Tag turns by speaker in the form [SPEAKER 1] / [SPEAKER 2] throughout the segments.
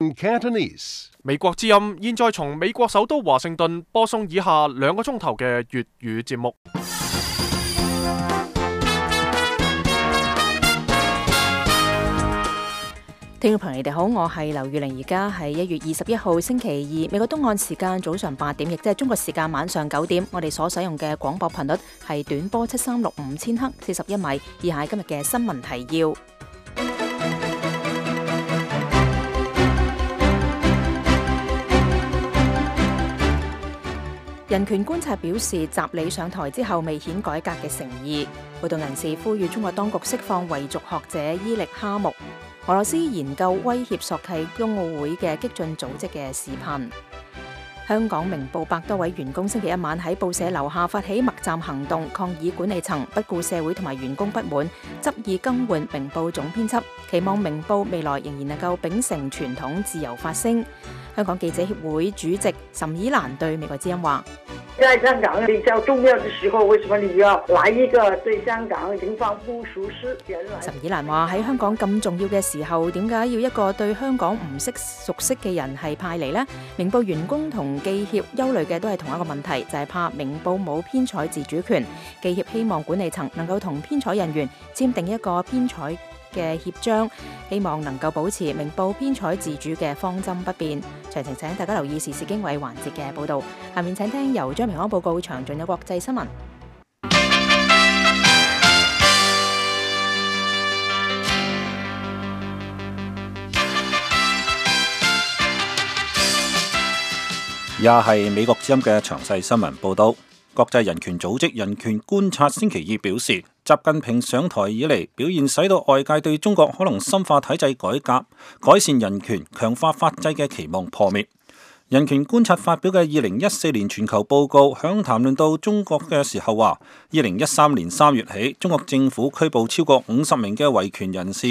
[SPEAKER 1] 用 Cantonese，美國之音現在從美國首都華盛頓播送以下兩個鐘頭嘅粵語節目。
[SPEAKER 2] 聽眾朋友，你哋好，我係劉玉玲，而家係一月二十一號星期二，美國東岸時間早上八點，亦即係中國時間晚上九點，我哋所使用嘅廣播頻率係短波七三六五千克四十一米，以下今日嘅新聞提要。人權觀察表示，習李上台之後未顯改革嘅誠意。活動人士呼籲中國當局釋放維族學者伊力哈木。俄羅斯研究威脅索契冬奧會嘅激進組織嘅視頻。香港明報百多位員工星期一晚喺報社樓下發起默站行動，抗議管理層不顧社會同埋員工不滿，執意更換明報總編輯，期望明報未來仍然能夠秉承傳統自由發聲。香港記者協會主席岑以蘭對《美國之音》話。
[SPEAKER 3] 在香港比較重要嘅時候，為什麼你要來一個對香港情況不熟
[SPEAKER 2] 悉？陳以蘭話喺香港咁重要嘅時候，點解要一個對香港唔識熟悉嘅人係派嚟呢？明報員工同記協憂慮嘅都係同一個問題，就係、是、怕明報冇編採自主權，記協希望管理層能夠同編採人員簽訂一個編採。嘅協章，希望能夠保持明報編採自主嘅方針不變。詳情請大家留意時事經緯環節嘅報導。下面請聽由張平安報告詳盡嘅國際新聞。
[SPEAKER 4] 也係美國之音嘅詳細新聞報導。國際人權組織人權觀察星期二表示，習近平上台以嚟，表現使到外界對中國可能深化體制改革、改善人權、強化法制嘅期望破滅。人權觀察發表嘅二零一四年全球報告，響談論到中國嘅時候話，二零一三年三月起，中國政府拘捕超過五十名嘅維權人士。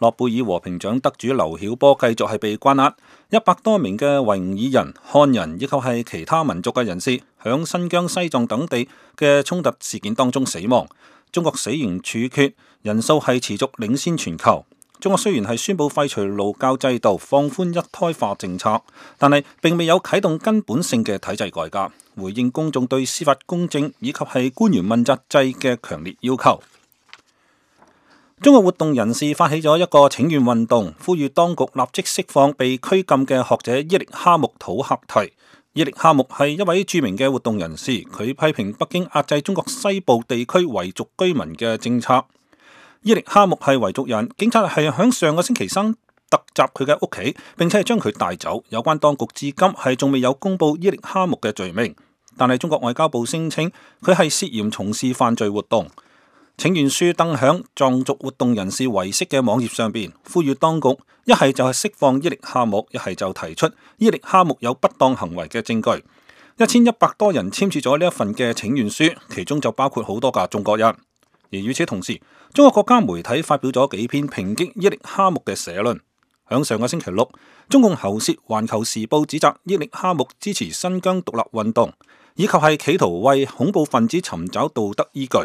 [SPEAKER 4] 諾貝爾和平獎得主劉曉波繼續係被關押。一百多名嘅維吾爾人、漢人以及係其他民族嘅人士，響新疆、西藏等地嘅衝突事件當中死亡。中國死刑處決人數係持續領先全球。中國雖然係宣布廢除勞教制度、放寬一胎化政策，但係並未有啟動根本性嘅體制改革，回應公眾對司法公正以及係官員問責制嘅強烈要求。中國活動人士發起咗一個請願運動，呼籲當局立即釋放被拘禁嘅學者伊力哈木土赫提。伊力哈木係一位著名嘅活動人士，佢批評北京壓制中國西部地區維族居民嘅政策。伊力哈木係維族人，警察係響上個星期三突襲佢嘅屋企，並且係將佢帶走。有關當局至今係仲未有公布伊力哈木嘅罪名，但係中國外交部聲稱佢係涉嫌從事犯罪活動。請願書登響藏族活動人士唯色嘅網頁上邊，呼籲當局一係就係釋放伊力哈木，一係就提出伊力哈木有不當行為嘅證據。一千一百多人簽署咗呢一份嘅請願書，其中就包括好多個中國人。而與此同時，中國國家媒體發表咗幾篇抨擊伊力哈木嘅社論。響上個星期六，中共喉舌環球時報指責伊力哈木支持新疆獨立運動，以及係企圖為恐怖分子尋找道德依據。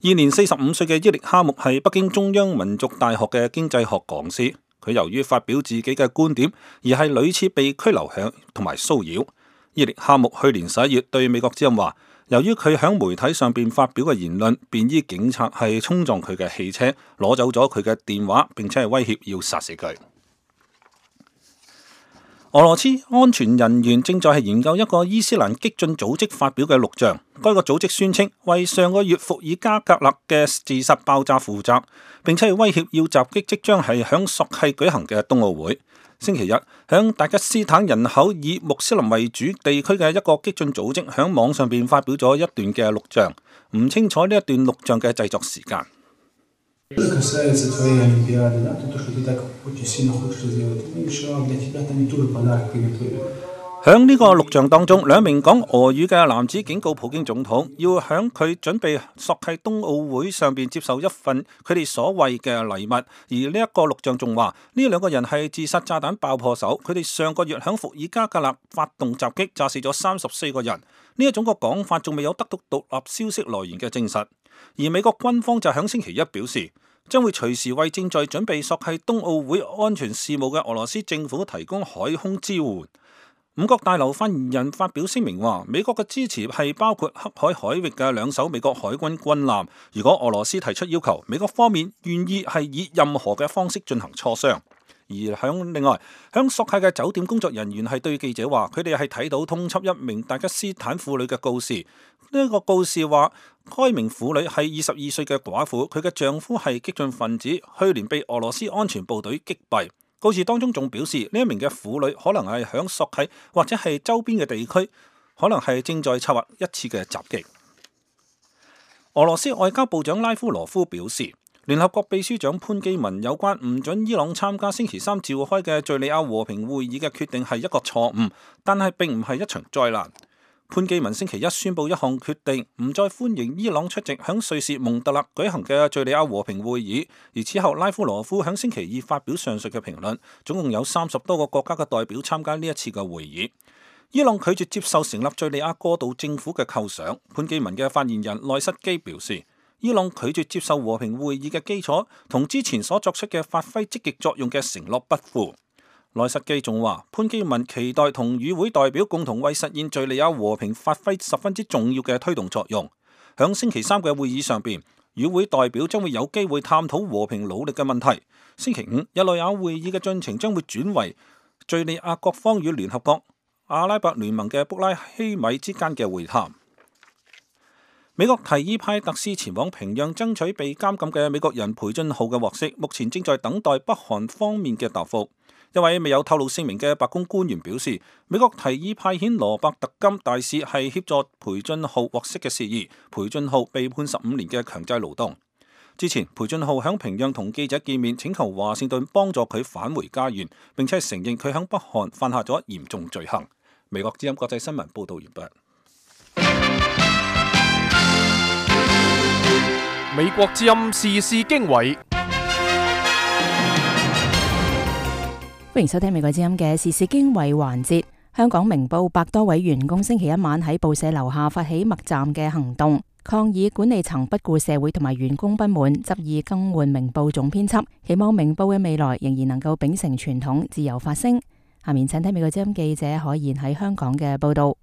[SPEAKER 4] 二年四十五歲嘅伊力哈木係北京中央民族大學嘅經濟學講師，佢由於發表自己嘅觀點而係屢次被拘留響同埋騷擾。伊力哈木去年十一月對美國之音話，由於佢響媒體上邊發表嘅言論，便衣警察係衝撞佢嘅汽車，攞走咗佢嘅電話，並且係威脅要殺死佢。俄羅斯安全人員正在係研究一個伊斯蘭激進組織發表嘅錄像。該個組織宣稱為上個月伏爾加格勒嘅自殺爆炸負責，並且係威脅要襲擊即將係響索契舉行嘅冬奧會。星期日，響達吉斯坦人口以穆斯林為主地區嘅一個激進組織響網上邊發表咗一段嘅錄像，唔清楚呢一段錄像嘅製作時間。喺呢個錄像當中，兩名講俄語嘅男子警告普京總統，要喺佢準備索契冬奧會上邊接受一份佢哋所謂嘅禮物。而呢一個錄像仲話，呢兩個人係自殺炸彈爆破手，佢哋上個月響伏爾加格勒發動襲擊，炸死咗三十四個人。呢一種嘅講法仲未有得到獨立消息來源嘅證實。而美國軍方就喺星期一表示，將會隨時為正在準備索契冬奧會安全事務嘅俄羅斯政府提供海空支援。五角大樓發言人發表聲明話，美國嘅支持係包括黑海海域嘅兩艘美國海軍軍艦。如果俄羅斯提出要求，美國方面願意係以任何嘅方式進行磋商。而響另外，響索契嘅酒店工作人員係對記者話，佢哋係睇到通緝一名達吉斯坦婦女嘅告示。呢一個告示話，該名婦女係二十二歲嘅寡婦，佢嘅丈夫係激進分子，去年被俄羅斯安全部隊擊斃。告示當中仲表示，呢一名嘅婦女可能係響索契或者係周邊嘅地區，可能係正在策劃一次嘅襲擊。俄羅斯外交部長拉夫羅夫表示，聯合國秘書長潘基文有關唔準伊朗參加星期三召開嘅敘利亞和平會議嘅決定係一個錯誤，但係並唔係一場災難。潘基文星期一宣布一項決定，唔再歡迎伊朗出席響瑞士蒙特勒舉，舉行嘅敘利亞和平會議。而此後拉夫羅夫響星期二發表上述嘅評論。總共有三十多個國家嘅代表參加呢一次嘅會議。伊朗拒絕接受成立敘利亞過渡政府嘅構想。潘基文嘅發言人內塞基表示，伊朗拒絕接受和平會議嘅基礎，同之前所作出嘅發揮積極，極作用嘅承諾不符。內實記仲話，潘基文期待同與會代表共同為實現敘利亞和平發揮十分之重要嘅推動作用。響星期三嘅會議上邊，與會代表將會有機會探討和平努力嘅問題。星期五日內瓦會議嘅進程將會轉為敘利亞各方與聯合國、阿拉伯聯盟嘅布拉希米之間嘅會談。美國提議派特使前往平壤爭取被監禁嘅美國人裴俊浩嘅獲釋，目前正在等待北韓方面嘅答復。一位未有透露姓名嘅白宮官員表示，美國提議派遣羅伯特金大使係協助裴俊浩獲釋嘅事宜。裴俊浩被判十五年嘅強制勞動。之前，裴俊浩響平壤同記者見面，請求華盛頓幫助佢返回家園，並且承認佢響北韓犯下咗嚴重罪行。美國之音國際新聞報道完畢。
[SPEAKER 1] 美國之音事事經緯。
[SPEAKER 2] 歡迎收聽《美國之音》嘅時事經緯環節。香港明報百多位員工星期一晚喺報社樓下發起默站嘅行動，抗議管理層不顧社會同埋員工不滿，執意更換明報總編輯，希望明報嘅未來仍然能夠秉承傳統，自由發聲。
[SPEAKER 5] 下面請聽美國之音記者海燕喺香港嘅報道。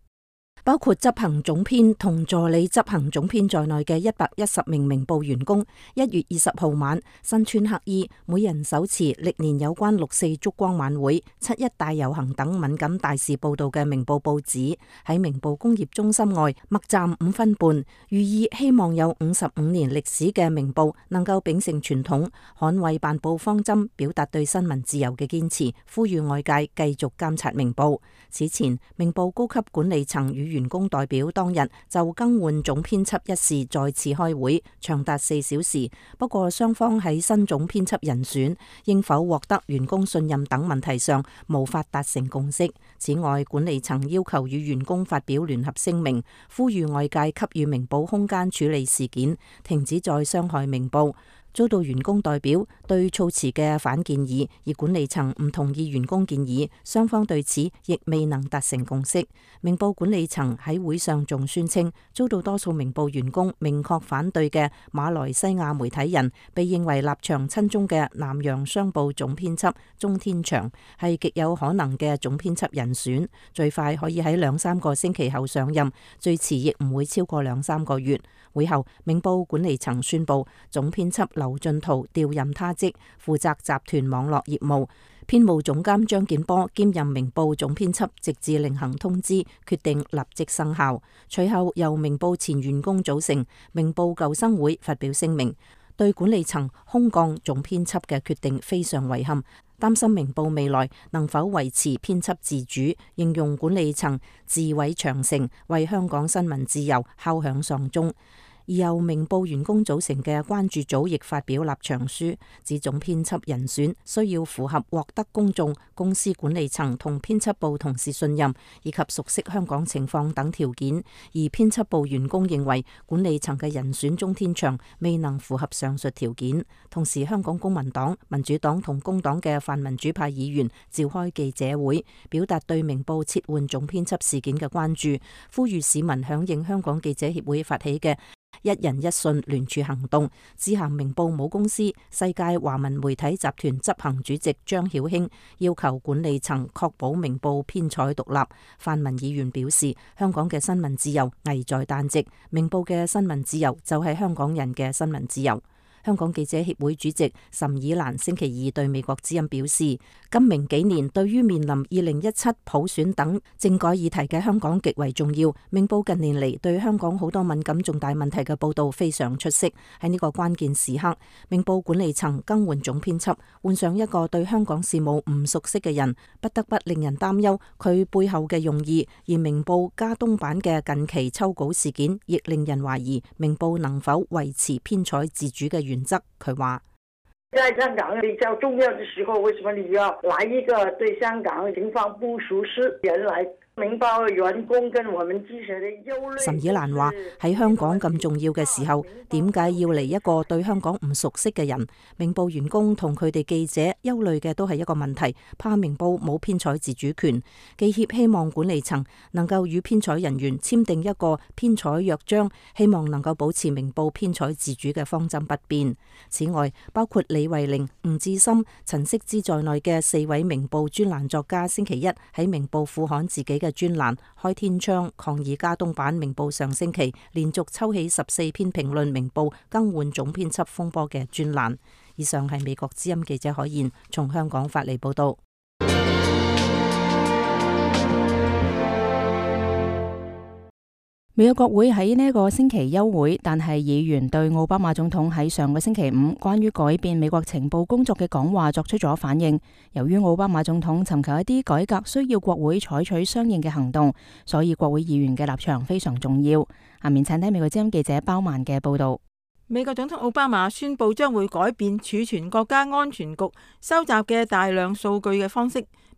[SPEAKER 5] 包括執行總編同助理執行總編在內嘅一百一十名明報員工，一月二十號晚身穿黑衣，每人手持歷年有關六四燭光晚會、七一大遊行等敏感大事報道嘅明報報紙，喺明報工業中心外默站五分半，寓意，希望有五十五年歷史嘅明報能夠秉承傳統，捍衛辦報方針，表達對新聞自由嘅堅持，呼籲外界繼續監察明報。此前，明報高級管理層與與員工代表當日就更換總編輯一事再次開會，長達四小時。不過雙方喺新總編輯人選應否獲得員工信任等問題上，無法達成共識。此外，管理層要求與員工發表聯合聲明，呼籲外界給予《明報》空間處理事件，停止再傷害《明報》。遭到員工代表對措辭嘅反建議，而管理層唔同意員工建議，雙方對此亦未能達成共識。明報管理層喺會上仲宣稱，遭到多數明報員工明確反對嘅馬來西亞媒體人，被認為立場親中嘅南洋商報總編輯鍾天祥係極有可能嘅總編輯人選，最快可以喺兩三個星期後上任，最遲亦唔會超過兩三個月。會後，明報管理層宣佈，總編輯劉進圖調任他職，負責集團網絡業務；編務總監張健波兼任明報總編輯，直至另行通知。決定立即生效。隨後，由明報前員工組成明報舊生會發表聲明，對管理層空降總編輯嘅決定非常遺憾，擔心明報未來能否維持編輯自主，形容管理層自毀長城，為香港新聞自由敲響喪鐘。而由明報員工組成嘅關注組亦發表立場書，指總編輯人選需要符合獲得公眾、公司管理層同編輯部同事信任，以及熟悉香港情況等條件。而編輯部員工認為管理層嘅人選鍾天祥未能符合上述條件。同時，香港公民黨、民主黨同工黨嘅泛民主派議員召開記者會，表達對明報撤換總編輯事件嘅關注，呼籲市民響應香港記者協會發起嘅。一人一信聯署行動之行明報母公司世界華文媒體集團執行主席張曉卿，要求管理層確保明報編採獨立。泛民議員表示，香港嘅新聞自由危在旦夕，明報嘅新聞自由就係香港人嘅新聞自由。香港記者協會主席岑以蘭星期二對美國之音表示，今明幾年對於面臨二零一七普選等政改議題嘅香港極為重要。明報近年嚟對香港好多敏感重大問題嘅報道非常出色。喺呢個關鍵時刻，明報管理層更換總編輯，換上一個對香港事務唔熟悉嘅人，不得不令人擔憂佢背後嘅用意。而明報加東版嘅近期抽稿事件，亦令人懷疑明報能否維持編採自主嘅原原則，佢話：
[SPEAKER 3] 在香港比較重要的時候，為什麼你要來一個對香港
[SPEAKER 6] 情況不熟悉人來？明報員工跟之前嘅憂慮，岑以
[SPEAKER 5] 蘭話：喺香港咁重要嘅時候，點解要嚟一個對香港唔熟悉嘅人？明報員工同佢哋記者憂慮嘅都係一個問題，怕明報冇編採自主權。記協希望管理層能夠與編採人員簽訂一個編採約章，希望能夠保持明報編採自主嘅方針不變。此外，包括李慧玲、吳志森、陳惜姿在內嘅四位明報專欄作家，星期一喺明報副刊自己嘅專欄開天窗抗議加東版明報上星期連續抽起十四篇評論明報更換總編輯風波嘅專欄。以上係美國之音記者海燕從香港發嚟報道。美國國
[SPEAKER 2] 會喺呢一個星期休會，但係議員對奧巴馬總統喺上個星期五關於改變美國情報工作嘅講話作出咗反應。由於奧巴馬總統尋求一啲改革，需要國會採取相應嘅行動，所以國會議員嘅立場非常重要。下面請睇美國之音記者包曼嘅報道。
[SPEAKER 3] 美國總統奧巴馬宣佈將會改變儲存國家安全局收集嘅大量數據嘅方式。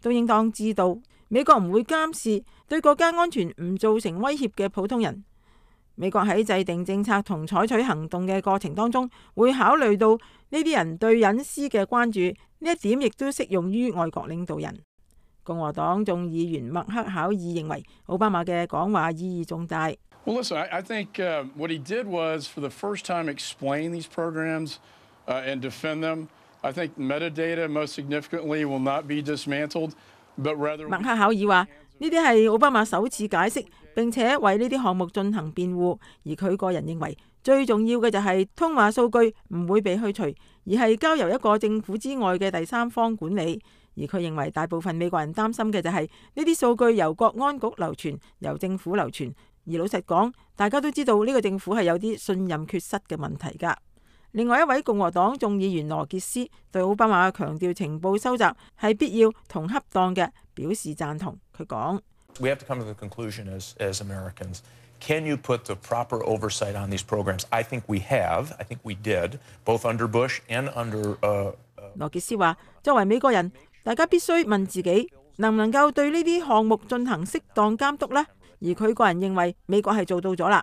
[SPEAKER 3] 都應當知道，美國唔會監視對國家安全唔造成威脅嘅普通人。美國喺制定政策同採取行動嘅過程當中，會考慮到呢啲人對隱私嘅關注。呢一點亦都適用於外國領導人。共和黨眾議員麥克考爾認為，奧巴馬嘅講話意義重大。
[SPEAKER 7] Well, 麥克考爾話：
[SPEAKER 3] 呢啲係奧巴馬首次解釋，並且為呢啲項目進行辯護。而佢個人認為，最重要嘅就係通話數據唔會被去除，而係交由一個政府之外嘅第三方管理。而佢認為，大部分美國人擔心嘅就係呢啲數據由國安局流傳，由政府流傳。而老實講，大家都知道呢個政府係有啲信任缺失嘅問題噶。另外一位共和黨眾議員羅傑斯對奧巴馬強調情報收集係必要同恰當嘅表示贊同。佢
[SPEAKER 7] 講：羅 傑樂斯話，
[SPEAKER 3] 作為美國人，大家必須問自己，能唔能夠對呢啲項目進行適當監督呢？而佢個人認為美國係做到咗啦。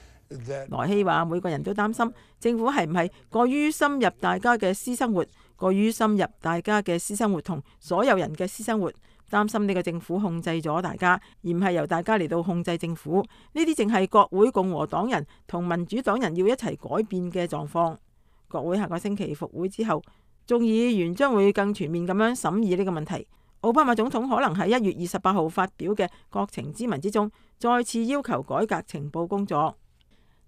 [SPEAKER 3] 萊希話：每個人都擔心政府係唔係過於深入大家嘅私生活，過於深入大家嘅私生活同所有人嘅私生活，擔心呢個政府控制咗大家，而唔係由大家嚟到控制政府。呢啲淨係國會共和黨人同民主黨人要一齊改變嘅狀況。國會下個星期復會之後，眾議員將會更全面咁樣審議呢個問題。奧巴馬總統可能喺一月二十八號發表嘅國情諮文之中，再次要求改革情報工作。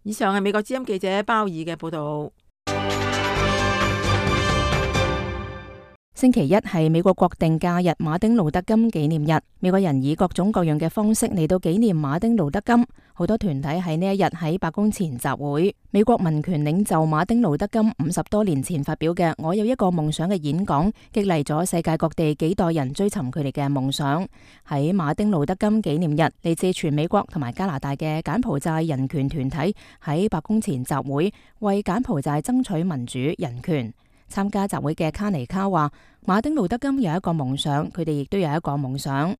[SPEAKER 3] 以上係美國之音記者包爾嘅報道。
[SPEAKER 2] 星期一係美國國定假日馬丁路德金紀念日，美國人以各種各樣嘅方式嚟到紀念馬丁路德金。好多團體喺呢一日喺白宮前集會。美國民權領袖馬丁路德金五十多年前發表嘅《我有一個夢想》嘅演講，激勵咗世界各地幾代人追尋佢哋嘅夢想。喺馬丁路德金紀念日，嚟自全美國同埋加拿大嘅柬埔寨人權團體喺白宮前集會，為柬埔寨爭取民主人權。參加集會嘅卡尼卡話，馬丁路德金有一個夢想，佢哋亦都有一個夢想。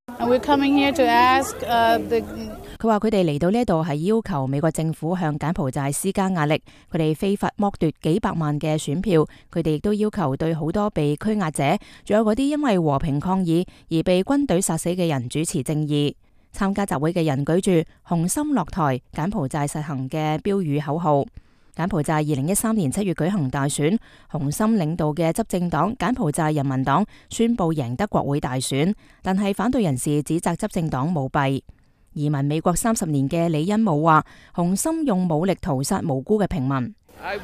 [SPEAKER 2] 佢話佢哋嚟到呢度係要求美國政府向柬埔寨施加壓力，佢哋非法剝奪幾百萬嘅選票，佢哋亦都要求對好多被拘押者，仲有嗰啲因為和平抗議而被軍隊殺死嘅人主持正義。參加集會嘅人舉住紅心落台，柬埔寨實行嘅標語口號。柬埔寨二零一三年七月舉行大選，洪森領導嘅執政黨柬埔寨人民黨宣布贏得國會大選，但係反對人士指責執政黨舞弊。移民美國三十年嘅李恩武話：洪森用武力屠殺無辜嘅平民。佢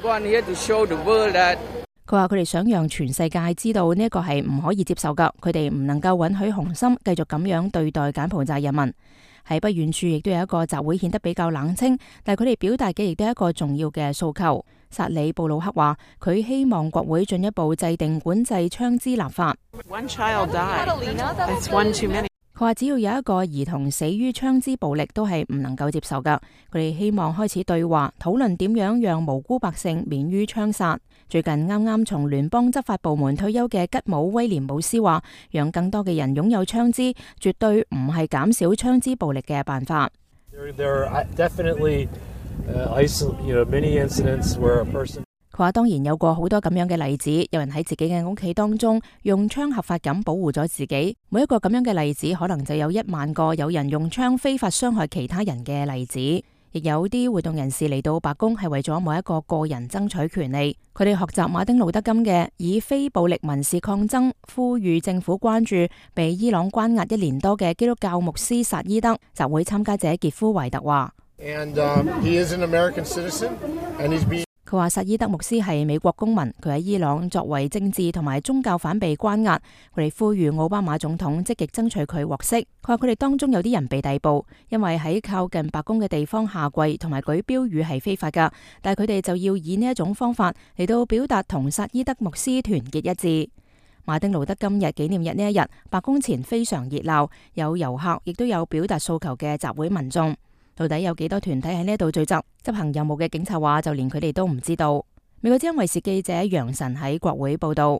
[SPEAKER 2] 話佢哋想讓全世界知道呢一個係唔可以接受噶，佢哋唔能夠允許洪森繼續咁樣對待柬埔寨人民。喺不遠處亦都有一個集會，顯得比較冷清。但佢哋表達嘅亦都係一個重要嘅訴求。薩里布魯克話，佢希望國會進一步制定管制槍支立法。佢話：只要有一個兒童死於槍支暴力，都係唔能夠接受噶。佢哋希望開始對話，討論點樣讓無辜百姓免於槍殺。最近啱啱從聯邦執法部門退休嘅吉姆威廉姆斯話，讓更多嘅人擁有槍支，絕對唔係減少槍支暴力嘅辦法。話當然有過好多咁樣嘅例子，有人喺自己嘅屋企當中用槍合法咁保護咗自己。每一個咁樣嘅例子，可能就有一萬個有人用槍非法傷害其他人嘅例子。亦有啲活動人士嚟到白宮係為咗某一個個人爭取權利。佢哋學習馬丁路德金嘅以非暴力民事抗爭，呼籲政府關注被伊朗關押一年多嘅基督教牧師薩伊德。集會參加者傑夫維特話。佢話薩伊德牧師係美國公民，佢喺伊朗作為政治同埋宗教反被關押。佢哋呼籲奧巴馬總統積極爭取佢獲釋。佢話佢哋當中有啲人被逮捕，因為喺靠近白宮嘅地方下跪同埋舉標語係非法㗎，但係佢哋就要以呢一種方法嚟到表達同薩伊德牧師團結一致。馬丁路德今日紀念日呢一日，白宮前非常熱鬧，有遊客亦都有表達訴求嘅集會民眾。到底有幾多團體喺呢度聚集？執行任務嘅警察話，就連佢哋都唔知道。美國之音衛視記者楊晨喺國會報道。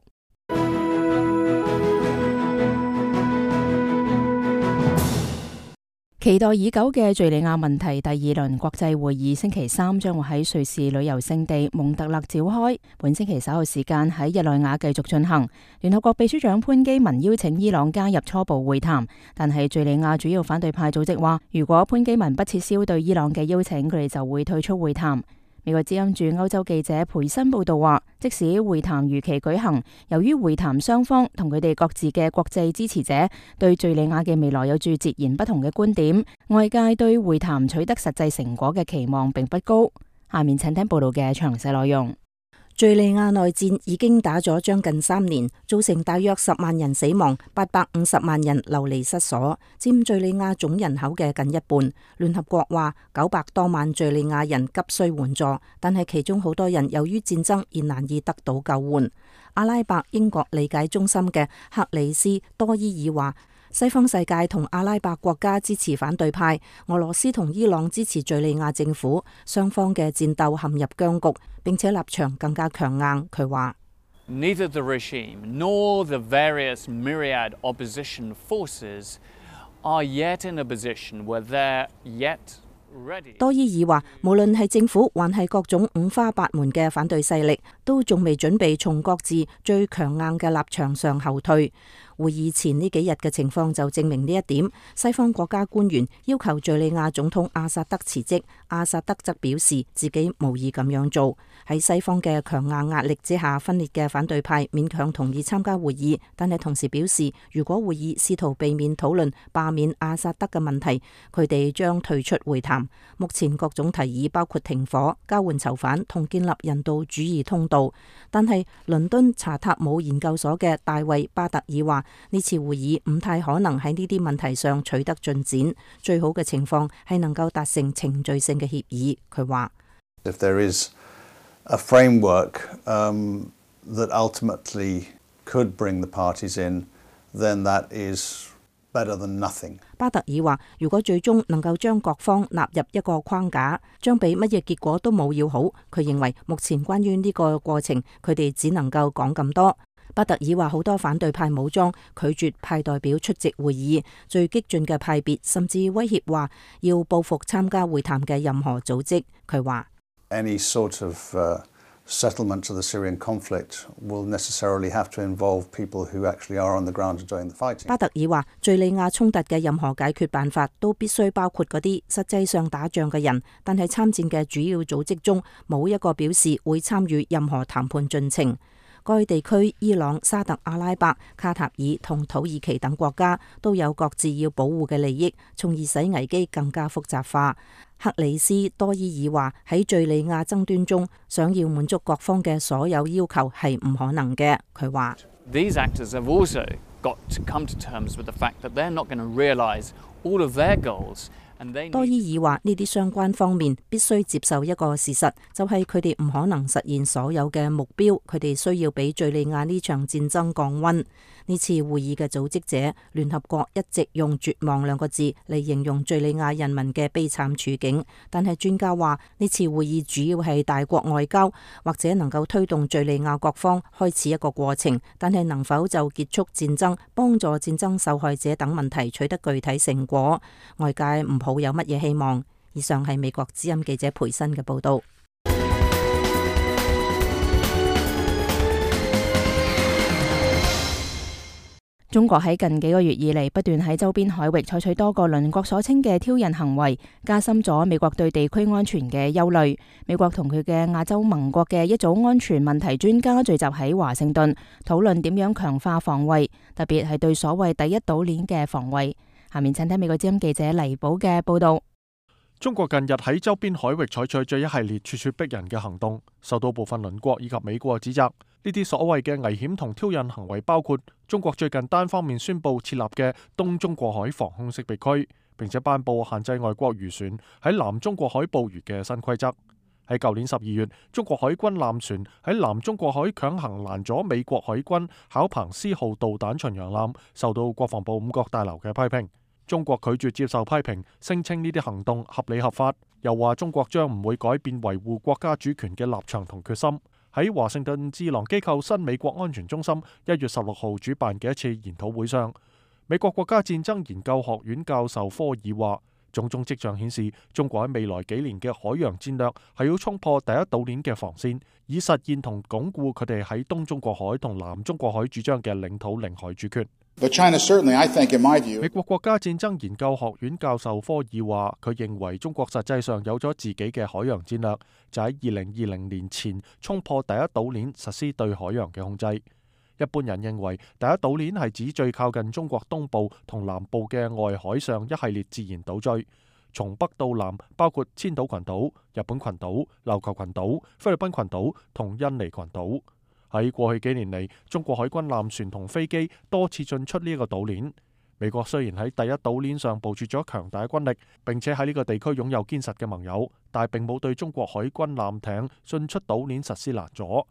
[SPEAKER 2] 期待已久嘅敘利亞問題第二輪國際會議星期三將會喺瑞士旅遊勝地蒙特勒召開，本星期稍後時間喺日內瓦繼續進行。聯合國秘書長潘基文邀請伊朗加入初步會談，但係敘利亞主要反對派組織話，如果潘基文不撤銷對伊朗嘅邀請，佢哋就會退出會談。美國之音駐歐洲記者培新報道話，即使會談如期舉行，由於會談雙方同佢哋各自嘅國際支持者對敘利亞嘅未來有住截然不同嘅觀點，外界對會談取得實際成果嘅期望並不高。
[SPEAKER 5] 下面請聽報道嘅詳細內容。敘利亞內戰已經打咗將近三年，造成大約十萬人死亡，八百五十萬人流離失所，佔敘利亞總人口嘅近一半。聯合國話九百多萬敘利亞人急需援助，但係其中好多人由於戰爭而難以得到救援。阿拉伯英國理解中心嘅克里斯多伊爾話。西方世界同阿拉伯國家支持反對派，俄羅斯同伊朗支持敘利亞政府，雙方嘅戰鬥陷入僵局，並且立場更加強硬。佢話
[SPEAKER 8] ：Neither the regime nor the various myriad opposition forces are yet in a position where they're yet ready.
[SPEAKER 5] 多伊爾話，無論係政府還係各種五花八門嘅反對勢力，都仲未準備從各自最強硬嘅立場上後退。會議前呢幾日嘅情況就證明呢一點。西方國家官員要求敘利亞總統阿薩德辭職，阿薩德則表示自己無意咁樣做。喺西方嘅強硬壓力之下，分裂嘅反對派勉強同意參加會議，但係同時表示，如果會議試圖避免討論罷免阿薩德嘅問題，佢哋將退出會談。目前各種提議包括停火、交換囚犯同建立人道主義通道。但係倫敦查塔姆研究所嘅大衛巴特爾話。呢次會議唔太可能喺呢啲問題上取得進展，最好嘅情況係能夠達成程序性嘅協議。佢話
[SPEAKER 9] ：If there is a framework that ultimately could bring the parties in，then that is better than nothing。
[SPEAKER 5] 巴特爾話：如果最終能夠將各方納入一個框架，將比乜嘢結果都冇要好。佢認為目前關於呢個過程，佢哋只能夠講咁多。巴特爾話：好多反對派武裝拒絕派代表出席會議，最激進嘅派別甚至威脅話要報復參加會談嘅任何組織。佢話：
[SPEAKER 9] 巴特爾話
[SPEAKER 5] 敘利亞衝突嘅任何解決辦法都必須包括嗰啲實際上打仗嘅人，但係參戰嘅主要組織中冇一個表示會參與任何談判進程。該地區、伊朗、沙特阿拉伯、卡塔爾同土耳其等國家都有各自要保護嘅利益，從而使危機更加複雜化。克里斯多伊爾話：喺敘利亞爭端中，想要滿足各方嘅所有要求係唔可能嘅。佢
[SPEAKER 8] 話：多
[SPEAKER 5] 伊爾話：呢啲相關方面必須接受一個事實，就係佢哋唔可能實現所有嘅目標，佢哋需要畀敘利亞呢場戰爭降温。呢次會議嘅組織者聯合國一直用絕望兩個字嚟形容敍利亞人民嘅悲慘處境，但係專家話呢次會議主要係大國外交，或者能夠推動敍利亞各方開始一個過程，但係能否就結束戰爭、幫助戰爭受害者等問題取得具體成果，外界唔好有乜嘢希望。以上係美國之音記者培新嘅報導。
[SPEAKER 2] 中國喺近幾個月以嚟，不斷喺周邊海域採取多個鄰國所稱嘅挑釁行為，加深咗美國對地區安全嘅憂慮。美國同佢嘅亞洲盟國嘅一組安全問題專家聚集喺華盛頓，討論點樣強化防衛，特別係對所謂第一島鏈嘅防衛。下面請睇美國之音記者黎寶嘅報道。
[SPEAKER 1] 中國近日喺周邊海域採取咗一系列咄咄逼人嘅行動，受到部分鄰國以及美國嘅指責。呢啲所謂嘅危險同挑釁行為，包括中國最近單方面宣布設立嘅東中國海防空識別區，並且頒布限制外國漁船喺南中國海捕魚嘅新規則。喺舊年十二月，中國海軍艦船喺南中國海強行攔咗美國海軍考彭斯號導彈巡洋艦，受到國防部五角大樓嘅批評。中國拒絕接受批評，聲稱呢啲行動合理合法，又話中國將唔會改變維護國家主權嘅立場同決心。喺華盛頓智囊機構新美國安全中心一月十六號主辦嘅一次研討會上，美國國家戰爭研究學院教授科爾話，種種跡象顯示，中國喺未來幾年嘅海洋戰略係要衝破第一島鏈嘅防線，以實現同鞏固佢哋喺東中國海同南中國海主張嘅領土領海主權。美國國家戰爭研究學院教授科爾話，佢認為中國實際上有咗自己嘅海洋戰略，就喺二零二零年前衝破第一島鏈，實施對海洋嘅控制。一般人認為，第一島鏈係指最靠近中國東部同南部嘅外海上一系列自然島嶼，從北到南包括千島群島、日本群島、琉球群島、菲律賓群島同印尼群島。喺過去幾年嚟，中國海軍艦船同飛機多次進出呢一個島鏈。美國雖然喺第一島鏈上部署咗強大嘅軍力，並且喺呢個地區擁有堅實嘅盟友，但係並冇對中國海軍艦艇進出島鏈實施攔阻。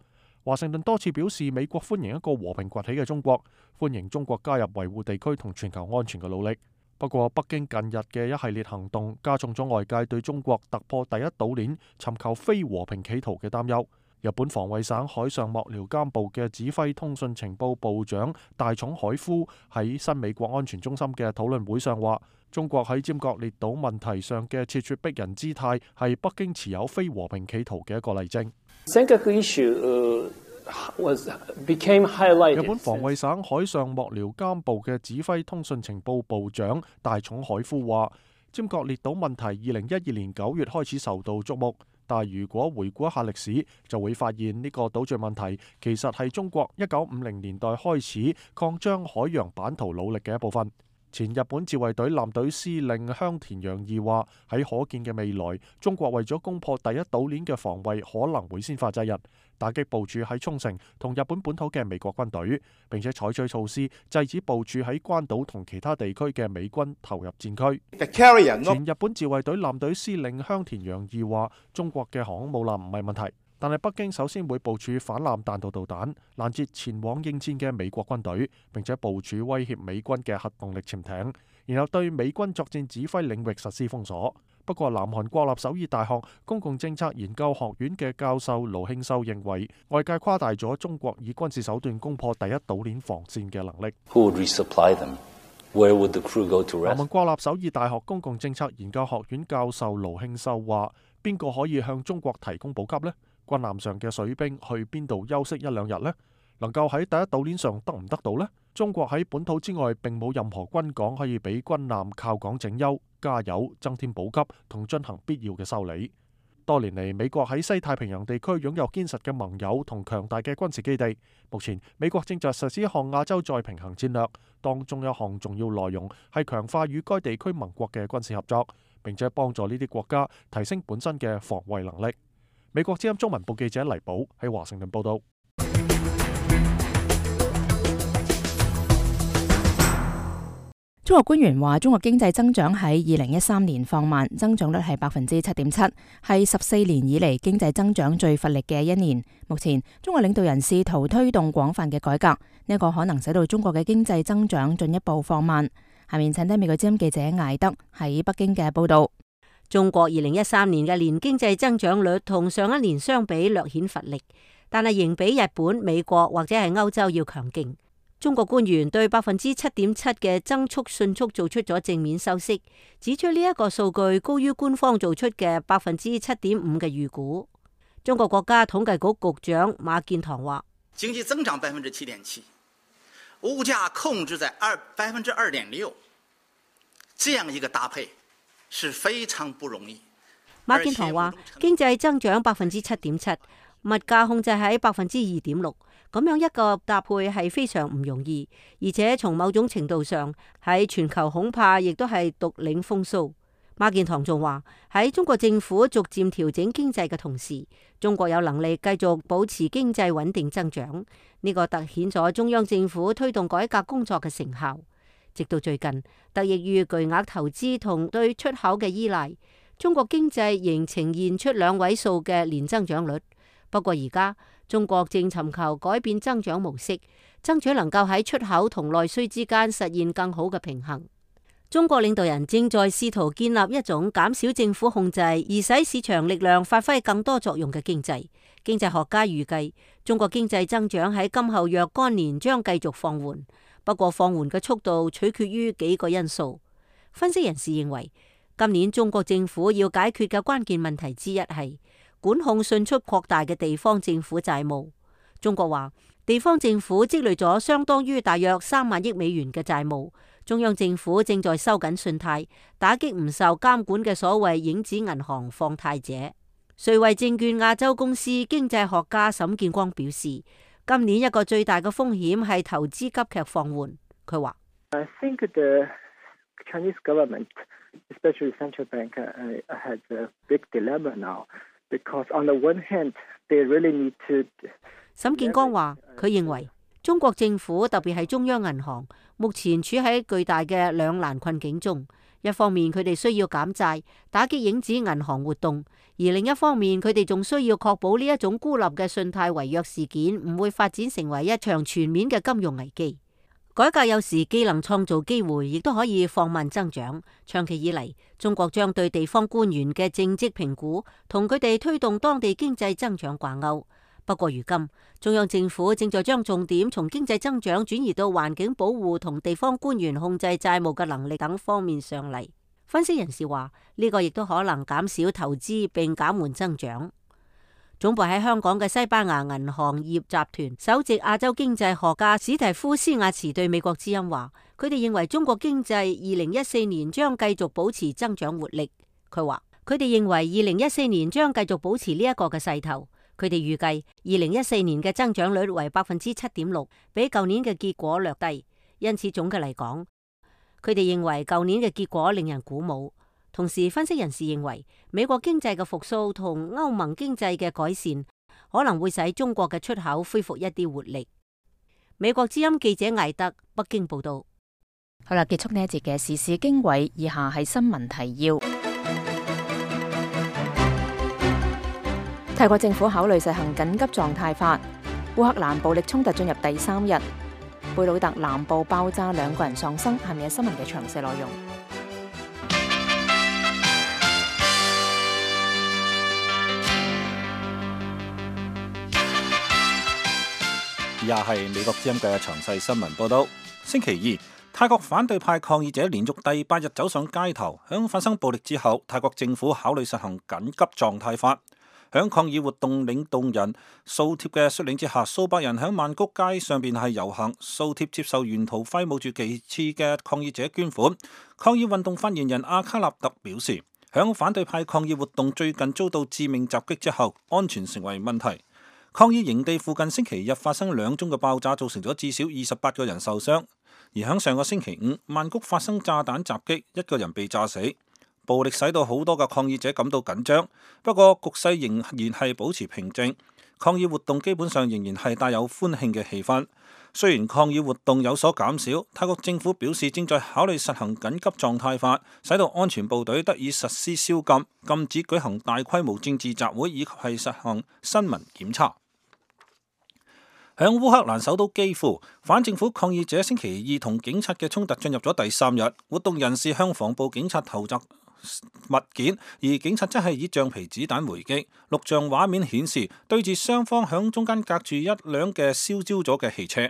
[SPEAKER 1] 華盛頓多次表示美國歡迎一個和平崛起嘅中國，歡迎中國加入維護地區同全球安全嘅努力。不過，北京近日嘅一系列行動加重咗外界對中國突破第一島鏈、尋求非和平企圖嘅擔憂。日本防衛省海上幕僚監部嘅指揮通信情報部長大冢海夫喺新美國安全中心嘅討論會上話，中國喺尖閣列島問題上嘅咄咄逼人姿態係北京持有非和平企圖嘅一個例證。日本防衛省海上幕僚監部嘅指揮通信情報部長大冢海夫話，尖閣列島問題二零一二年九月開始受到矚目。但如果回顧一下歷史，就會發現呢個島嶼問題其實係中國一九五零年代開始擴張海洋版圖努力嘅一部分。前日本自衛隊艦隊司令香田洋二話，喺可見嘅未來，中國為咗攻破第一島鏈嘅防衞，可能會先發制人。打擊部署喺沖繩同日本本土嘅美國軍隊，並且採取措施制止部署喺關島同其他地區嘅美軍投入戰區。前日本自衛隊艦隊司令香田洋二話：中國嘅航空母艦唔係問題，但係北京首先會部署反艦彈道導彈，攔截前往應戰嘅美國軍隊，並且部署威脅美軍嘅核動力潛艇。然後對美軍作戰指揮領域實施封鎖。不過，南韓國立首爾大學公共政策研究學院嘅教授盧慶秀認為，外界誇大咗中國以軍事手段攻破第一島鏈防線嘅能力。
[SPEAKER 10] 我問國
[SPEAKER 1] 立首爾大學公共政策研究學院教授盧慶秀話：邊個可以向中國提供補給呢？軍艦上嘅水兵去邊度休息一兩日呢？能夠喺第一島鏈上得唔得到呢？中國喺本土之外，並冇任何軍港可以俾軍艦靠港整修、加油、增添補給同進行必要嘅修理。多年嚟，美國喺西太平洋地區擁有堅實嘅盟友同強大嘅軍事基地。目前，美國正在實施一項亞洲再平衡戰略，當中一項重要內容係強化與該地區盟國嘅軍事合作，並且幫助呢啲國家提升本身嘅防衛能力。美國之音中文部記者黎堡喺華盛頓報道。
[SPEAKER 2] 中國官員話：，中國經濟增長喺二零一三年放慢，增長率係百分之七點七，係十四年以嚟經濟增長最乏力嘅一年。目前，中國領導人試圖推動廣泛嘅改革，呢個可能使到中國嘅經濟增長進一步放慢。下面請聽美國之音記者
[SPEAKER 11] 艾德喺北京嘅報道：，中國二零一三年嘅年經濟增長率同上一年相比略顯乏力，但係仍比日本、美國或者係歐洲要強勁。中國官員對百分之七點七嘅增速迅速做出咗正面修飾，指出呢一個數據高於官方做出嘅百分之七點五嘅預估。中國國家統計局局，局長馬建堂話：，
[SPEAKER 1] 經濟增長百分之七點
[SPEAKER 4] 七，物價控制在二百分之二點六，這樣一個搭配是非常不容易。
[SPEAKER 11] 馬建堂話：，經濟增長百分之七點七，物價控制喺百分之二點六。咁樣一個搭配係非常唔容易，而且從某種程度上，喺全球恐怕亦都係獨領風騷。馬建堂仲話喺中國政府逐漸調整經濟嘅同時，中國有能力繼續保持經濟穩定增長。呢個突顯咗中央政府推動改革工作嘅成效。直到最近，得益於巨額投資同對出口嘅依賴，中國經濟仍呈現出兩位數嘅年增長率。不過而家，中國正尋求改變增長模式，爭取能夠喺出口同內需之間實現更好嘅平衡。中國領導人正在試圖建立一種減少政府控制而使市場力量發揮更多作用嘅經濟。經濟學家預計，中國經濟增長喺今後若干年將繼續放緩，不過放緩嘅速度取決於幾個因素。分析人士認為，今年中國政府要解決嘅關鍵問題之一係。管控迅速擴大嘅地方政府債務。中國話，地方政府積累咗相當於大約三萬億美元嘅債務，中央政府正在收緊信貸，打擊唔受監管嘅所謂影子銀行放貸者。瑞維證券亞洲公司經濟學家沈建光表示，今年一個最大嘅風險係投資急劇放緩。佢話
[SPEAKER 6] ：I think the Chinese
[SPEAKER 4] government, especially central bank, has a big dilemma now. Because on the one hand, they really need to.
[SPEAKER 11] 沈建光話，佢認為中國政府特別係中央銀行目前處喺巨大嘅兩難困境中。一方面佢哋需要減債、打擊影子銀行活動；而另一方面佢哋仲需要確保呢一種孤立嘅信貸違約事件唔會發展成為一場全面嘅金融危機。改革有時既能創造機會，亦都可以放慢增長。長期以嚟，中國將對地方官員嘅政績評估同佢哋推動當地經濟增長掛鈎。不過，如今中央政府正在將重點從經濟增長轉移到環境保護同地方官員控制債務嘅能力等方面上嚟。分析人士話呢個亦都可能減少投資並減緩增長。總部喺香港嘅西班牙銀行業集團首席亞洲經濟學家史提夫斯亞茨對美國之音話，佢哋認為中國經濟二零一四年將繼續保持增長活力。佢話，佢哋認為二零一四年將繼續保持呢一個嘅勢頭。佢哋預計二零一四年嘅增長率為百分之七點六，比舊年嘅結果略低。因此總嘅嚟講，佢哋認為舊年嘅結果令人鼓舞。同時，分析人士認為，美國經濟嘅復甦同歐盟經濟嘅改善，可能會使中國嘅出口恢復一啲活力。美國之音記者艾德北京報道。
[SPEAKER 2] 好啦，結束呢一節嘅時事經緯，以下係新聞提要。泰國政府考慮實行緊急狀態法。烏克蘭暴力衝突進入第三日。貝魯特南部爆炸，兩個人喪生，係咪有新聞嘅詳細內容？
[SPEAKER 4] 也係美國之音嘅詳細新聞報導。星期二，泰國反對派抗議者連續第八日走上街頭。響發生暴力之後，泰國政府考慮實行緊急狀態法。響抗議活動領導人素貼嘅率領之下，數百人響曼谷街上邊係遊行。素貼接受沿途揮舞住旗幟嘅抗議者捐款。抗議運動發言人阿卡納特表示，響反對派抗議活動最近遭到致命襲擊之後，安全成為問題。抗議營地附近星期日發生兩宗嘅爆炸，造成咗至少二十八個人受傷。而喺上個星期五，曼谷發生炸彈襲擊，一個人被炸死。暴力使到好多嘅抗議者感到緊張，不過局勢仍然係保持平靜。抗議活動基本上仍然係帶有歡慶嘅氣氛。雖然抗議活動有所減少，泰國政府表示正在考慮實行緊急狀態法，使到安全部隊得以實施宵禁、禁止舉行大規模政治集會以及係實行新聞檢查。響烏克蘭首都基輔，反政府抗議者星期二同警察嘅衝突進入咗第三日，活動人士向防暴警察投擲物件，而警察則係以橡皮子彈回擊。錄像畫面顯示，對峙雙方響中間隔住一輛嘅燒焦咗嘅汽車。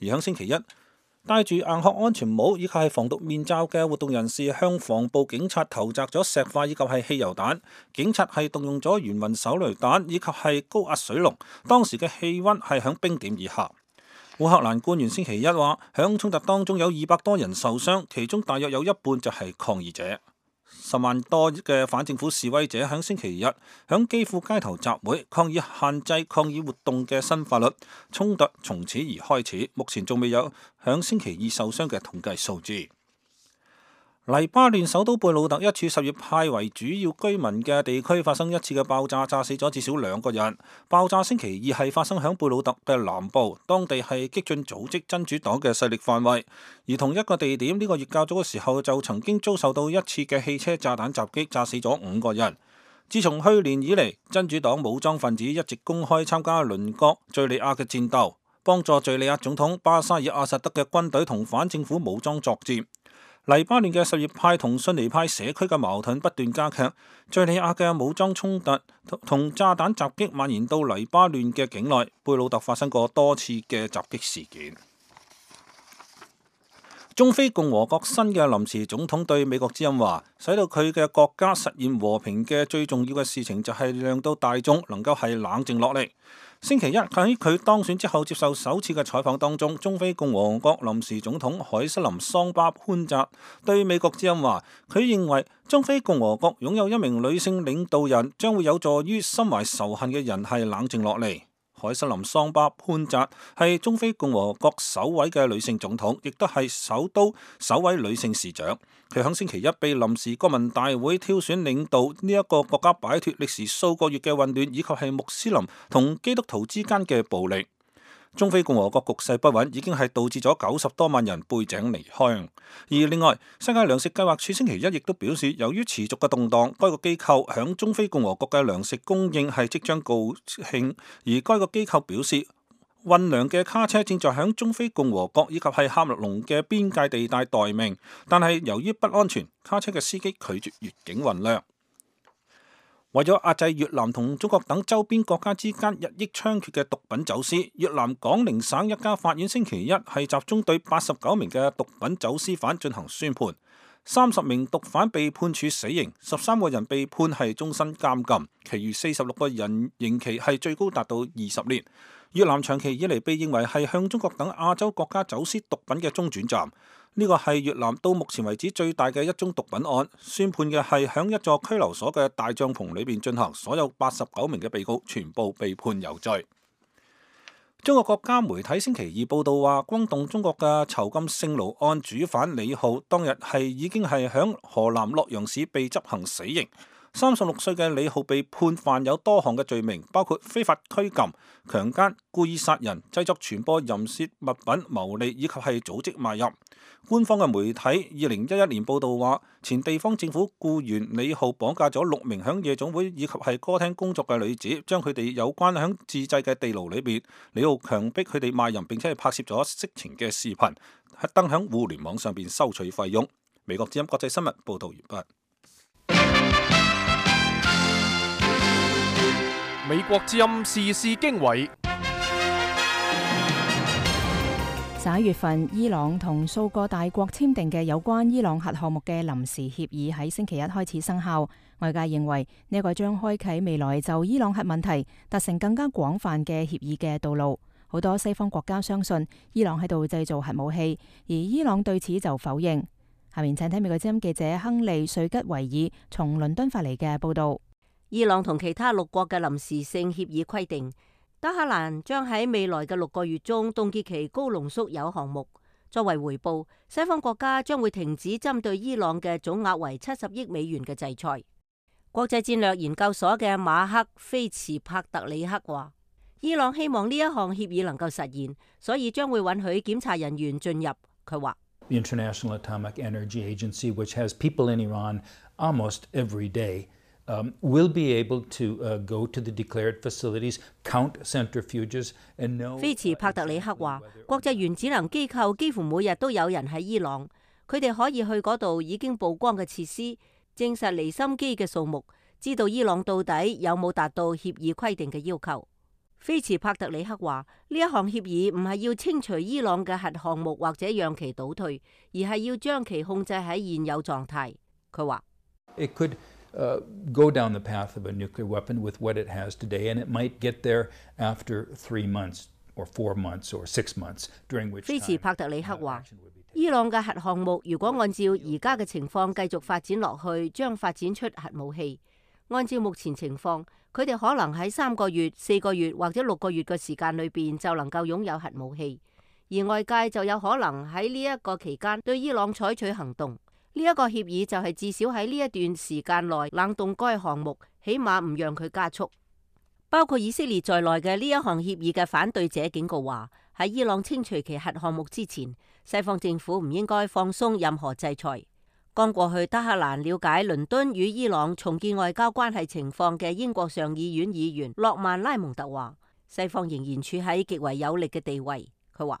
[SPEAKER 4] 而響星期一，戴住硬殼安全帽以及係防毒面罩嘅活動人士向防暴警察投擲咗石塊以及係汽油彈，警察係動用咗圓暈手雷彈以及係高壓水龍。當時嘅氣溫係響冰點以下。烏克蘭官員星期一話，響衝突當中有二百多人受傷，其中大約有一半就係抗議者。十萬多嘅反政府示威者喺星期日喺基輔街頭集會抗議限制抗議活動嘅新法律，衝突從此而開始。目前仲未有喺星期二受傷嘅統計數字。黎巴嫩首都貝魯特一處什葉派為主要居民嘅地區發生一次嘅爆炸，炸死咗至少兩個人。爆炸星期二係發生響貝魯特嘅南部，當地係激進組織真主黨嘅勢力範圍。而同一個地點呢個月較早嘅時候就曾經遭受到一次嘅汽車炸彈襲擊，炸死咗五個人。自從去年以嚟，真主黨武裝分子一直公開參加鄰國敘利亞嘅戰鬥，幫助敘利亞總統巴沙爾阿薩德嘅軍隊同反政府武裝作戰。黎巴嫩嘅什葉派同遜尼派社區嘅矛盾不斷加強，敘利亞嘅武裝衝突同同炸彈襲擊蔓延到黎巴嫩嘅境內，貝魯特發生過多次嘅襲擊事件。中非共和國新嘅臨時總統對美國之音話，使到佢嘅國家實現和平嘅最重要嘅事情就係令到大眾能夠係冷靜落嚟。星期一喺佢當選之後接受首次嘅採訪當中，中非共和國臨時總統海瑟琳桑巴潘澤對美國之音話，佢認為中非共和國擁有一名女性領導人將會有助於心懷仇恨嘅人係冷靜落嚟。海瑟琳桑巴潘澤係中非共和國首位嘅女性總統，亦都係首都首位女性市長。佢喺星期一被臨時國民大會挑選領導呢一個國家，擺脫歷時數個月嘅混亂，以及係穆斯林同基督徒之間嘅暴力。中非共和國局勢不穩，已經係導致咗九十多萬人背井離鄉。而另外，世界糧食計劃處星期一亦都表示，由於持續嘅動蕩，該個機構響中非共和國嘅糧食供應係即將告罄。而該個機構表示。運糧嘅卡車正在響中非共和國以及喺喀麥隆嘅邊界地帶待命，但係由於不安全，卡車嘅司機拒絕越境運糧。為咗壓制越南同中國等周邊國家之間日益猖獗嘅毒品走私，越南廣寧省一家法院星期一係集中對八十九名嘅毒品走私犯進行宣判，三十名毒販被判處死刑，十三個人被判係終身監禁，其餘四十六個人刑期係最高達到二十年。越南長期以嚟被認為係向中國等亞洲國家走私毒品嘅中轉站，呢、這個係越南到目前為止最大嘅一宗毒品案。宣判嘅係響一座拘留所嘅大帳篷裏邊進行，所有八十九名嘅被告全部被判有罪。中國國家媒體星期二報道話，轟動中國嘅囚禁性奴案主犯李浩當日係已經係響河南洛陽市被執行死刑。三十六歲嘅李浩被判犯有多項嘅罪名，包括非法拘禁、強姦、故意殺人、製作傳播淫褻物品牟利以及係組織賣淫。官方嘅媒體二零一一年報道話，前地方政府僱員李浩綁架咗六名響夜總會以及係歌廳工作嘅女子，將佢哋有關響自製嘅地牢裏邊，李浩強迫佢哋賣淫，並且係拍攝咗色情嘅視頻，喺登響互聯網上邊收取費用。美國之音國際新聞報
[SPEAKER 1] 道完畢。美國之音時事經緯，
[SPEAKER 2] 十一月份，伊朗同數個大國簽訂嘅有關伊朗核項目嘅臨時協議喺星期一開始生效。外界認為呢個將開啟未來就伊朗核問題達成更加廣泛嘅協議嘅道路。好多西方國家相信伊朗喺度製造核武器，而伊朗對此就否認。下面請睇美國之音記者亨利·瑞吉維爾從倫敦發嚟嘅報道。
[SPEAKER 11] 伊朗同其他六國嘅臨時性協議規定，德克蘭將喺未來嘅六個月中凍結其高濃縮鈾項目。作為回報，西方國家將會停止針對伊朗嘅總額為七十億美元嘅制裁。國際戰略研究所嘅馬克·菲茨帕特里克話：伊朗希望呢一項協議能夠實現，所以將會允許檢查人員進入。佢話
[SPEAKER 10] ：International Atomic Energy Agency，which has people in Iran almost every day。菲茨
[SPEAKER 11] 帕特里克話：國際原子能機構幾乎每日都有人喺伊朗，佢哋可以去嗰度已經曝光嘅設施，證實離心機嘅數目，知道伊朗到底有冇達到協議規定嘅要求。菲茨帕特里克話：呢一項協議唔係要清除伊朗嘅核項目或者讓其倒退，而係要將其控制喺現有狀態。佢話：。
[SPEAKER 10] 菲
[SPEAKER 11] 茨帕特里克話：伊朗嘅核項目，如果按照而家嘅情況繼續發展落去，將發展出核武器。按照目前情況，佢哋可能喺三個月、四個月或者六個月嘅時間裏邊，就能夠擁有核武器。而外界就有可能喺呢一個期間對伊朗採取行動。呢一個協議就係至少喺呢一段時間內冷凍該項目，起碼唔讓佢加速。包括以色列在內嘅呢一項協議嘅反對者警告話，喺伊朗清除其核項目之前，西方政府唔應該放鬆任何制裁。剛過去，德克蘭了解倫敦與伊朗重建外交關係情況嘅英國上議院議員諾曼拉蒙特話，西方仍然處喺極為有力嘅地位。佢話。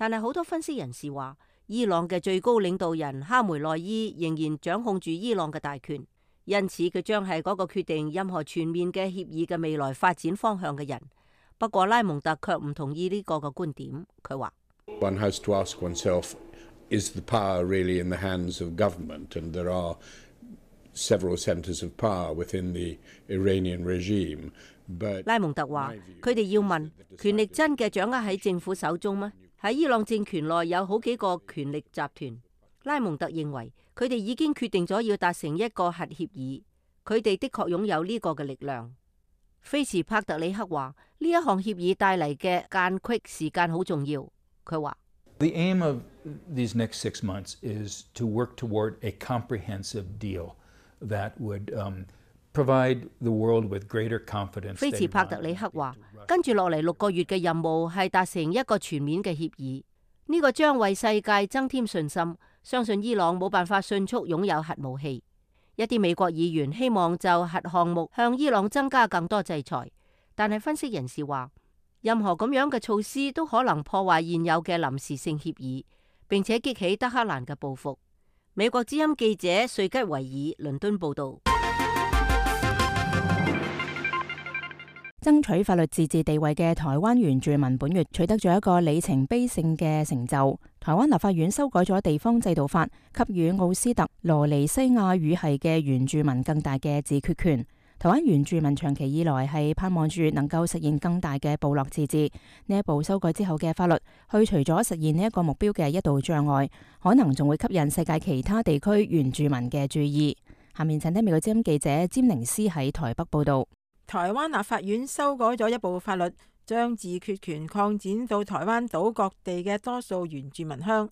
[SPEAKER 11] 但係好多分析人士話，伊朗嘅最高領導人哈梅內伊仍然掌控住伊朗嘅大權，因此佢將係嗰個決定任何全面嘅協議嘅未來發展方向嘅人。不過拉蒙特卻唔同意呢個嘅觀點，佢話
[SPEAKER 7] ：One has to ask oneself, is the power really in the hands of government? And there are several centers of power within the Iranian regime, but。
[SPEAKER 11] 拉蒙特話：佢哋要問權力真嘅掌握喺政府手中嗎？喺伊朗政權內有好幾個權力集團，拉蒙特認為佢哋已經決定咗要達成一個核協議，佢哋的確擁有呢個嘅力量。菲茨帕特里克話：呢一項協議帶嚟嘅間隙時間好重要。佢話
[SPEAKER 10] ：The aim of these next six months is to work toward a comprehensive deal that would, um, 菲茨帕
[SPEAKER 11] 特里克話，跟住落嚟六個月嘅任務係達成一個全面嘅協議，呢個將為世界增添信心，相信伊朗冇辦法迅速擁有核武器。一啲美國議員希望就核項目向伊朗增加更多制裁，但係分析人士話，任何咁樣嘅措施都可能破壞現有嘅臨時性協議，並且激起德黑蘭嘅報復。美國之音記者瑞吉維爾倫敦報道。
[SPEAKER 2] 爭取法律自治地位嘅台灣原住民本月取得咗一個里程碑性嘅成就。台灣立法院修改咗地方制度法，給予奧斯特羅尼西亞語系嘅原住民更大嘅自決權。台灣原住民長期以來係盼望住能夠實現更大嘅部落自治。呢一部修改之後嘅法律，去除咗實現呢一個目標嘅一道障礙，可能仲會吸引世界其他地區原住民嘅注意。下面請聽美國資深記者詹寧斯喺台北報道。
[SPEAKER 3] 台灣立法院修改咗一部法律，將自決權擴展到台灣島各地嘅多數原住民鄉。呢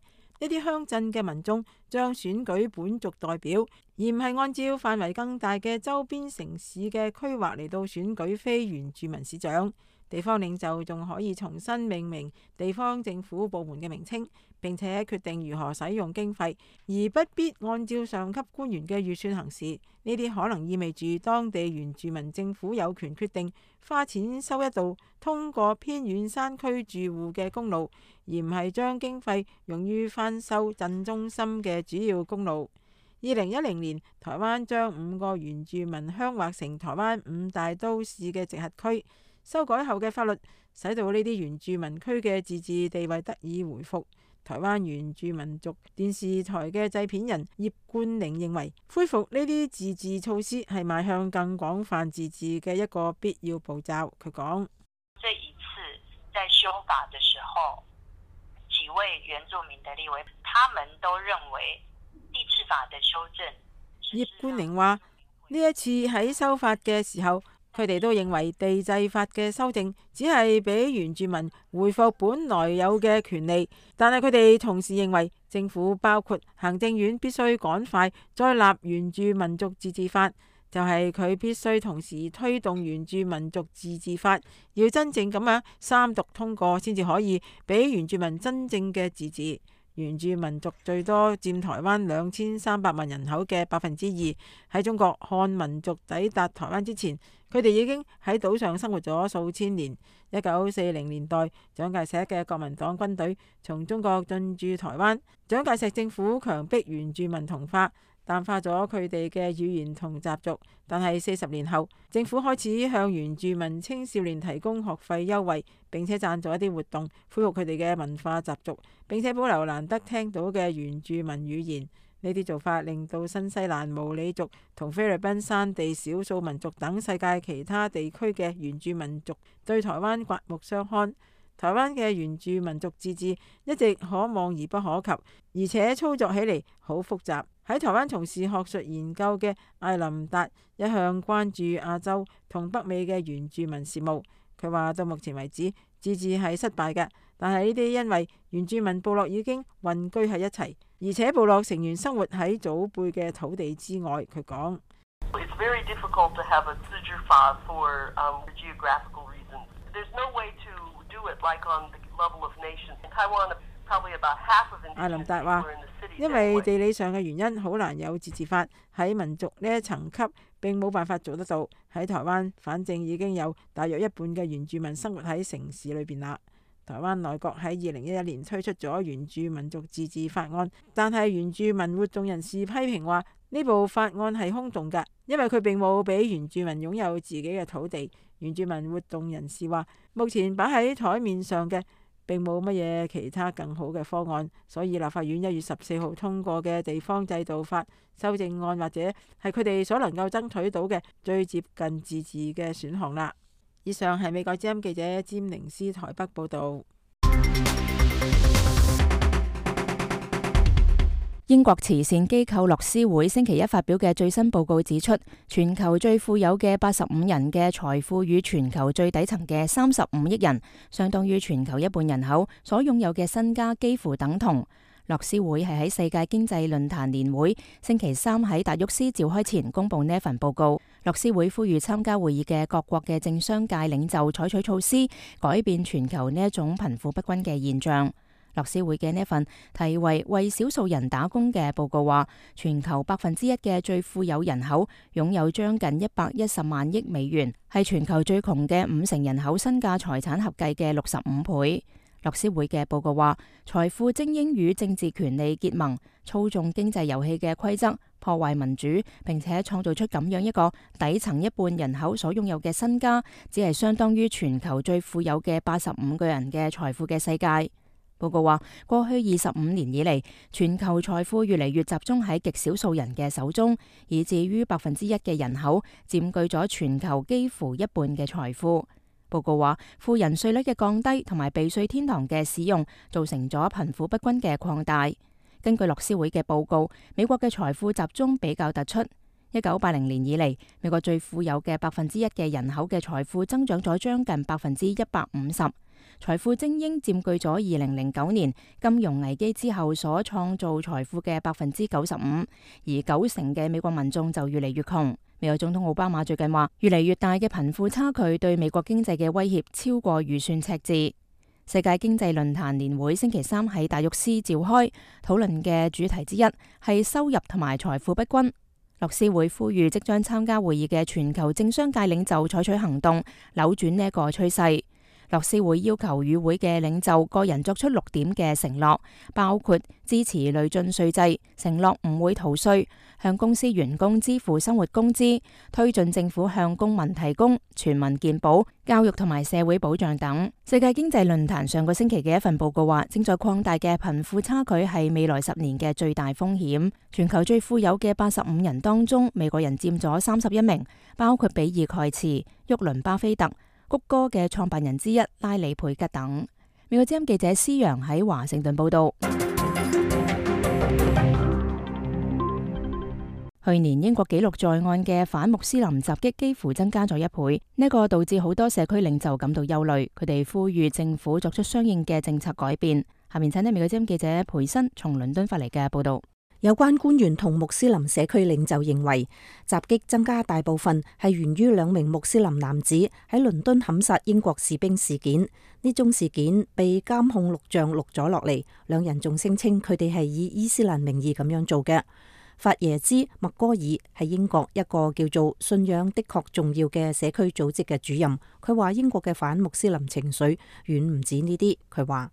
[SPEAKER 3] 啲鄉鎮嘅民眾將選舉本族代表，而唔係按照範圍更大嘅周邊城市嘅規劃嚟到選舉非原住民市長。地方領袖仲可以重新命名地方政府部門嘅名稱。並且決定如何使用經費，而不必按照上級官員嘅預算行事。呢啲可能意味住當地原住民政府有權決定花錢收一道通過偏遠山區住戶嘅公路，而唔係將經費用於翻修鎮中心嘅主要公路。二零一零年，台灣將五個原住民鄉劃成台灣五大都市嘅直轄區，修改後嘅法律使到呢啲原住民區嘅自治地位得以回復。台灣原住民族電視台嘅製片人葉冠寧認為，恢復呢啲自治措施係邁向更廣泛自治嘅一個必要步驟。佢講：
[SPEAKER 6] 這一次在修法嘅時候，幾位原
[SPEAKER 11] 住民嘅立委，他們都認為地治法嘅修正。
[SPEAKER 3] 葉冠寧話：呢一次喺修法嘅時候。佢哋都認為地制法嘅修正只係俾原住民回復本來有嘅權利，但係佢哋同時認為政府包括行政院必須趕快再立原住民族自治法，就係、是、佢必須同時推動原住民族自治法，要真正咁樣三讀通過先至可以俾原住民真正嘅自治。原住民族最多佔台灣兩千三百萬人口嘅百分之二。喺中國漢民族抵達台灣之前，佢哋已經喺島上生活咗數千年。一九四零年代，蔣介石嘅國民黨軍隊從中國進駐台灣，蔣介石政府強迫原住民同化。淡化咗佢哋嘅語言同習俗，但係四十年後，政府開始向原住民青少年提供學費優惠，並且贊助一啲活動，恢復佢哋嘅文化習俗，並且保留難得聽到嘅原住民語言。呢啲做法令到新西蘭毛利族同菲律賓山地少數民族等世界其他地區嘅原住民族對台灣刮目相看。台灣嘅原住民族自治一直可望而不可及，而且操作起嚟好複雜。喺台灣從事學術研究嘅艾林達一向關注亞洲同北美嘅原住民事務。佢話到目前為止，自治係失敗嘅。但係呢啲因為原住民部落已經混居喺一齊，而且部落成員生活喺祖輩嘅土地之外。佢講。阿林達話：因為地理上嘅原因，好難有自治法，喺民族呢一層級並冇辦法做得到。喺台灣，反正已經有大約一半嘅原住民生活喺城市裏邊啦。台灣內閣喺二零一一年推出咗原住民族自治法案，但係原住民活動人士批評話，呢部法案係空洞㗎，因為佢並冇俾原住民擁有自己嘅土地。原住民活動人士話：目前擺喺台面上嘅並冇乜嘢其他更好嘅方案，所以立法院一月十四號通過嘅地方制度法修正案，或者係佢哋所能夠爭取到嘅最接近自治嘅選項啦。以上係美國之音記者詹寧斯台北報導。
[SPEAKER 2] 英國慈善機構樂施會星期一發表嘅最新報告指出，全球最富有嘅八十五人嘅財富與全球最底層嘅三十五億人，相當於全球一半人口所擁有嘅身家幾乎等同。樂施會係喺世界經濟論壇年會星期三喺達沃斯召開前公布呢一份報告。樂施會呼籲參加會議嘅各國嘅政商界領袖採取措施，改變全球呢一種貧富不均嘅現象。樂施會嘅呢份題為《為少數人打工》嘅報告話，全球百分之一嘅最富有人口擁有將近一百一十萬億美元，係全球最窮嘅五成人口身價財產合計嘅六十五倍。樂施會嘅報告話，財富精英與政治權利結盟，操縱經濟遊戲嘅規則，破壞民主，並且創造出咁樣一個底層一半人口所擁有嘅身家，只係相當於全球最富有嘅八十五個人嘅財富嘅世界。報告話，過去二十五年以嚟，全球財富越嚟越集中喺極少數人嘅手中，以至於百分之一嘅人口，佔據咗全球幾乎一半嘅財富。報告話，富人稅率嘅降低同埋避稅天堂嘅使用，造成咗貧富不均嘅擴大。根據樂施會嘅報告，美國嘅財富集中比較突出。一九八零年以嚟，美國最富有嘅百分之一嘅人口嘅財富增長咗將近百分之一百五十。財富精英占據咗二零零九年金融危機之後所創造財富嘅百分之九十五，而九成嘅美國民眾就越嚟越窮。美國總統奧巴馬最近話，越嚟越大嘅貧富差距對美國經濟嘅威脅超過預算赤字。世界經濟論壇年會星期三喺達沃斯召開，討論嘅主題之一係收入同埋財富不均。樂施會呼籲即將參加會議嘅全球政商界領袖採取行動，扭轉呢一個趨勢。律師會要求與會嘅領袖個人作出六點嘅承諾，包括支持累進稅制，承諾唔會逃稅，向公司員工支付生活工資，推進政府向公民提供全民健保、教育同埋社會保障等。世界經濟論壇上個星期嘅一份報告話，正在擴大嘅貧富差距係未來十年嘅最大風險。全球最富有嘅八十五人當中，美國人占咗三十一名，包括比爾蓋茨、沃倫巴菲特。谷歌嘅創辦人之一拉里佩吉等，美國之音記者施洋喺華盛頓報道。 去年英國記錄在案嘅反穆斯林襲擊幾乎增加咗一倍，呢、這個導致好多社區領袖感到憂慮，佢哋呼籲政府作出相應嘅政策改變。下面請聽美國之音記者培
[SPEAKER 5] 森從倫敦發嚟嘅報道。有關官員同穆斯林社區領袖認為，襲擊增加大部分係源於兩名穆斯林男子喺倫敦砍殺英國士兵事件。呢宗事件被監控錄像錄咗落嚟，兩人仲聲稱佢哋係以伊斯蘭名義咁樣做嘅。法耶茲麥戈爾係英國一個叫做信仰的確重要嘅社區組織嘅主任，佢話英國嘅反穆斯林情緒遠唔止呢啲。佢話。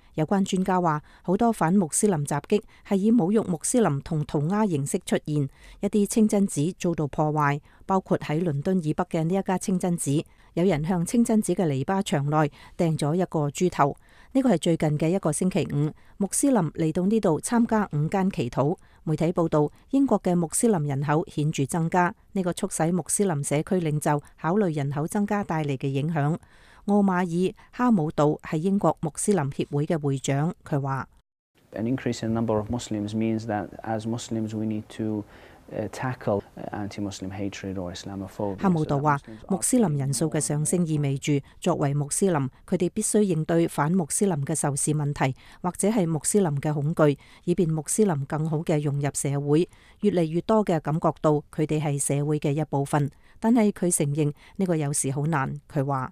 [SPEAKER 5] 有關專家話，好多反穆斯林襲擊係以侮辱穆斯林同塗鴉形式出現，一啲清真寺遭到破壞，包括喺倫敦以北嘅呢一家清真寺，有人向清真寺嘅籬笆牆內掟咗一個豬頭。呢個係最近嘅一個星期五，穆斯林嚟到呢度參加午間祈禱。媒體報道，英國嘅穆斯林人口顯著增加，呢、這個促使穆斯林社區領袖考慮人口增加帶嚟嘅影響。奧馬爾·哈姆道係英國穆斯林協會嘅會長，佢話
[SPEAKER 6] ：An increase in number of Muslims means that as Muslims we need to tackle anti-Muslim hatred or Islamophobia. 哈姆道話，
[SPEAKER 5] 穆斯林人數嘅上升意味住，作為穆斯林，佢哋必須應對反穆斯林嘅仇視問題，或者係穆斯林嘅恐懼，以便穆斯林更好嘅融入社會。越嚟越多嘅感覺到佢哋係社會嘅一部分。但係佢承認呢個有時好難。佢話。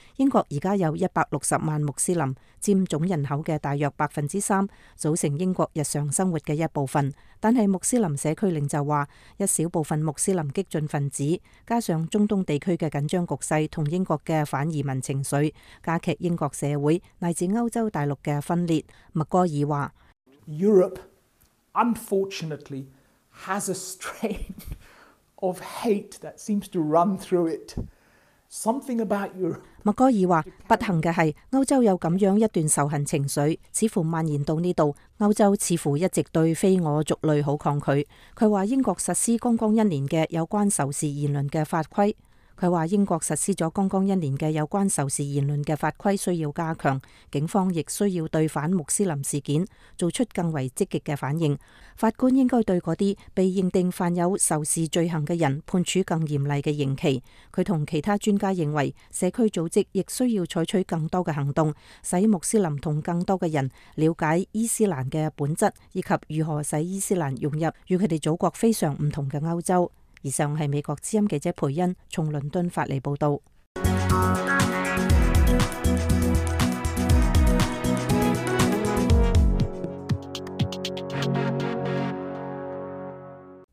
[SPEAKER 5] 英國而家有一百六十萬穆斯林，佔總人口嘅大約百分之三，組成英國日常生活嘅一部分。但係穆斯林社區領袖話，一小部分穆斯林激進分子，加上中東地區嘅緊張局勢同英國嘅反移民情緒，加劇英國社會乃至歐洲大陸嘅分裂。麥哥爾話：Europe unfortunately has a strain of hate that seems to run through it. 默哥爾話：不幸嘅係，歐洲有咁樣一段仇恨情緒，似乎蔓延到呢度。歐洲似乎一直對非我族類好抗拒。佢話英國實施剛剛一年嘅有關仇視言論嘅法規。佢話：英國實施咗剛剛一年嘅有關仇視言論嘅法規需要加強，警方亦需要對反穆斯林事件做出更為積極嘅反應。法官應該對嗰啲被認定犯有仇視罪行嘅人判處更嚴厲嘅刑期。佢同其他專家認為，社區組織亦需要採取更多嘅行動，使穆斯林同更多嘅人了解伊斯蘭嘅本質，以及如何使伊斯蘭融入與佢哋祖國非常唔同嘅歐洲。以上係美國之音記者培恩從倫敦發嚟報道。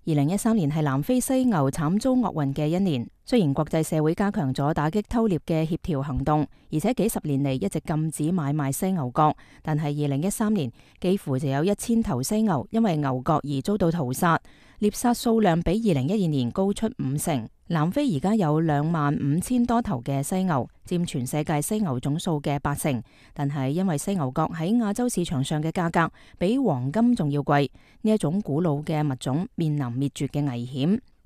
[SPEAKER 2] 二零一三年係南非犀牛慘遭厄運嘅一年。雖然國際社會加強咗打擊偷獵嘅協調行動，而且幾十年嚟一直禁止買賣犀牛角，但係二零一三年，幾乎就有一千頭犀牛因為牛角而遭到屠殺，獵殺數量比二零一二年高出五成。南非而家有兩萬五千多頭嘅犀牛，佔全世界犀牛總數嘅八成，但係因為犀牛角喺亞洲市場上嘅價格比黃金仲要貴，呢一種古老嘅物種面臨滅絕嘅危險。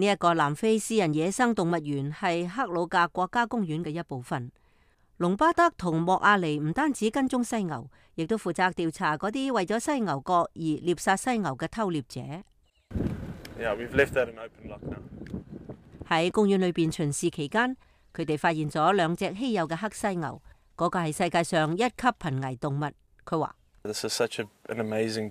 [SPEAKER 11] 呢一個南非私人野生動物園係克魯格國家公園嘅一部分。隆巴德同莫阿尼唔單止跟蹤犀牛，亦都負責調查嗰啲為咗犀牛角而獵殺犀牛嘅偷獵者。喺、yeah, 公園裏邊巡視期間，佢哋發現咗兩隻稀有嘅黑犀牛，嗰、那個係世界上一級瀕危動物。佢話。
[SPEAKER 1] This is such a, an amazing,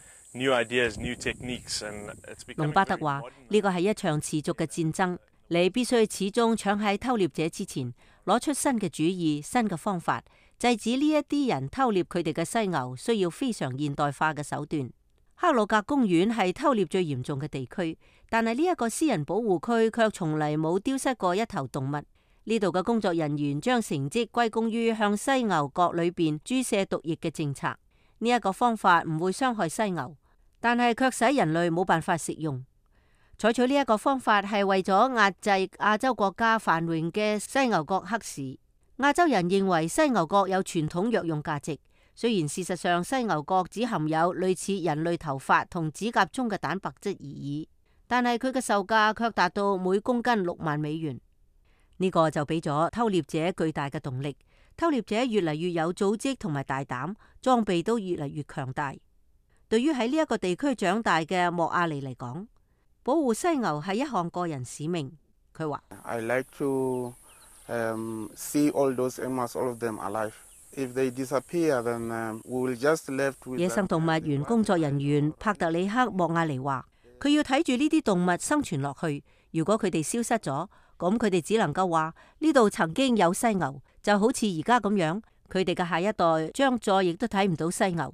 [SPEAKER 1] 隆巴德話：
[SPEAKER 11] 呢個係一場持續嘅戰爭，你必須始終搶喺偷獵者之前攞出新嘅主意、新嘅方法，制止呢一啲人偷獵佢哋嘅犀牛，需要非常現代化嘅手段。克魯格公園係偷獵最嚴重嘅地區，但係呢一個私人保護區卻從嚟冇丟失過一頭動物。呢度嘅工作人員將成績歸功於向犀牛角裏邊注射毒液嘅政策。呢、這、一個方法唔會傷害犀牛。但係卻使人類冇辦法食用。採取呢一個方法係為咗壓制亞洲國家繁榮嘅犀牛角黑市。亞洲人認為犀牛角有傳統藥用價值，雖然事實上犀牛角只含有類似人類頭髮同指甲中嘅蛋白質而已，但係佢嘅售價卻達到每公斤六萬美元。呢個就俾咗偷獵者巨大嘅動力。偷獵者越嚟越有組織同埋大膽，裝備都越嚟越強大。對於喺呢一個地區長大嘅莫亞尼嚟講，保護犀牛係一項個人使命。佢話
[SPEAKER 7] ：I like to see all those animals, all of them alive. If they disappear, then we will just left with 野生動
[SPEAKER 11] 物園工作人員帕特里克莫亞尼話：佢要睇住呢啲動物生存落去。如果佢哋消失咗，咁佢哋只能夠話：呢度曾經有犀牛，就好似而家咁樣，佢哋嘅下一代將再亦都睇唔到犀牛。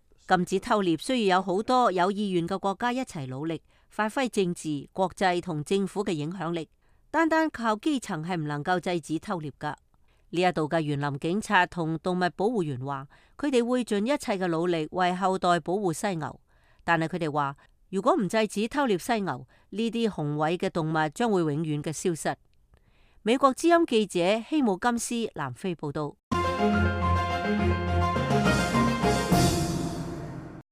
[SPEAKER 11] 禁止偷獵需要有好多有意願嘅國家一齊努力，發揮政治、國際同政府嘅影響力。單單靠基層係唔能夠制止偷獵㗎。呢一度嘅園林警察同動物保護員話，佢哋會盡一切嘅努力為後代保護犀牛，但係佢哋話，如果唔制止偷獵犀牛，呢啲雄偉嘅動物將會永遠嘅消失。美國之音記者希姆金斯南非報道。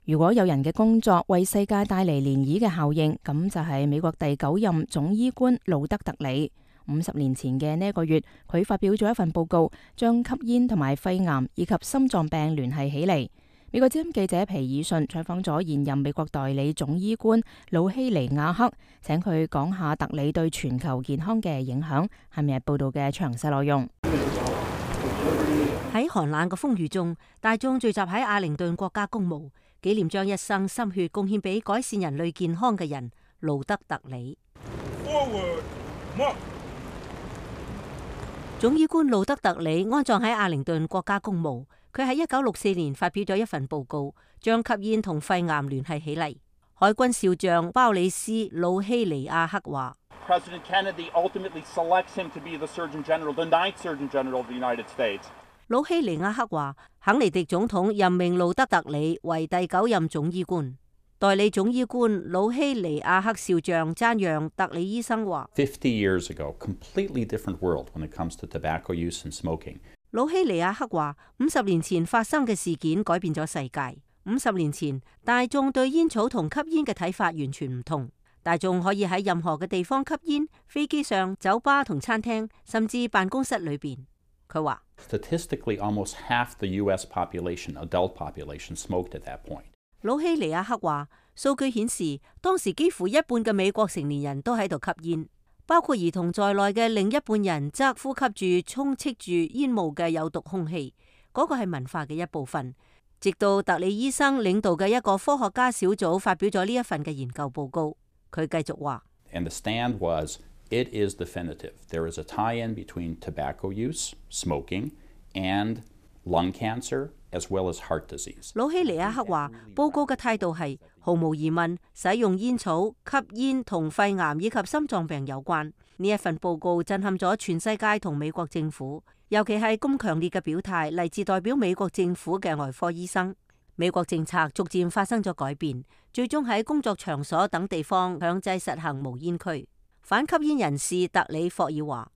[SPEAKER 5] 如果
[SPEAKER 2] 有人嘅工作為世界帶嚟漣漪嘅效應，咁就係美國第九任總醫官路德特里。五十年前嘅呢一個月，佢發表咗一份報告，將吸煙同埋肺癌以及心臟病聯繫起嚟。美國之音記者皮爾遜採訪咗現任美國代理總醫官魯希尼亞克，請佢講下特里對全球健康嘅影響。下面係報道嘅詳細內容。
[SPEAKER 11] 喺寒冷嘅風雨中，大眾聚集喺阿靈頓國家公墓。紀念將一生心血貢獻俾改善人類健康嘅人，路德特里。總醫官路德特里安葬喺阿靈頓國家公墓。佢喺一九六四年發表咗一份報告，將吸煙同肺癌聯繫起嚟。海軍少將鮑里斯魯希
[SPEAKER 10] 尼亞克話。
[SPEAKER 11] 老希尼亞克話：肯尼迪總統任命路德特里為第九任總醫官。代理總醫官老希尼亞克少將讚揚特里醫生話：。
[SPEAKER 10] 老希尼亞克話：五十
[SPEAKER 11] 年前發生嘅事件改變咗世界。五十年前大眾對煙草同吸煙嘅睇法完全唔同，大眾可以喺任何嘅地方吸煙，飛機上、酒吧同餐廳，甚至辦公室裏邊。
[SPEAKER 10] 佢話：，魯希 尼
[SPEAKER 11] 亞克話，數據顯示當時幾乎一半嘅美國成年人都喺度吸煙，包括兒童在內嘅另一半人則呼吸住充斥住煙霧嘅有毒空氣。嗰、那個係文化嘅一部分。直到特里醫生領導嘅一個科學家小組發表咗呢一份嘅研究報告，佢繼續
[SPEAKER 10] 話：。It is definitive。There is a tie in between tobacco use, smoking, and lung cancer, as well as heart disease。
[SPEAKER 11] 老希尼亞克話，報告嘅態度係毫無疑問，使用煙草吸煙同肺癌以及心臟病有關。呢一份報告震撼咗全世界同美國政府，尤其係咁強烈嘅表態嚟自，代表美國政府嘅外科醫生。美國政策逐漸發生咗改變，最終喺工作場所等地方強制實行無煙區。反吸煙人士特里霍爾話：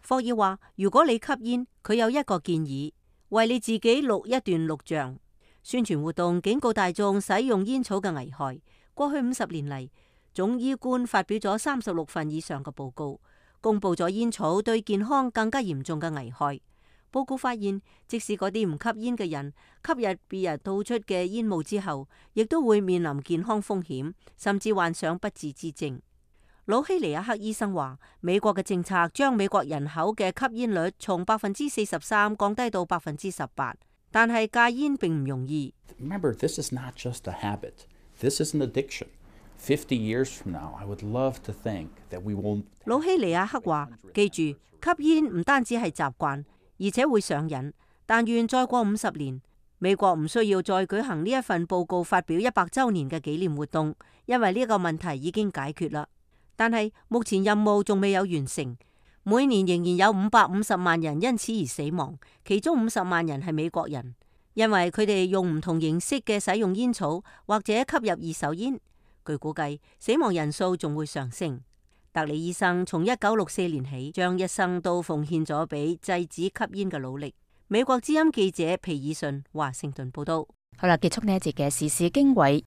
[SPEAKER 11] 霍爾話，如果你吸煙，佢有一個建議，為你自己錄一段錄像。宣傳活動警告大眾使用煙草嘅危害。過去五十年嚟，總醫官發表咗三十六份以上嘅報告，公布咗煙草對健康更加嚴重嘅危害。報告發現，即使嗰啲唔吸煙嘅人吸入別人吐出嘅煙霧之後，亦都會面臨健康風險，甚至患上不治之症。老希尼亞克醫生話：美國嘅政策將美國人口嘅吸煙率從百分之四十三降低到百分之十八，但係戒煙並唔容易。Remember, this is not
[SPEAKER 10] just a habit. This is an addiction. Fifty years from now, I would love to think
[SPEAKER 8] that we won't...
[SPEAKER 11] 老希尼亞克話：記住，吸煙唔單止係習慣。而且會上癮，但願再過五十年，美國唔需要再舉行呢一份報告發表一百周年嘅紀念活動，因為呢個問題已經解決啦。但係目前任務仲未有完成，每年仍然有五百五十萬人因此而死亡，其中五十萬人係美國人，因為佢哋用唔同形式嘅使用煙草或者吸入二手煙。據估計，死亡人數仲會上升。特里醫生從一九六四年起，將一生都奉獻咗俾制止吸煙嘅努力。美國之音記者皮爾信，華盛頓報道。
[SPEAKER 2] 好啦，結束呢一節嘅時事經緯。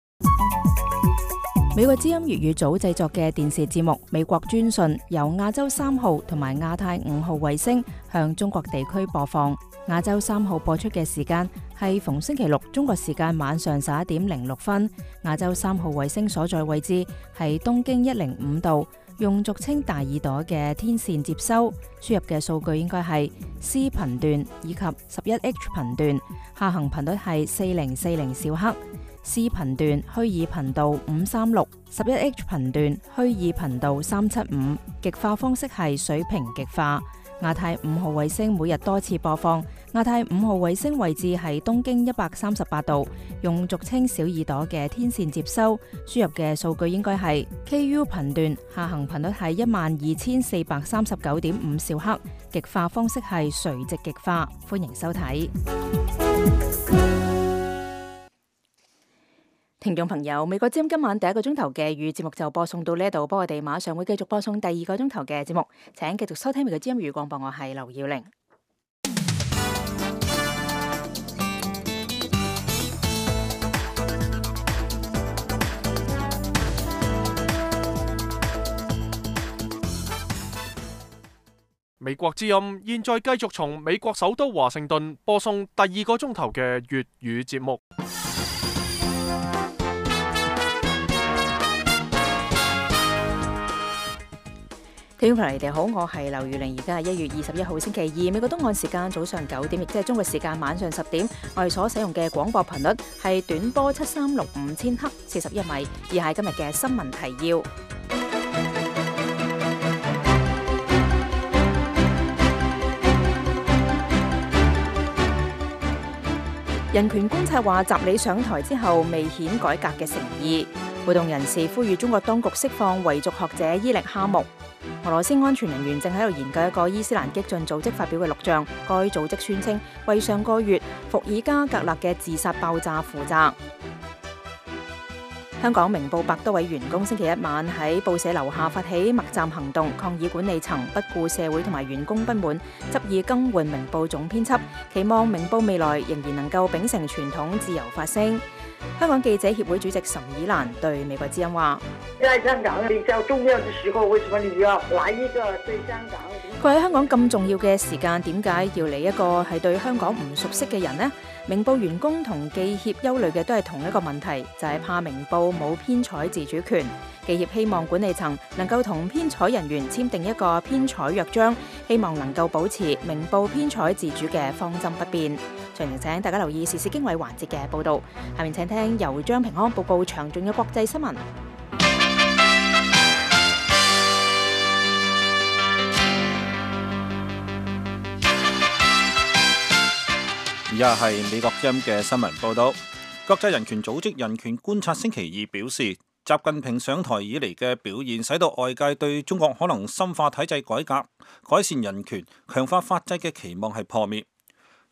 [SPEAKER 2] 美國之音粵語組製作嘅電視節目《美國專訊》，由亞洲三號同埋亞太五號衛星向中國地區播放。亞洲三號播出嘅時間係逢星期六中國時間晚上十一點零六分。亞洲三號衛星所在位置係東經一零五度。用俗稱大耳朵嘅天線接收輸入嘅數據，應該係 C 頻段以及十一 H 頻段。下行頻率係四零四零兆赫，C 頻段虛擬頻道五三六，十一 H 頻段虛擬頻道三七五。極化方式係水平極化。亞太五號衛星每日多次播放。亞太五號衛星位置係東經一百三十八度，用俗稱小耳朵嘅天線接收。輸入嘅數據應該係 KU 頻段，下行頻率係一萬二千四百三十九點五兆赫，極化方式係垂直極化。歡迎收睇。聽眾朋友，美國之音今晚第一個鐘頭嘅粵語節目就播送到呢度，幫我哋馬上會繼續播送第二個鐘頭嘅節目，請繼續收聽美國之音粵語廣播。我係劉耀玲。
[SPEAKER 1] 美國之音現在繼續從美國首都華盛頓播送第二個鐘頭嘅粵語節目。
[SPEAKER 2] 聽眾朋友，你哋好，我係劉如玲，而家係一月二十一號星期二，美國東岸時間早上九點，亦即係中國時間晚上十點，我哋所使用嘅廣播頻率係短波七三六五千克四十一米，而係今日嘅新聞提要。人權觀察話，習李上台之後未顯改革嘅誠意。活動人士呼籲中國當局釋放維族學者伊力哈木。俄羅斯安全人員正喺度研究一個伊斯蘭激進組織發表嘅錄像，該組織宣稱為上個月伏爾加格勒嘅自殺爆炸負責。香港明報百多位員工星期一晚喺報社樓下發起默站行動，抗議管理層不顧社會同埋員工不滿，執意更換明報總編輯，期望明報未來仍然能夠秉承傳統自由發聲。香港記者協會主席岑以蘭對美國之音話：
[SPEAKER 3] 在香港比較重要嘅時候，為什麼你要來一個對香
[SPEAKER 2] 港？佢喺香港咁重要嘅時間，點解要嚟一個係對香港唔熟悉嘅人呢？明報員工同記協憂慮嘅都係同一個問題，就係、是、怕明報冇編採自主權。記協希望管理層能夠同編採人員簽訂一個編採約章，希望能夠保持明報編採自主嘅方針不變。隨後請大家留意時事經緯環節嘅報道。下面請聽由張平安報告詳盡嘅國際新聞。
[SPEAKER 4] 又係美國音嘅新聞報道，國際人權組織人權觀察星期二表示，習近平上台以嚟嘅表現，使到外界對中國可能深化體制改革、改善人權、強化法制嘅期望係破滅。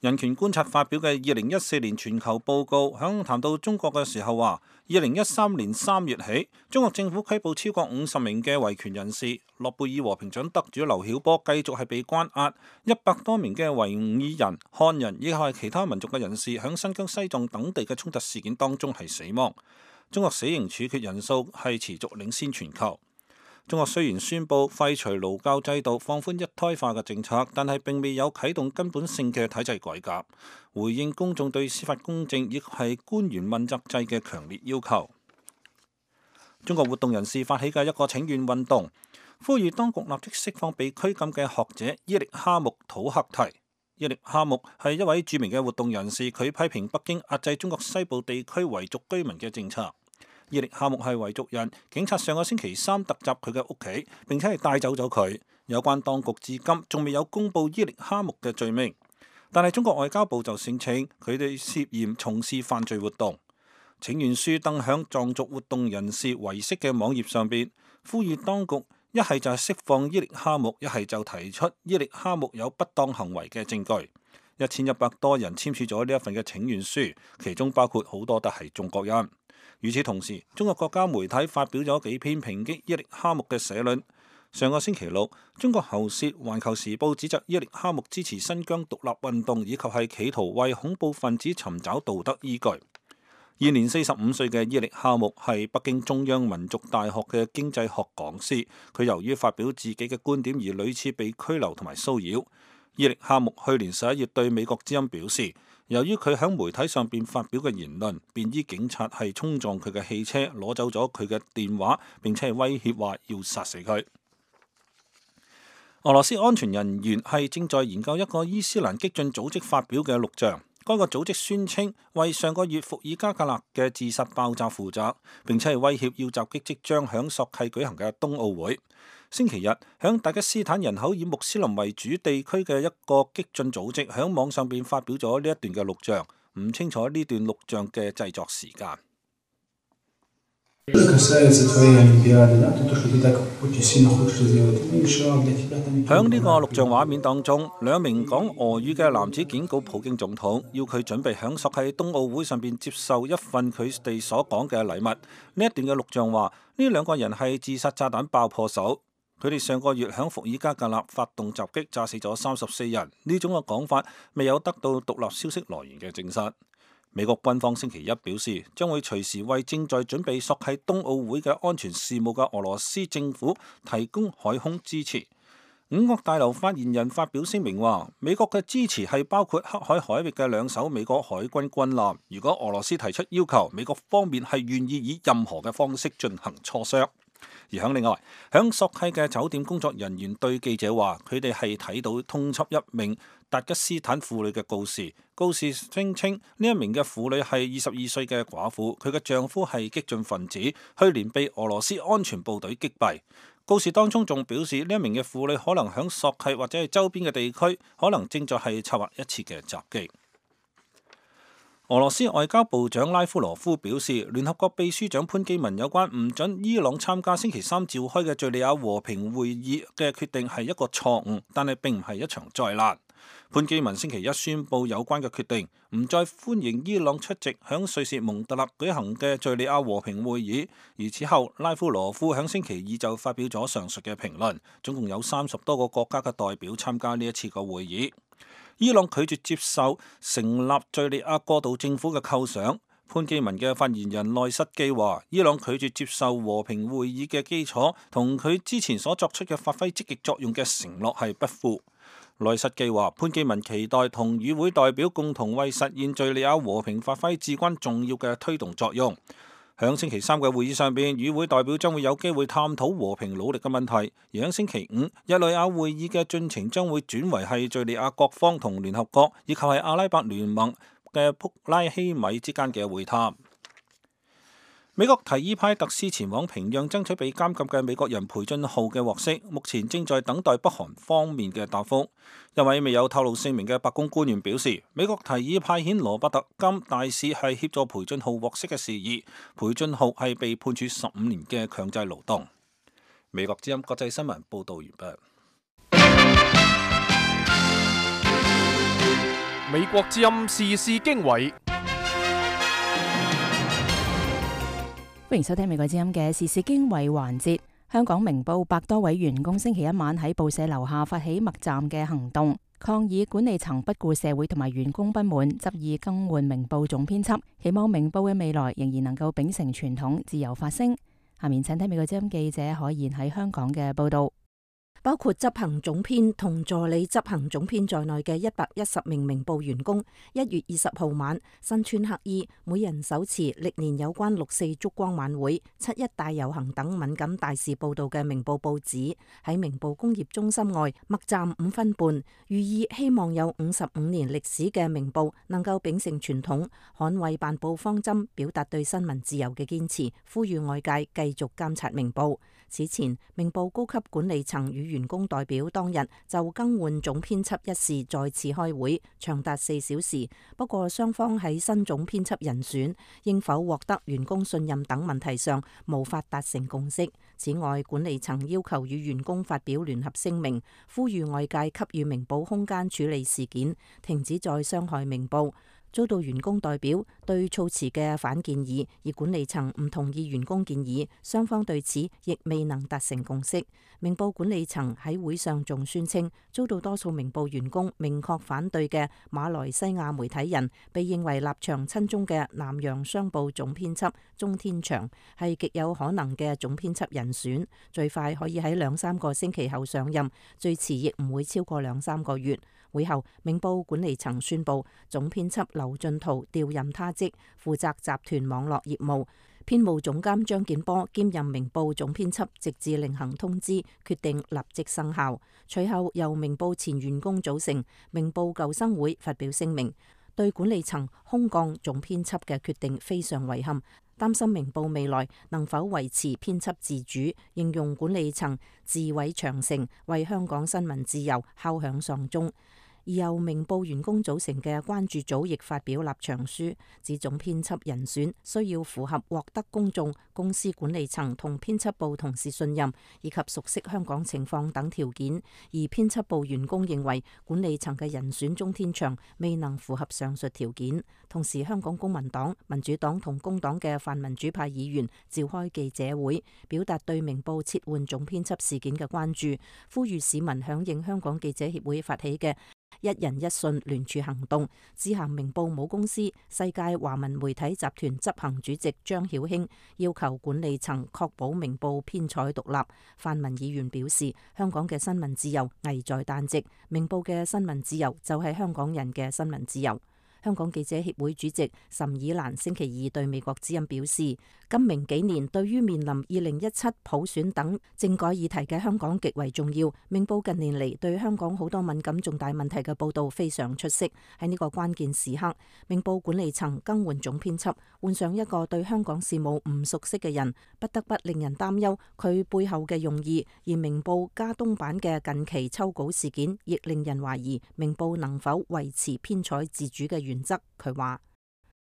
[SPEAKER 4] 人權觀察發表嘅二零一四年全球報告響談到中國嘅時候話。二零一三年三月起，中國政府拘捕超過五十名嘅維權人士。諾貝爾和平獎得主劉曉波繼續係被關押。一百多名嘅維吾爾人、漢人以及係其他民族嘅人士，喺新疆、西藏等地嘅衝突事件當中係死亡。中國死刑處決人數係持續領先全球。中國雖然宣布廢除勞教制度、放寬一胎化嘅政策，但係並未有啟動根本性嘅體制改革，回應公眾對司法公正亦係官員問責制嘅強烈要求。中國活動人士發起嘅一個請願運動，呼籲當局立即釋放被拘禁嘅學者伊力哈木土克提。伊力哈木係一位著名嘅活動人士，佢批評北京壓制中國西部地區維族居民嘅政策。伊力哈木係維族人，警察上個星期三突襲佢嘅屋企，並且係帶走咗佢。有關當局至今仲未有公布伊力哈木嘅罪名，但係中國外交部就聲稱佢哋涉嫌從事犯罪活動。請願書登響藏族活動人士唯色嘅網頁上邊，呼籲當局一係就釋放伊力哈木，一係就提出伊力哈木有不當行為嘅證據。一千一百多人簽署咗呢一份嘅請願書，其中包括好多都係中國人。與此同時，中國國家媒體發表咗幾篇抨擊伊力哈木嘅社論。上個星期六，中國喉舌《環球時報》指責伊力哈木支持新疆獨立運動，以及係企圖為恐怖分子尋找道德依據。現年四十五歲嘅伊力哈木係北京中央民族大學嘅經濟學講師，佢由於發表自己嘅觀點而屢次被拘留同埋騷擾。伊力哈木去年十一月對美國之音表示。由於佢喺媒體上邊發表嘅言論，便衣警察係衝撞佢嘅汽車，攞走咗佢嘅電話，並且係威脅話要殺死佢。俄羅斯安全人員係正在研究一個伊斯蘭激進組織發表嘅錄像，該個組織宣稱為上個月伏爾加格勒嘅自殺爆炸負責，並且係威脅要襲擊即將響索契舉行嘅冬奧會。星期日，響達吉斯坦人口以穆斯林為主地區嘅一個激進組織響網上邊發表咗呢一段嘅錄像，唔清楚呢段錄像嘅製作時間。
[SPEAKER 6] 響
[SPEAKER 4] 呢 個錄像畫面當中，兩名講俄語嘅男子警告普京總統，要佢準備享受喺冬奧會上邊接受一份佢哋所講嘅禮物。呢一段嘅錄像話，呢兩個人係自殺炸彈爆破手。佢哋上個月響伏爾加格勒發動襲擊，炸死咗三十四人。呢種嘅講法未有得到獨立消息來源嘅證實。美國軍方星期一表示，將會隨時為正在準備索契冬奧會嘅安全事務嘅俄羅斯政府提供海空支持。五角大樓發言人發表聲明話，美國嘅支持係包括黑海海域嘅兩艘美國海軍軍艦。如果俄羅斯提出要求，美國方面係願意以任何嘅方式進行磋商。而喺另外，響索契嘅酒店工作人員對記者話，佢哋係睇到通緝一名達吉斯坦婦女嘅告示，告示聲稱呢一名嘅婦女係二十二歲嘅寡婦，佢嘅丈夫係激進分子，去年被俄羅斯安全部隊擊斃，告示當中仲表示，呢一名嘅婦女可能響索契或者係周邊嘅地區可能正在係策劃一次嘅襲擊。俄羅斯外交部長拉夫羅夫表示，聯合國秘書長潘基文有關唔准伊朗參加星期三召開嘅敘利亞和平會議嘅決定係一個錯誤，但係並唔係一場災難。潘基文星期一宣布有關嘅決定，唔再歡迎伊朗出席響瑞士蒙特勒舉行嘅敘利亞和平會議。而此後，拉夫羅夫響星期二就發表咗上述嘅評論，總共有三十多個國家嘅代表參加呢一次嘅會議。伊朗拒絕接受成立敍利亞過渡政府嘅構想。潘基文嘅發言人內斯基話：伊朗拒絕接受和平會議嘅基礎，同佢之前所作出嘅發揮積極作用嘅承諾係不符。內斯基話：潘基文期待同與會代表共同為實現敍利亞和平發揮至關重要嘅推動作用。喺星期三嘅會議上邊，與會代表將會有機會探討和平努力嘅問題。而喺星期五，日內瓦會議嘅進程將會轉為係敘利亞各方同聯合國以及係阿拉伯聯盟嘅卜拉希米之間嘅會談。美國提議派特使前往平壤爭取被監禁嘅美國人裴俊浩嘅獲釋，目前正在等待北韓方面嘅答覆。一位未有透露姓名嘅白宮官員表示，美國提議派遣羅伯特金大使係協助裴俊浩獲釋嘅事宜。裴俊浩係被判處十五年嘅強制勞動。美國之音國際新聞
[SPEAKER 1] 報道完畢。美國之音時事經緯。
[SPEAKER 2] 歡迎收聽《美國之音》嘅時事經緯環節。香港明報百多位員工星期一晚喺報社樓下發起默站嘅行動，抗議管理層不顧社會同埋員工不滿，執意更換明報總編輯，希望明報嘅未來仍然能夠秉承傳統，自由發聲。下面請聽美國之音記者海燕喺香港嘅報道。
[SPEAKER 5] 包括執行總編同助理執行總編在內嘅一百一十名明報員工，一月二十號晚身穿黑衣，每人手持歷年有關六四燭光晚會、七一大遊行等敏感大事報道嘅明報報紙，喺明報工業中心外默站五分半，寓意希望有五十五年歷史嘅明報能夠秉承傳統，捍衛辦報方針，表達對新聞自由嘅堅持，呼籲外界繼續監察明報。此前，明報高級管理層與員工代表當日就更換總編輯一事再次開會，長達四小時。不過，雙方喺新總編輯人選應否獲得員工信任等問題上無法達成共識。此外，管理層要求與員工發表聯合聲明，呼籲外界給予明報空間處理事件，停止再傷害明報。遭到員工代表對措辭嘅反建議，而管理層唔同意員工建議，雙方對此亦未能達成共識。明報管理層喺會上仲宣稱，遭到多數明報員工明確反對嘅馬來西亞媒體人，被認為立場親中嘅南洋商報總編輯鐘天祥係極有可能嘅總編輯人選，最快可以喺兩三個星期後上任，最遲亦唔會超過兩三個月。會後，明報管理層宣布，總編輯劉進圖調任他職，負責集團網絡業務。編務總監張健波兼任明報總編輯，直至另行通知。決定立即生效。隨後，由明報前員工組成明報舊生會發表聲明，對管理層空降總編輯嘅決定非常遺憾，擔心明報未來能否維持編輯自主，形容管理層自毀長城，為香港新聞自由敲響喪鐘。由明報員工組成嘅關注組亦發表立場書，指總編輯人選需要符合獲得公眾、公司管理層同編輯部同事信任，以及熟悉香港情況等條件。而編輯部員工認為管理層嘅人選鍾天祥未能符合上述條件。同時，香港公民黨、民主黨同工黨嘅泛民主派議員召開記者會，表達對明報撤換總編輯事件嘅關注，呼籲市民響應香港記者協會發起嘅。一人一信聯署行動之行明報母公司世界華文媒體集團執行主席張曉卿要求管理層確保明報編採獨立。泛民議員表示，香港嘅新聞自由危在旦夕，明報嘅新聞自由就係香港人嘅新聞自由。香港記者協會主席岑以蘭星期二對美國之音表示。今明幾年對於面臨二零一七普選等政改議題嘅香港極為重要。明報近年嚟對香港好多敏感重大問題嘅報道非常出色。喺呢個關鍵時刻，明報管理層更換總編輯，換上一個對香港事務唔熟悉嘅人，不得不令人擔憂佢背後嘅用意。而明報加東版嘅近期抽稿事件亦令人懷疑明報能否維持編採自主嘅原則。佢話。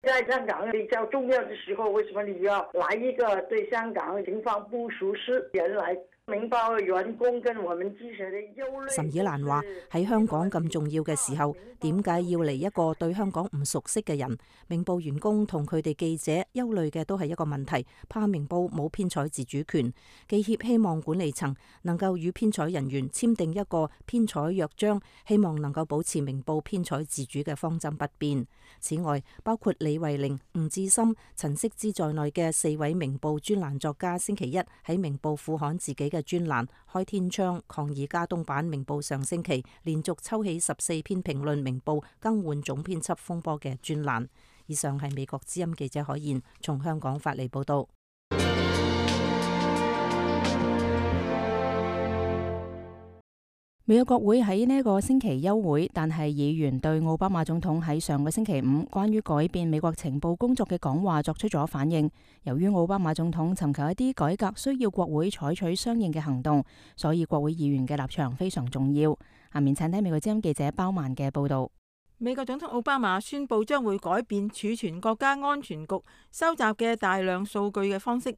[SPEAKER 3] 在香港比較重要的時候，為什麼你要來一個對香港情況不熟悉人來？明報員工跟之
[SPEAKER 5] 岑以蘭話：喺香港咁重要嘅時候，點解要嚟一個對香港唔熟悉嘅人？明報員工同佢哋記者憂慮嘅都係一個問題，怕明報冇編採自主權。記協希望管理層能夠與編採人員簽訂一個編採約章，希望能夠保持明報編採自主嘅方針不變。此外，包括李慧玲、吳志森、陳惜姿在內嘅四位明報專欄作家，星期一喺明報副刊自己嘅。專欄開天窗抗議加東版明報上星期連續抽起十四篇評論明報更換總編輯風波嘅專欄。以上係美國之音記者海燕從香港發嚟報道。
[SPEAKER 2] 美國國會喺呢一個星期休會，但係議員對奧巴馬總統喺上個星期五關於改變美國情報工作嘅講話作出咗反應。由於奧巴馬總統尋求一啲改革，需要國會採取相應嘅行動，所以國會議員嘅立場非常重要。下面請聽美國之音記者包曼嘅報道。
[SPEAKER 3] 美國總統奧巴馬宣布將會改變儲存國家安全局收集嘅大量數據嘅方式。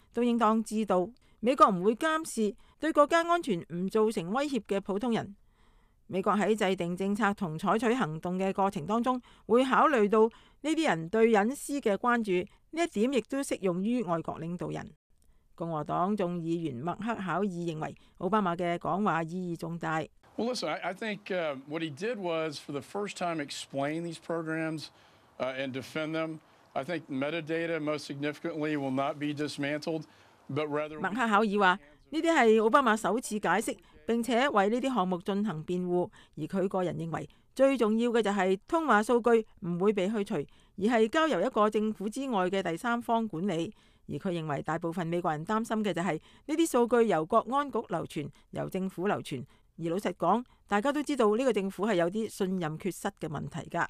[SPEAKER 3] 都應當知道，美國唔會監視對國家安全唔造成威脅嘅普通人。美國喺制定政策同採取行動嘅過程當中，會考慮到呢啲人對隱私嘅關注。呢一點亦都適用於外國領導人。共和黨眾議員麥克考爾認為奧巴馬嘅講話意義重大。
[SPEAKER 7] Well, I think metadata, most significantly, will not be dismantled,
[SPEAKER 3] but rather, 麥克考爾話：呢啲係奧巴馬首次解釋，並且為呢啲項目進行辯護。而佢個人認為最重要嘅就係通話數據唔會被去除，而係交由一個政府之外嘅第三方管理。而佢認為大部分美國人擔心嘅就係呢啲數據由國安局流傳、由政府流傳。而老實講，大家都知道呢個政府係有啲信任缺失嘅問題噶。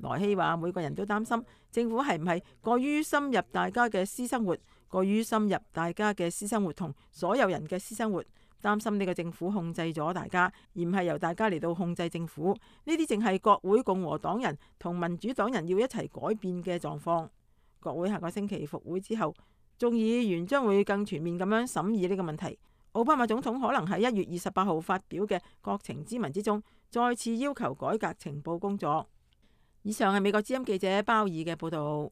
[SPEAKER 3] 萊希話，每個人都擔心政府係唔係過於深入大家嘅私生活，過於深入大家嘅私生活同所有人嘅私生活，擔心呢個政府控制咗大家，而唔係由大家嚟到控制政府。呢啲淨係國會共和黨人同民主黨人要一齊改變嘅狀況。國會下個星期復會之後，眾議員將會更全面咁樣審議呢個問題。奧巴馬總統可能喺一月二十八號發表嘅國情咨文之中，再次要求改革情報工作。以上係美國之音記者鮑爾嘅報道。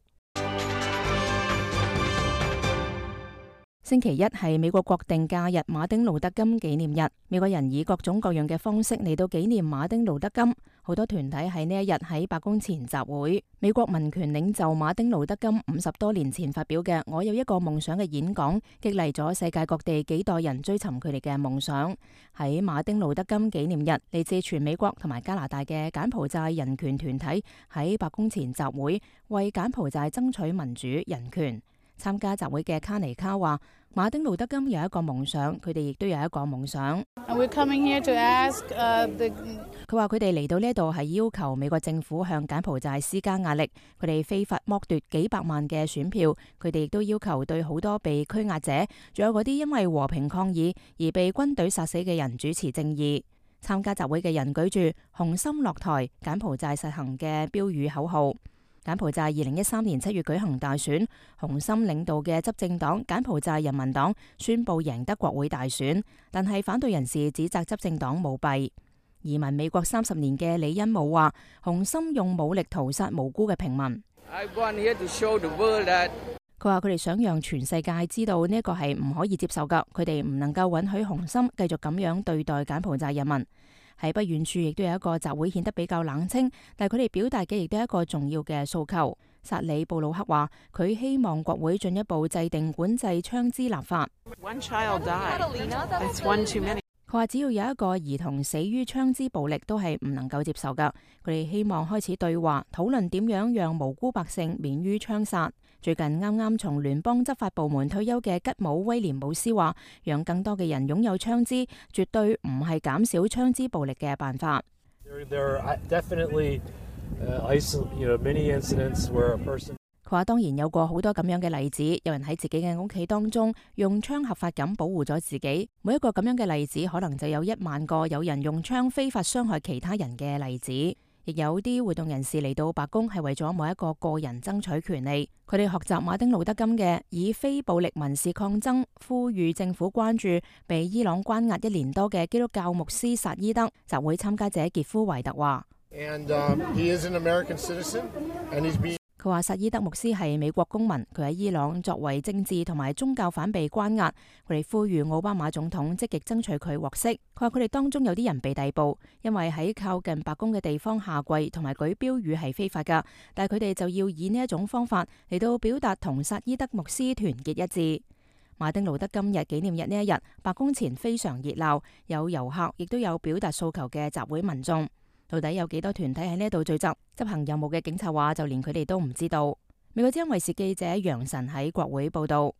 [SPEAKER 2] 星期一係美國國定假日馬丁路德金紀念日，美國人以各種各樣嘅方式嚟到紀念馬丁路德金。好多團體喺呢一日喺白宮前集會。美國民權領袖馬丁路德金五十多年前發表嘅《我有一個夢想》嘅演講，激勵咗世界各地幾代人追尋佢哋嘅夢想。喺馬丁路德金紀念日，嚟自全美國同埋加拿大嘅柬埔寨人權團體喺白宮前集會，為柬埔寨爭取民主人權。參加集會嘅卡尼卡話，馬丁路德金有一個夢想，佢哋亦都有一個夢想。佢話佢哋嚟到呢度係要求美國政府向柬埔寨施加壓力，佢哋非法剝奪幾百萬嘅選票，佢哋亦都要求對好多被拘押者，仲有嗰啲因為和平抗議而被軍隊殺死嘅人主持正義。參加集會嘅人舉住“紅心落台，柬埔寨實行”嘅標語口號。柬埔寨二零一三年七月舉行大選，洪森領導嘅執政黨柬埔寨人民黨宣布贏得國會大選，但係反對人士指責執政黨舞弊。移民美國三十年嘅李恩武話：洪森用武力屠殺無辜嘅平民。佢話：佢哋想讓全世界知道呢一個係唔可以接受噶，佢哋唔能夠允許洪森繼續咁樣對待柬埔寨人民。喺不遠處亦都有一個集會，顯得比較冷清。但係佢哋表達嘅亦都係一個重要嘅訴求。薩里布魯克話，佢希望國會進一步制定管制槍支立法。佢話，只要有一個兒童死於槍支暴力，都係唔能夠接受噶。佢哋希望開始對話，討論點樣讓無辜百姓免於槍殺。最近啱啱從聯邦執法部門退休嘅吉姆威廉姆斯話，讓更多嘅人擁有槍支，絕對唔係減少槍支暴力嘅辦法。
[SPEAKER 10] 佢話、uh, you know,
[SPEAKER 2] 當然有過好多咁樣嘅例子，有人喺自己嘅屋企當中用槍合法咁保護咗自己。每一個咁樣嘅例子，可能就有一萬個有人用槍非法傷害其他人嘅例子。亦有啲活動人士嚟到白宮係為咗某一個個人爭取權利，佢哋學習馬丁路德金嘅以非暴力民事抗爭，呼籲政府關注被伊朗關押一年多嘅基督教牧師薩伊德。集會參加者傑夫維特話。
[SPEAKER 7] And, uh,
[SPEAKER 2] 佢話薩伊德牧師係美國公民，佢喺伊朗作為政治同埋宗教反被關押。佢哋呼籲奧巴馬總統積極爭取佢獲釋。佢話佢哋當中有啲人被逮捕，因為喺靠近白宮嘅地方下跪同埋舉標語係非法㗎，但係佢哋就要以呢一種方法嚟到表達同薩伊德牧師團結一致。馬丁路德今日紀念日呢一日，白宮前非常熱鬧，有遊客亦都有表達訴求嘅集會民眾。到底有幾多團體喺呢度聚集？執行任務嘅警察話，就連佢哋都唔知道。美國之音衛視記者楊晨喺國會報道。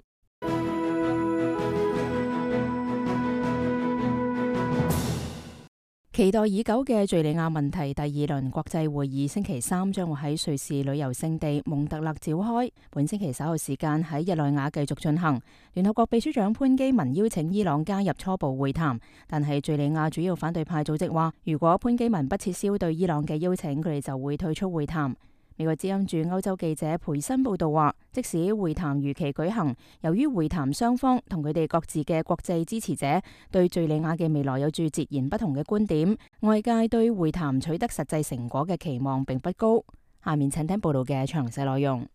[SPEAKER 2] 期待已久嘅敘利亞問題第二輪國際會議星期三將會喺瑞士旅遊勝地蒙特勒召開，本星期稍後時間喺日內瓦繼續進行。聯合國秘書長潘基文邀請伊朗加入初步會談，但係敘利亞主要反對派組織話，如果潘基文不撤銷對伊朗嘅邀請，佢哋就會退出會談。美國之音駐歐洲記者培新報道話，即使會談如期舉行，由於會談雙方同佢哋各自嘅國際支持者對敘利亞嘅未來有住截然不同嘅觀點，外界對會談取得
[SPEAKER 5] 實際成果嘅期望並不高。下面請聽報道嘅詳細內容。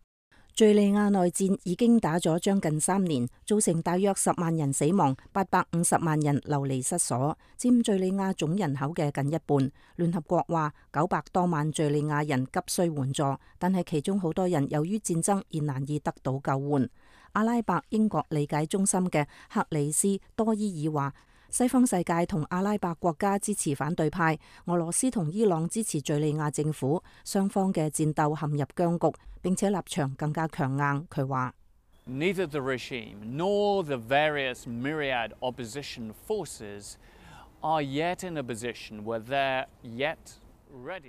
[SPEAKER 5] 敘利亞內戰已經打咗將近三年，造成大約十萬人死亡，八百五十萬人流離失所，佔敘利亞總人口嘅近一半。聯合國話九百多萬敘利亞人急需援助，但係其中好多人由於戰爭而難以得到救援。阿拉伯英國理解中心嘅克里斯多伊爾話。西方世界同阿拉伯國家支持反對派，俄羅斯同伊朗支持敘利亞政府，雙方嘅戰鬥陷入僵局，並且立場更加強硬。佢話：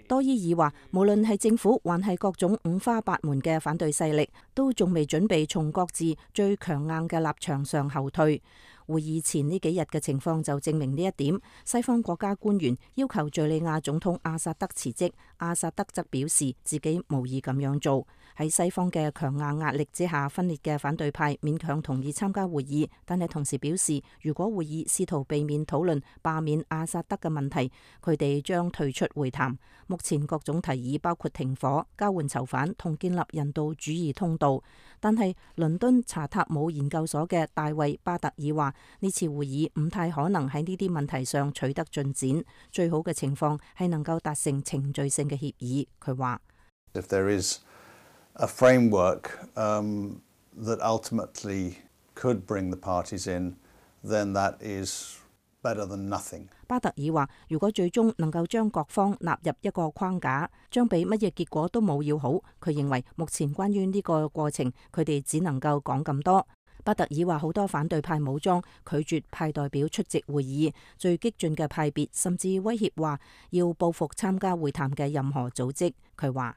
[SPEAKER 8] 多伊爾
[SPEAKER 5] 話，無論係政府還係各種五花八門嘅反對勢力，都仲未準備從各自最強硬嘅立場上後退。會議前呢幾日嘅情況就證明呢一點。西方國家官員要求敘利亞總統阿薩德辭職，阿薩德則表示自己無意咁樣做。喺西方嘅強硬壓力之下，分裂嘅反對派勉強同意參加會議，但係同時表示，如果會議試圖避免討論罷免阿薩德嘅問題，佢哋將退出會談。目前各種提議包括停火、交換囚犯同建立人道主義通道，但係倫敦查塔姆研究所嘅大衛巴特爾話：呢次會議唔太可能喺呢啲問題上取得進展。最好嘅情況係能夠達成程序性嘅協議。佢話。
[SPEAKER 9] If there is 巴特
[SPEAKER 5] 爾話，如果最終能夠將各方納入一個框架，將比乜嘢結果都冇要好。佢認為目前關於呢個過程，佢哋只能夠講咁多。巴特爾話，好多反對派武裝拒絕派代表出席會議，最激進嘅派別甚至威脅話要報復參加會談嘅任何組織。佢話。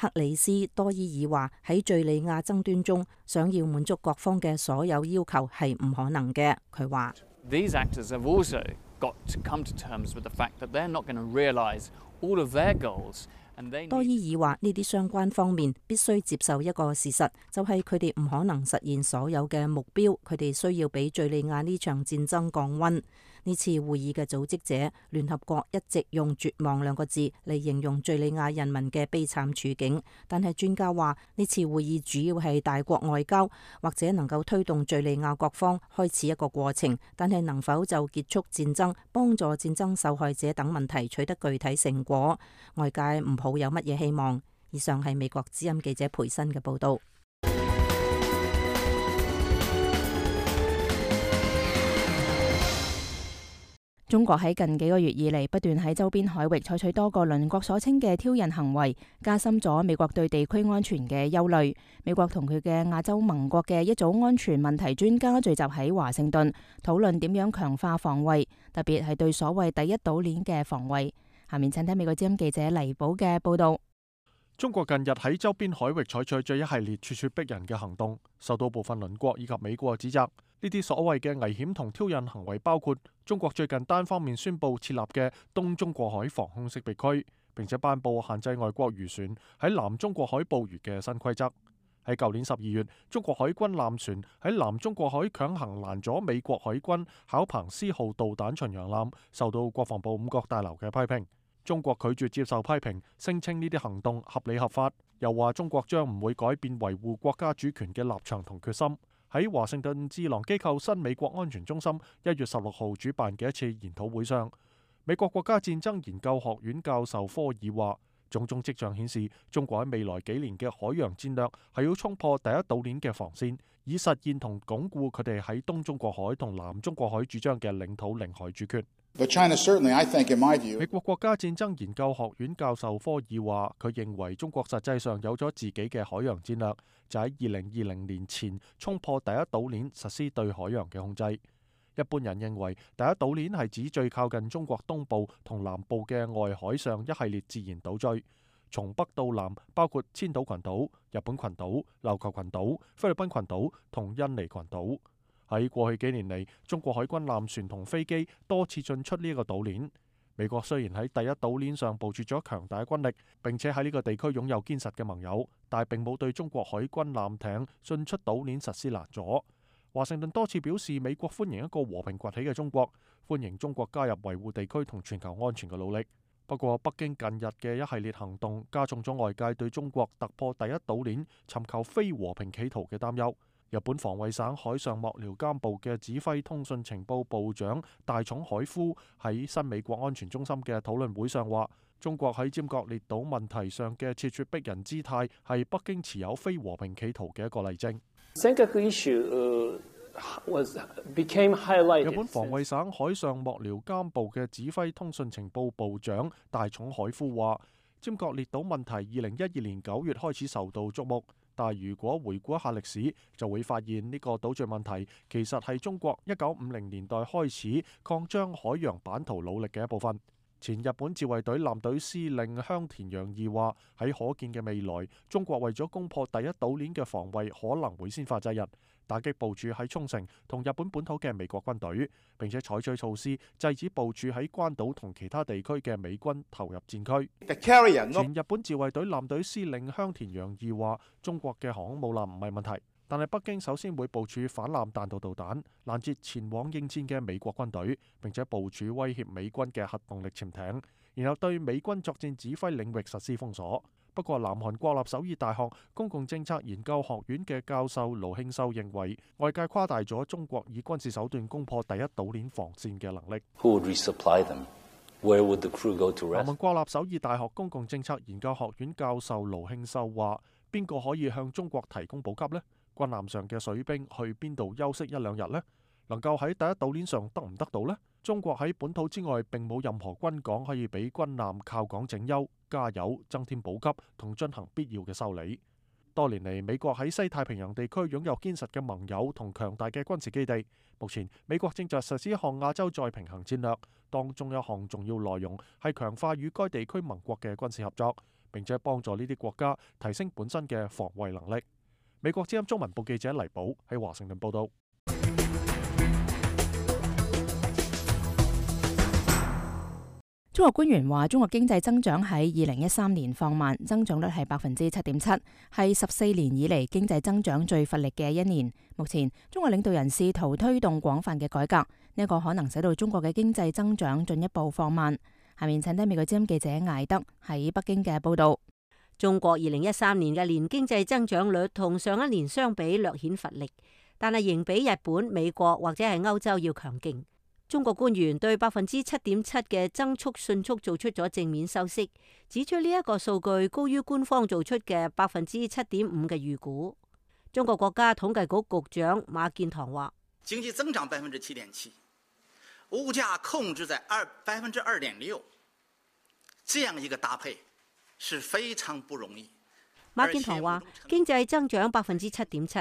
[SPEAKER 5] 克里斯多伊爾話：喺敘利亞爭端中，想要滿足各方嘅所有要求係唔可能嘅。佢話，
[SPEAKER 8] 多伊爾
[SPEAKER 5] 話，呢啲相關方面必須接受一個事實，就係佢哋唔可能實現所有嘅目標。佢哋需要俾敘利亞呢場戰爭降温。呢次會議嘅組織者，聯合國一直用絕望兩個字嚟形容敘利亞人民嘅悲慘處境。但係專家話，呢次會議主要係大國外交，或者能夠推動敘利亞各方開始一個過程。但係能否就結束戰爭，幫助戰爭受害者等問題取得具體成果，外界唔好有乜嘢希望。以上係美國之音記者培新嘅報道。中國喺近幾個
[SPEAKER 2] 月以嚟，不斷喺周邊海域採取多個鄰國所稱嘅挑釁行為，加深咗美國對地區安全嘅憂慮。美國同佢嘅亞洲盟國嘅一組安全問題專家聚集喺華盛頓，討論點樣強化防衛，特別係對所謂第一島鏈嘅防衛。下面請睇美國之音記者黎寶嘅報道。
[SPEAKER 1] 中國近日喺周邊海域採取咗一系列咄咄逼人嘅行動，受到部分鄰國以及美國嘅指責。呢啲所謂嘅危險同挑釁行為，包括中國最近單方面宣布設立嘅東中國海防空識別區，並且頒布限制外國漁船喺南中國海捕魚嘅新規則。喺舊年十二月，中國海軍艦船喺南中國海強行攔咗美國海軍考彭斯號導彈巡洋艦，受到國防部五角大樓嘅批評。中國拒絕接受批評，聲稱呢啲行動合理合法，又話中國將唔會改變維護國家主權嘅立場同決心。喺華盛頓智囊機構新美國安全中心一月十六號主辦嘅一次研討會上，美國國家戰爭研究學院教授科爾話：種種跡象顯示，中國喺未來幾年嘅海洋戰略係要衝破第一島鏈嘅防線，以實現同鞏固佢哋喺東中國海同南中國海主張嘅領土領海主權。美國國家戰爭研究學院教授科爾話，佢認為中國實際上有咗自己嘅海洋戰略，就喺二零二零年前衝破第一島鏈，實施對海洋嘅控制。一般人認為第一島鏈係指最靠近中國東部同南部嘅外海上一系列自然島嶼，從北到南包括千島群島、日本群島、琉球群島、菲律賓群島同印尼群島。喺過去幾年嚟，中國海軍艦船同飛機多次進出呢個島鏈。美國雖然喺第一島鏈上部署咗強大軍力，並且喺呢個地區擁有堅實嘅盟友，但係並冇對中國海軍艦艇進出島鏈實施攔阻。華盛頓多次表示美國歡迎一個和平崛起嘅中國，歡迎中國加入維護地區同全球安全嘅努力。不過，北京近日嘅一系列行動加重咗外界對中國突破第一島鏈、尋求非和平企圖嘅擔憂。日本防衛省海上幕僚監部嘅指揮通信情報部長大塚海夫喺新美國安全中心嘅討論會上話，中國喺尖閣列島問題上嘅咄咄逼人姿態，係北京持有非和平企圖嘅一個例證。
[SPEAKER 10] 日
[SPEAKER 1] 本防衛省海上幕僚監部嘅指揮通信情報部長大塚海夫話，尖閣列島問題二零一二年九月開始受到矚目。但如果回顧一下歷史，就會發現呢個島嶼問題其實係中國一九五零年代開始擴張海洋版圖努力嘅一部分。前日本自衛隊艦隊司令香田洋二話喺可見嘅未來，中國為咗攻破第一島鏈嘅防衞，可能會先發制人。打擊部署喺沖繩同日本本土嘅美國軍隊，並且採取措施制止部署喺關島同其他地區嘅美軍投入戰區。前日本自衛隊艦隊司令香田洋二話：中國嘅航空母艦唔係問題，但係北京首先會部署反艦彈道導彈，攔截前往應戰嘅美國軍隊，並且部署威脅美軍嘅核動力潛艇，然後對美軍作戰指揮領域實施封鎖。不過，南韓國立首爾大學公共政策研究學院嘅教授盧慶秀認為，外界誇大咗中國以軍事手段攻破第一島鏈防線嘅能
[SPEAKER 10] 力。南韓
[SPEAKER 1] 國立首爾大學公共政策研究學院教授盧慶秀話：邊個可以向中國提供補給呢？軍艦上嘅水兵去邊度休息一兩日呢？能夠喺第一島鏈上得唔得到呢？中國喺本土之外，並冇任何軍港可以俾軍艦靠港整休。加油，增添補給同進行必要嘅修理。多年嚟，美國喺西太平洋地區擁有堅實嘅盟友同強大嘅軍事基地。目前，美國正在實施一項亞洲再平衡戰略，當中一項重要內容係強化與該地區盟國嘅軍事合作，並且幫助呢啲國家提升本身嘅防衛能力。美國之音中文部記者黎寶喺華盛頓報導。
[SPEAKER 2] 中國官員話：中國經濟增長喺二零一三年放慢，增長率係百分之七點七，係十四年以嚟經濟增長最乏力嘅一年。目前，中國領導人試圖推動廣泛嘅改革，呢一個可能使到中國嘅經濟增長進一步放
[SPEAKER 11] 慢。下
[SPEAKER 2] 面請聽美國之音記者艾德喺北京嘅報道：中國
[SPEAKER 11] 二零一三年嘅年經濟增長率同上一年相比略顯乏力，但係仍比日本、美國或者係歐洲要強勁。中國官員對百分之七點七嘅增速，迅速做出咗正面修飾，指出呢一個數據高於官方做出嘅百分之七點五嘅預估。中國國家統計局局、局長馬建堂話：
[SPEAKER 4] 經濟增長百分之七點七，物價控制在二百分之二
[SPEAKER 1] 點六，這樣一個搭配是非常不容易。馬建堂話：
[SPEAKER 11] 經濟增長百分之七點七，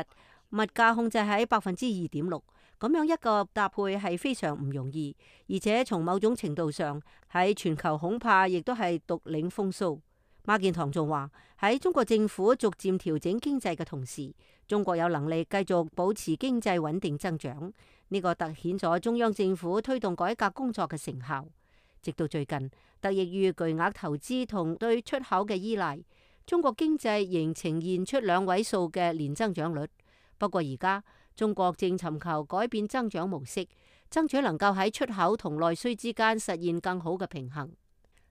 [SPEAKER 11] 物價控制喺百分之二點六。咁樣一個搭配係非常唔容易，而且從某種程度上喺全球恐怕亦都係獨領風騷。馬建堂仲話喺中國政府逐漸調整經濟嘅同時，中國有能力繼續保持經濟穩定增長。呢個突顯咗中央政府推動改革工作嘅成效。直到最近，得益於巨額投資同對出口嘅依賴，中國經濟仍呈現出兩位數嘅年增長率。不過而家。中國正尋求改變增長模式，增長能夠喺出口同內需之間實現更好嘅平衡。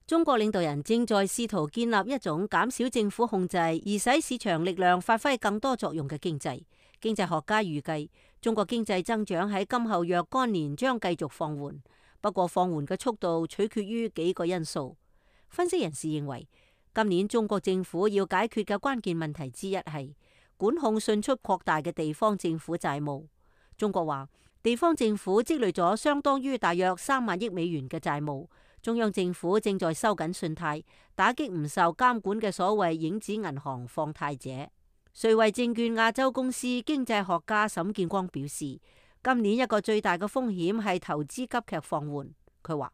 [SPEAKER 11] 中國領導人正在試圖建立一種減少政府控制而使市場力量發揮更多作用嘅經濟。經濟學家預計，中國經濟增長喺今後若干年將繼續放緩，不過放緩嘅速度取決於幾個因素。分析人士認為，今年中國政府要解決嘅關鍵問題之一係。管控迅速擴大嘅地方政府債務。中國話，地方政府積累咗相當於大約三萬億美元嘅債務，中央政府正在收緊信貸，打擊唔受監管嘅所謂影子銀行放貸者。瑞維證券亞洲公司經濟學家沈建光表示，今年一個最大嘅風險係投資急劇放緩。佢話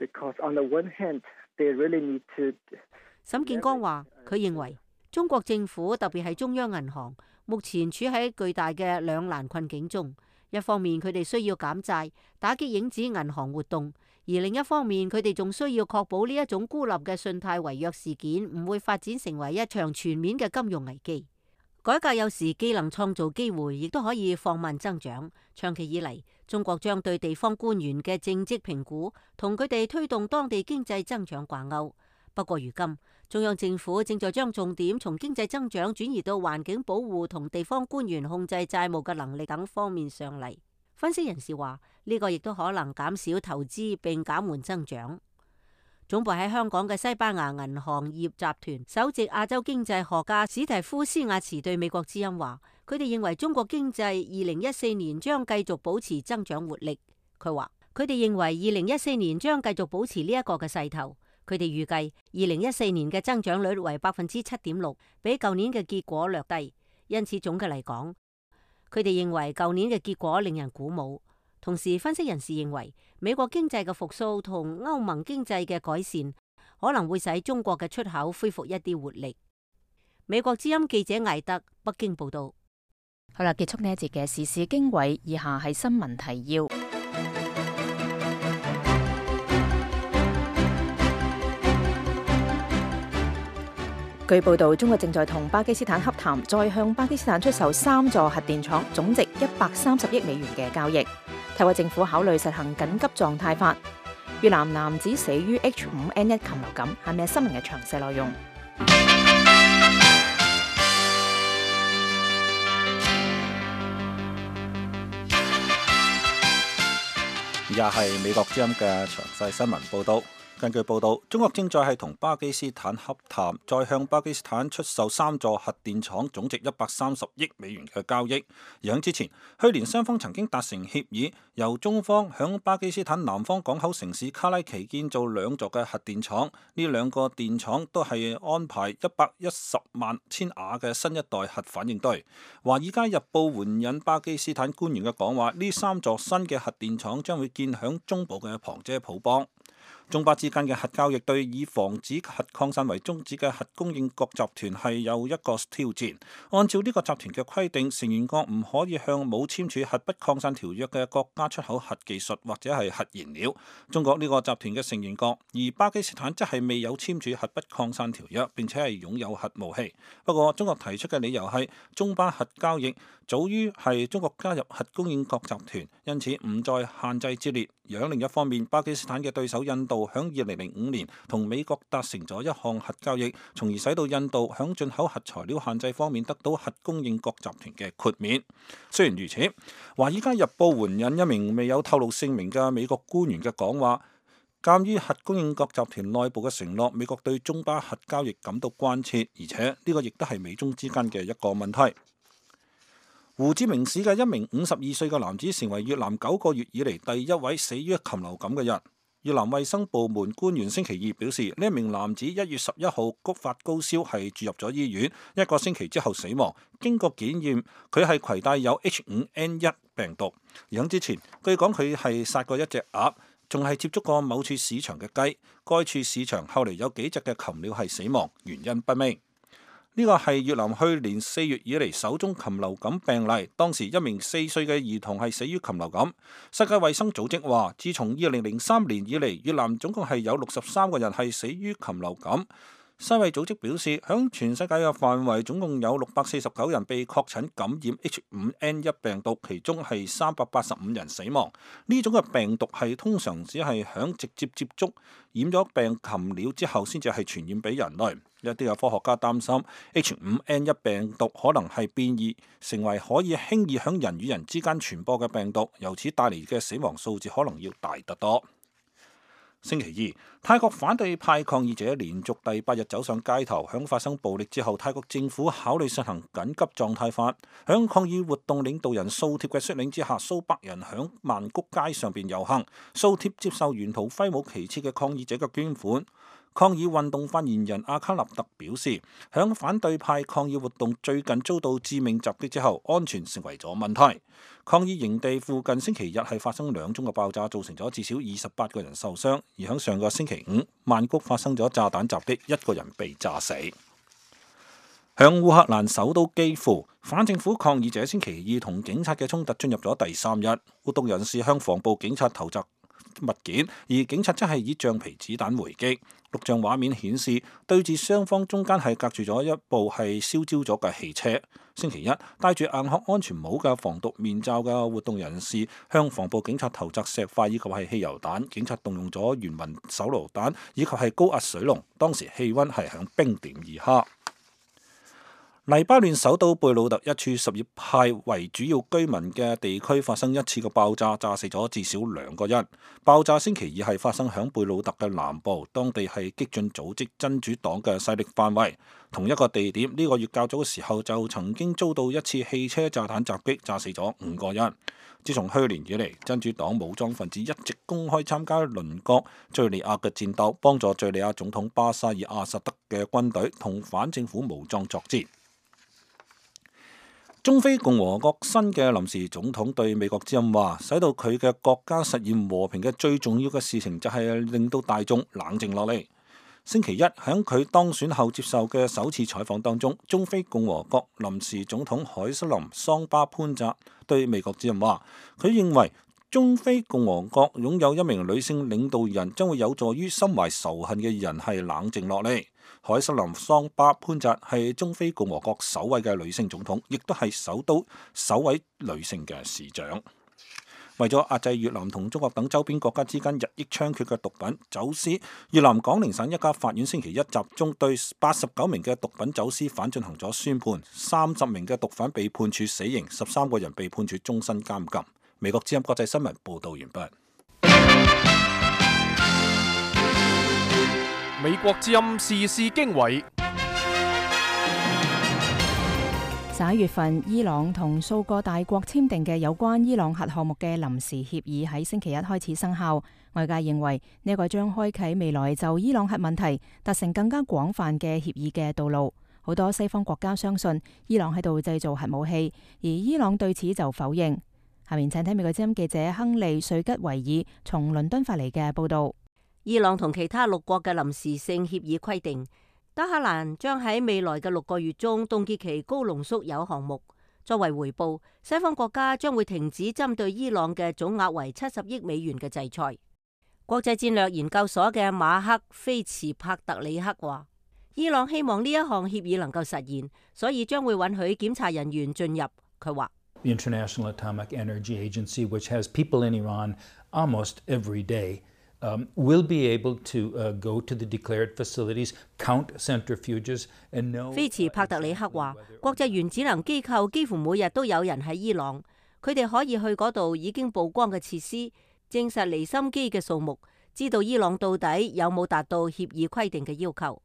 [SPEAKER 4] because on the one hand they really need to.
[SPEAKER 11] 沈建光話：佢認為中國政府特別係中央銀行，目前處喺巨大嘅兩難困境中。一方面佢哋需要減債、打擊影子銀行活動；而另一方面佢哋仲需要確保呢一種孤立嘅信貸違約事件唔會發展成為一場全面嘅金融危機。改革有時既能創造機會，亦都可以放慢增長。長期以嚟，中國將對地方官員嘅政績評估同佢哋推動當地經濟增長掛鈎。不過，如今中央政府正在將重點從經濟增長轉移到環境保護同地方官員控制債務嘅能力等方面上嚟。分析人士話，呢個亦都可能減少投資並減緩增長。總部喺香港嘅西班牙銀行業集團首席亞洲經濟學家史提夫斯瓦茨對美國之音話：佢哋認為中國經濟二零一四年將繼續保持增長活力。佢話：佢哋認為二零一四年將繼續保持呢一個嘅勢頭。佢哋預計二零一四年嘅增長率為百分之七點六，比舊年嘅結果略低。因此總嘅嚟講，佢哋認為舊年嘅結果令人鼓舞。同時，分析人士認為，美國經濟嘅復甦同歐盟經濟嘅改善，可能會使中國嘅出口恢復一啲活力。美國之音記者魏德北京報道。好啦，
[SPEAKER 2] 結束呢一節嘅時事經緯，以下係新聞提要。據報道，中國正在同巴基斯坦洽談再向巴基斯坦出售三座核電廠，總值一百三十億美元嘅交易。提為政府考慮實行緊急狀態法。越南男子死於 H5N1 禽流感，係咩新聞嘅詳細內容？
[SPEAKER 4] 又係美國之音嘅詳細新聞報道。根據報道，中國正在係同巴基斯坦洽談，再向巴基斯坦出售三座核電廠，總值一百三十億美元嘅交易。而喺之前，去年雙方曾經達成協議，由中方響巴基斯坦南方港口城市卡拉奇建造兩座嘅核電廠。呢兩個電廠都係安排一百一十萬千瓦嘅新一代核反應堆。《華爾街日報》援引巴基斯坦官員嘅講話，呢三座新嘅核電廠將會建響中部嘅旁遮普邦。中巴之間嘅核交易對以防止核擴散為宗旨嘅核供應國集團係有一個挑戰。按照呢個集團嘅規定，成員國唔可以向冇簽署核不擴散條約嘅國家出口核技術或者係核燃料。中國呢個集團嘅成員國，而巴基斯坦則係未有簽署核不擴散條約，並且係擁有核武器。不過，中國提出嘅理由係中巴核交易。早於係中國加入核供應國集團，因此唔再限制之列。而另一方面，巴基斯坦嘅對手印度響二零零五年同美國達成咗一項核交易，從而使到印度響進口核材料限制方面得到核供應國集團嘅豁免。雖然如此，華爾街日報援引一名未有透露姓名嘅美國官員嘅講話，鑑於核供應國集團內部嘅承諾，美國對中巴核交易感到關切，而且呢個亦都係美中之間嘅一個問題。胡志明市嘅一名五十二歲嘅男子成為越南九個月以嚟第一位死於禽流感嘅人。越南衛生部門官員星期二表示，呢名男子一月十一號谷發高燒，係住入咗醫院，一個星期之後死亡。經過檢驗，佢係攜帶有 H 五 N 一病毒。喺之前，據講佢係殺過一隻鴨，仲係接觸過某處市場嘅雞。該處市場後嚟有幾隻嘅禽鳥係死亡，原因不明。呢個係越南去年四月以嚟首宗禽流感病例，當時一名四歲嘅兒童係死於禽流感。世界衛生組織話，自從二零零三年以嚟，越南總共係有六十三個人係死於禽流感。世衛組織表示，響全世界嘅範圍總共有六百四十九人被確診感染 H 五 N 一病毒，其中係三百八十五人死亡。呢種嘅病毒係通常只係響直接接觸染咗病禽鳥之後，先至係傳染俾人類。一啲有科學家擔心，H 五 N 一病毒可能係變異，成為可以輕易響人與人之間傳播嘅病毒，由此帶嚟嘅死亡數字可能要大得多。星期二，泰國反對派抗議者連續第八日走上街頭。響發生暴力之後，泰國政府考慮施行緊急狀態法。響抗議活動領導人素貼嘅率領之下，數百人響曼谷街上邊遊行，素貼接受沿途揮舞旗幟嘅抗議者嘅捐款。抗議運動發言人阿卡納特表示，響反對派抗議活動最近遭到致命襲擊之後，安全成為咗問題。抗議營地附近星期日係發生兩宗嘅爆炸，造成咗至少二十八個人受傷。而響上個星期五，曼谷發生咗炸彈襲擊，一個人被炸死。響烏克蘭首都基輔，反政府抗議者星期二同警察嘅衝突進入咗第三日，活動人士向防暴警察投擲。物件，而警察則係以橡皮子彈回擊。錄像畫面顯示，對峙雙方中間係隔住咗一部係燒焦咗嘅汽車。星期一，戴住硬殼安全帽嘅防毒面罩嘅活動人士向防暴警察投擲石塊以及係汽油彈，警察動用咗圓紋手榴彈以及係高壓水龍，當時氣溫係響冰點以下。黎巴嫩首都貝魯特一處什葉派為主要居民嘅地區發生一次嘅爆炸，炸死咗至少兩個人。爆炸星期二係發生響貝魯特嘅南部，當地係激進組織真主黨嘅勢力範圍。同一個地點呢個月較早嘅時候就曾經遭到一次汽車炸彈襲擊，炸死咗五個人。自從去年以嚟，真主黨武裝分子一直公開參加鄰國敘利亞嘅戰鬥，幫助敘利亞總統巴沙爾阿薩德嘅軍隊同反政府武裝作戰。中非共和國新嘅臨時總統對美國之音話，使到佢嘅國家實現和平嘅最重要嘅事情，就係令到大眾冷靜落嚟。星期一，喺佢當選後接受嘅首次採訪當中，中非共和國臨時總統凱斯林桑巴潘澤對美國之音話，佢認為中非共和國擁有一名女性領導人，將會有助於心懷仇恨嘅人係冷靜落嚟。海瑟琳·桑巴潘扎係中非共和國首位嘅女性總統，亦都係首都首位女性嘅市長。為咗壓制越南同中國等周邊國家之間日益猖獗嘅毒品走私，越南廣寧省一家法院星期一集中對八十九名嘅毒品走私犯進行咗宣判，三十名嘅毒販被判處死刑，十三個人被判處終身監禁。美國之音國際新聞報道完
[SPEAKER 1] 畢。美國之音時事事驚為
[SPEAKER 2] 十一月份，伊朗同數個大國簽訂嘅有關伊朗核項目嘅臨時協議喺星期一開始生效。外界認為呢個將開啟未來就伊朗核問題達成更加廣泛嘅協議嘅道路。好多西方國家相信伊朗喺度製造核武器，而伊朗對此就否認。下面請睇美國之音記者亨利·瑞吉維爾從倫敦發嚟嘅報道。
[SPEAKER 11] 伊朗同其他六國嘅臨時性協議規定，德黑蘭將喺未來嘅六個月中凍結其高濃縮鈾項目。作為回報，西方國家將會停止針對伊朗嘅總額為七十億美元嘅制裁。國際戰略研究所嘅馬克·菲茨帕特里克話：伊朗希望呢一項協議能夠實現，所以將會允許檢查人員進入。佢話
[SPEAKER 10] ：International Atomic Energy Agency，which has people in Iran almost every day。菲茨
[SPEAKER 11] 帕特里克話：國際原子能機構幾乎每日都有人喺伊朗，佢哋可以去嗰度已經曝光嘅設施，證實離心機嘅數目，知道伊朗到底有冇達到協議規定嘅要求。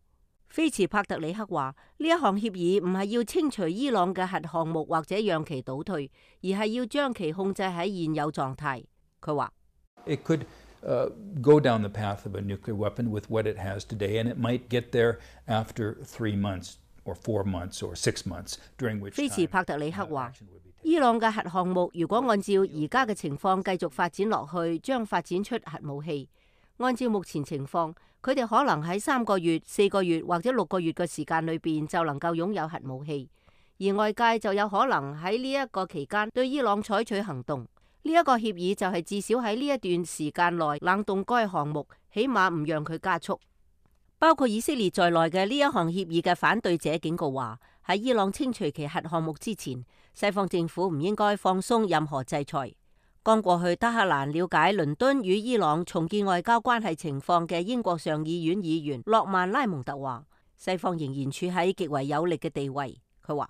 [SPEAKER 11] 菲茨帕特里克話：呢一項協議唔係要清除伊朗嘅核項目或者讓其倒退，而係要將其控制喺現有狀態。佢話
[SPEAKER 10] ：It could。費茲
[SPEAKER 11] 帕特里克話，伊朗嘅核項目如果按照而家嘅情況繼續發展落去，將發展出核武器。按照目前情況，佢哋可能喺三個月、四個月或者六個月嘅時間裏邊，就能夠擁有核武器。而外界就有可能喺呢一個期間對伊朗採取行動。呢一個協議就係至少喺呢一段時間內冷凍該項目，起碼唔讓佢加速。包括以色列在內嘅呢一項協議嘅反對者警告話，喺伊朗清除其核項目之前，西方政府唔應該放鬆任何制裁。剛過去，德克蘭了解倫敦與伊朗重建外交關係情況嘅英國上議院議員諾曼拉蒙特話：西方仍然處喺極為有力嘅地位。佢話：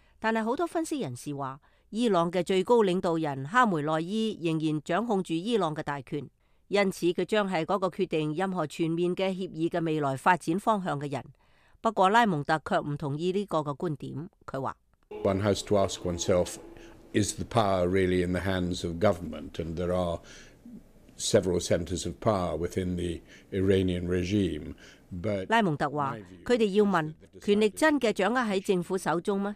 [SPEAKER 11] 但係好多分析人士話，伊朗嘅最高領導人哈梅內伊仍然掌控住伊朗嘅大權，因此佢將係嗰個決定任何全面嘅協議嘅未來發展方向嘅人。不過拉蒙特卻唔同意呢個嘅觀點，佢話
[SPEAKER 7] ：One has to ask oneself, is the power really in the hands of government? And there are several centers of power within the Iranian regime. But。
[SPEAKER 11] 拉蒙特話：佢哋要問權力真嘅掌握喺政府手中嗎？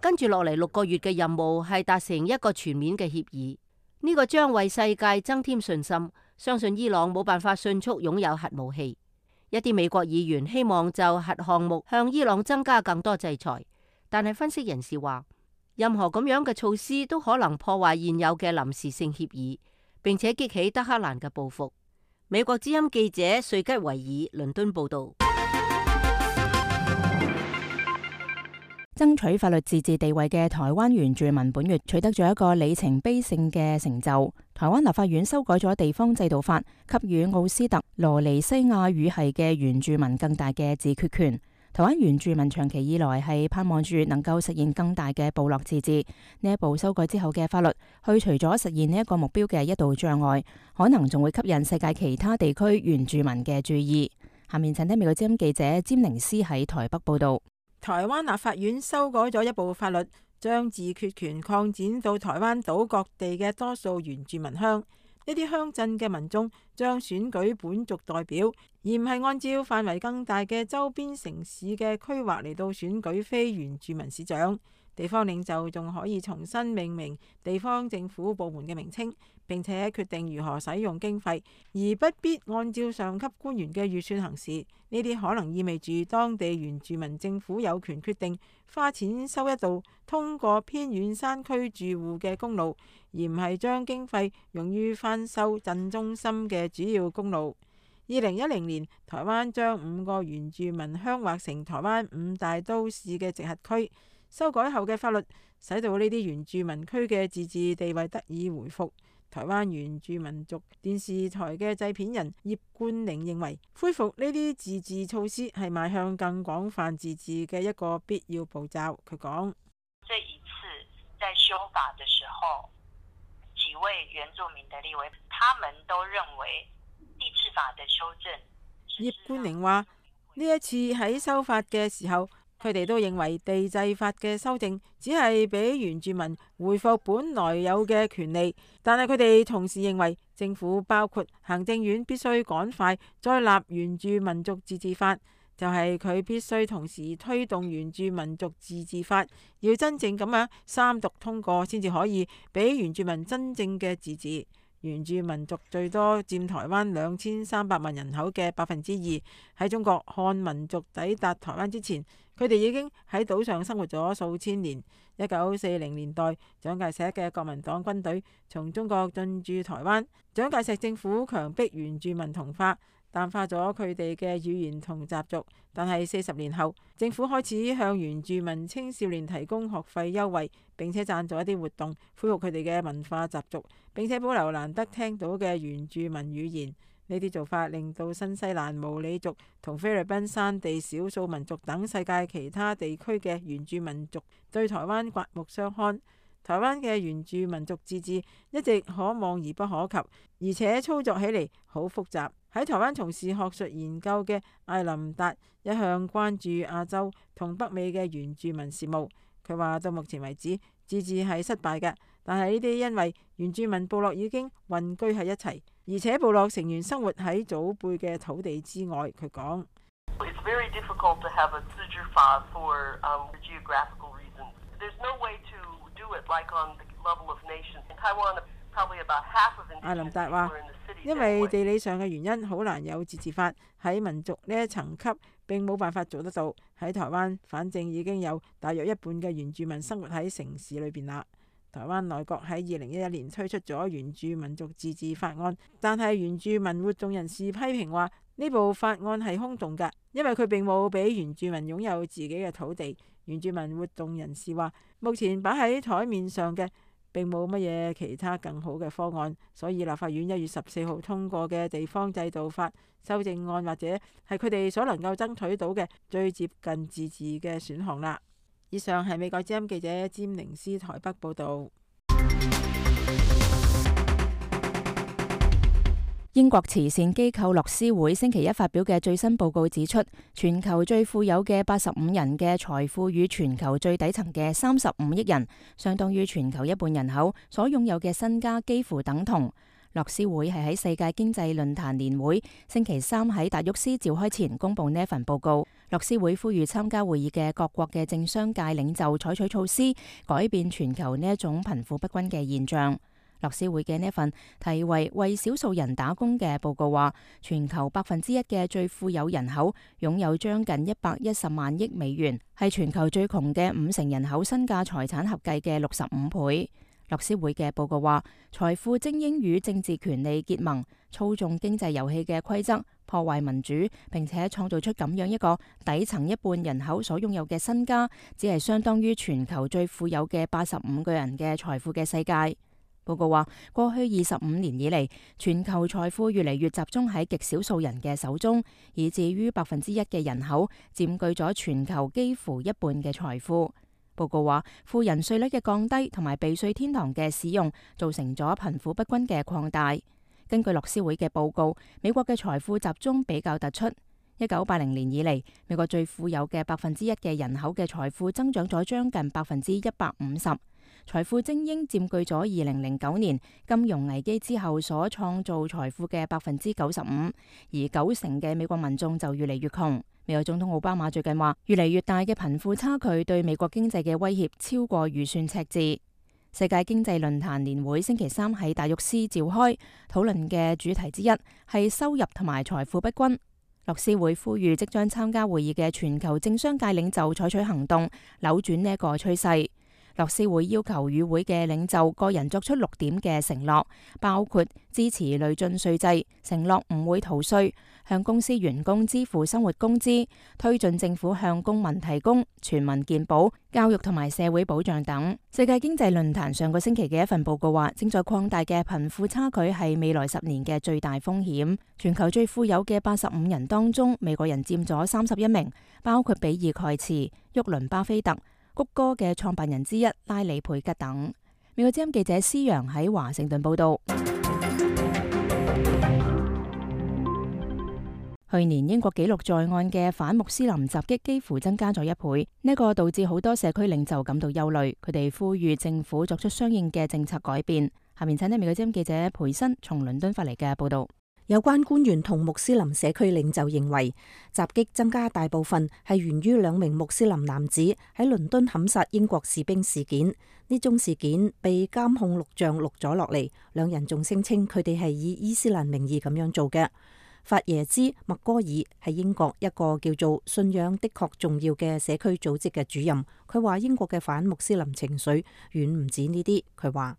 [SPEAKER 11] 跟住落嚟六個月嘅任務係達成一個全面嘅協議，呢個將為世界增添信心，相信伊朗冇辦法迅速擁有核武器。一啲美國議員希望就核項目向伊朗增加更多制裁，但係分析人士話，任何咁樣嘅措施都可能破壞現有嘅臨時性協議，並且激起德黑蘭嘅報復。美國之音記者瑞吉維爾倫敦報道。
[SPEAKER 2] 爭取法律自治地位嘅台灣原住民本月取得咗一個里程碑性嘅成就。台灣立法院修改咗地方制度法，給予奧斯特羅尼西亞語系嘅原住民更大嘅自決權。台灣原住民長期以來係盼望住能夠實現更大嘅部落自治。呢一步修改之後嘅法律，去除咗實現呢一個目標嘅一道障礙，可能仲會吸引世界其他地區原住民嘅注意。下面請聽美國之聲記者詹寧斯喺台北報道。
[SPEAKER 3] 台灣立法院修改咗一部法律，將自決權擴展到台灣島各地嘅多數原住民鄉。呢啲鄉鎮嘅民眾將選舉本族代表，而唔係按照範圍更大嘅周邊城市嘅規劃嚟到選舉非原住民市長。地方領袖仲可以重新命名地方政府部門嘅名稱，並且決定如何使用經費，而不必按照上級官員嘅預算行事。呢啲可能意味住當地原住民政府有權決定花錢修一道通過偏遠山區住戶嘅公路，而唔係將經費用於翻修鎮中心嘅主要公路。二零一零年，台灣將五個原住民鄉劃成台灣五大都市嘅直轄區，修改後嘅法律使到呢啲原住民區嘅自治地位得以回復。台灣原住民族電視台嘅製片人葉冠寧認為，恢復呢啲自治措施係邁向更廣泛自治嘅一個必要步驟。佢講：
[SPEAKER 6] 這一次在修
[SPEAKER 11] 法嘅時候，幾位原住民的立委他們都認為，
[SPEAKER 6] 地治法的修正。
[SPEAKER 3] 葉冠寧話：呢一次喺修法嘅時候。佢哋都認為地制法嘅修正只係俾原住民回復本來有嘅權利，但係佢哋同時認為政府包括行政院必須趕快再立原住民族自治法，就係、是、佢必須同時推動原住民族自治法，要真正咁樣三讀通過先至可以俾原住民真正嘅自治。原住民族最多佔台灣兩千三百萬人口嘅百分之二。喺中國漢民族抵達台灣之前，佢哋已經喺島上生活咗數千年。一九四零年代，蔣介石嘅國民黨軍隊從中國進駐台灣，蔣介石政府強迫原住民同化。淡化咗佢哋嘅語言同習俗，但係四十年後，政府開始向原住民青少年提供學費優惠，並且贊助一啲活動，恢復佢哋嘅文化習俗，並且保留難得聽到嘅原住民語言。呢啲做法令到新西蘭毛利族同菲律賓山地少數民族等世界其他地區嘅原住民族對台灣刮目相看。台灣嘅原住民族自治一直可望而不可及，而且操作起嚟好複雜。喺台灣從事學術研究嘅艾林達一向關注亞洲同北美嘅原住民事務。佢話到目前為止，自治係失敗嘅，但係呢啲因為原住民部落已經混居喺一齊，而且部落成員生活喺祖輩嘅土地之外。佢講。艾林達話，因為地理上嘅原因，好難有自治法，喺民族呢一層級並冇辦法做得到。喺台灣，反正已經有大約一半嘅原住民生活喺城市裏邊啦。台灣內閣喺二零一一年推出咗原住民族自治法案，但係原住民活動人士批評話呢部法案係空洞㗎，因為佢並冇俾原住民擁有自己嘅土地。原住民活動人士話：目前擺喺台面上嘅，並冇乜嘢其他更好嘅方案，所以立法院一月十四號通過嘅地方制度法修正案，或者係佢哋所能夠爭取到嘅最接近自治嘅選項啦。以上係美國之音記者詹寧斯台北報道。
[SPEAKER 2] 英國慈善機構樂施會星期一發表嘅最新報告指出，全球最富有嘅八十五人嘅財富與全球最底層嘅三十五億人，相當於全球一半人口所擁有嘅身家幾乎等同。樂施會係喺世界經濟論壇年會星期三喺達沃斯召開前公布呢一份報告。樂施會呼籲參加會議嘅各國嘅政商界領袖採取措施，改變全球呢一種貧富不均嘅現象。樂施會嘅呢一份題為《為少數人打工》嘅報告話，全球百分之一嘅最富有人口擁有將近一百一十萬億美元，係全球最窮嘅五成人口身價財產合計嘅六十五倍。樂施會嘅報告話，財富精英與政治權力結盟，操縱經濟遊戲嘅規則，破壞民主，並且創造出咁樣一個底層一半人口所擁有嘅身家，只係相當於全球最富有嘅八十五個人嘅財富嘅世界。報告話，過去二十五年以嚟，全球財富越嚟越集中喺極少數人嘅手中，以至於百分之一嘅人口占據咗全球幾乎一半嘅財富。報告話，富人稅率嘅降低同埋避稅天堂嘅使用，造成咗貧富不均嘅擴大。根據樂施會嘅報告，美國嘅財富集中比較突出。一九八零年以嚟，美國最富有嘅百分之一嘅人口嘅財富增長咗將近百分之一百五十。財富精英占據咗二零零九年金融危機之後所創造財富嘅百分之九十五，而九成嘅美國民眾就越嚟越窮。美國總統奧巴馬最近話，越嚟越大嘅貧富差距對美國經濟嘅威脅超過預算赤字。世界經濟論壇年會星期三喺達沃斯召開，討論嘅主題之一係收入同埋財富不均。樂施會呼籲即將參加會議嘅全球政商界領袖採取行動，扭轉呢個趨勢。樂施會要求與會嘅領袖個人作出六點嘅承諾，包括支持累進稅制，承諾唔會逃稅，向公司員工支付生活工資，推進政府向公民提供全民健保、教育同埋社會保障等。世界經濟論壇上個星期嘅一份報告話，正在擴大嘅貧富差距係未來十年嘅最大風險。全球最富有嘅八十五人當中，美國人佔咗三十一名，包括比爾蓋茨、沃倫巴菲特。谷歌嘅創辦人之一拉里佩吉等，美國之音記者思陽喺華盛頓報道。 去年英國紀錄在案嘅反穆斯林襲擊幾乎增加咗一倍，呢、這個導致好多社區領袖感到憂慮，佢哋呼籲政府作出相應嘅政策改變。下面請聽美國之音記者培森從倫敦發嚟嘅報道。有關
[SPEAKER 5] 官員同穆斯林社區領袖認為，襲擊增加大部分係源於兩名穆斯林男子喺倫敦砍殺英國士兵事件。呢宗事件被監控錄像錄咗落嚟，兩人仲聲稱佢哋係以伊斯蘭名義咁樣做嘅。法耶茲麥戈爾係英國一個叫做信仰的確重要嘅社區組織嘅主任，佢話英國嘅反穆斯林情緒遠唔止呢啲。佢話。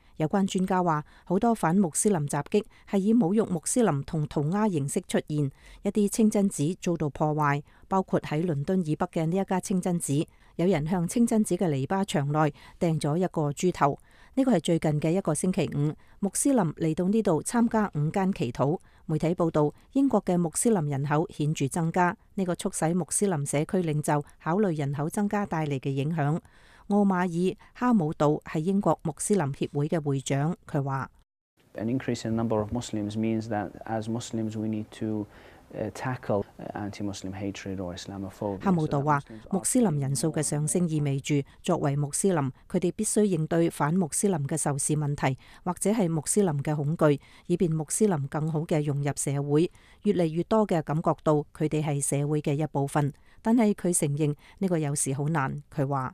[SPEAKER 5] 有關專家話，好多反穆斯林襲擊係以侮辱穆斯林同塗鴉形式出現，一啲清真寺遭到破壞，包括喺倫敦以北嘅呢一家清真寺，有人向清真寺嘅泥巴牆內掟咗一個豬頭。呢個係最近嘅一個星期五，穆斯林嚟到呢度參加午間祈禱。媒體報道，英國嘅穆斯林人口顯著增加，呢、呢個促使穆斯林社區領袖考慮人口增加帶嚟嘅影響。奧馬爾·哈姆杜係英國穆斯林協會嘅會長，
[SPEAKER 6] 佢話：。or Islamophobia, so that 哈姆杜話，
[SPEAKER 5] 穆斯林人數嘅上升意味住，作為穆斯林，佢哋必須應對反穆斯林嘅仇視問題，或者係穆斯林嘅恐懼，以便穆斯林更好嘅融入社會。越嚟越多嘅感覺到佢哋係社會嘅一部分。但係佢承認呢、這個有時好難。佢話。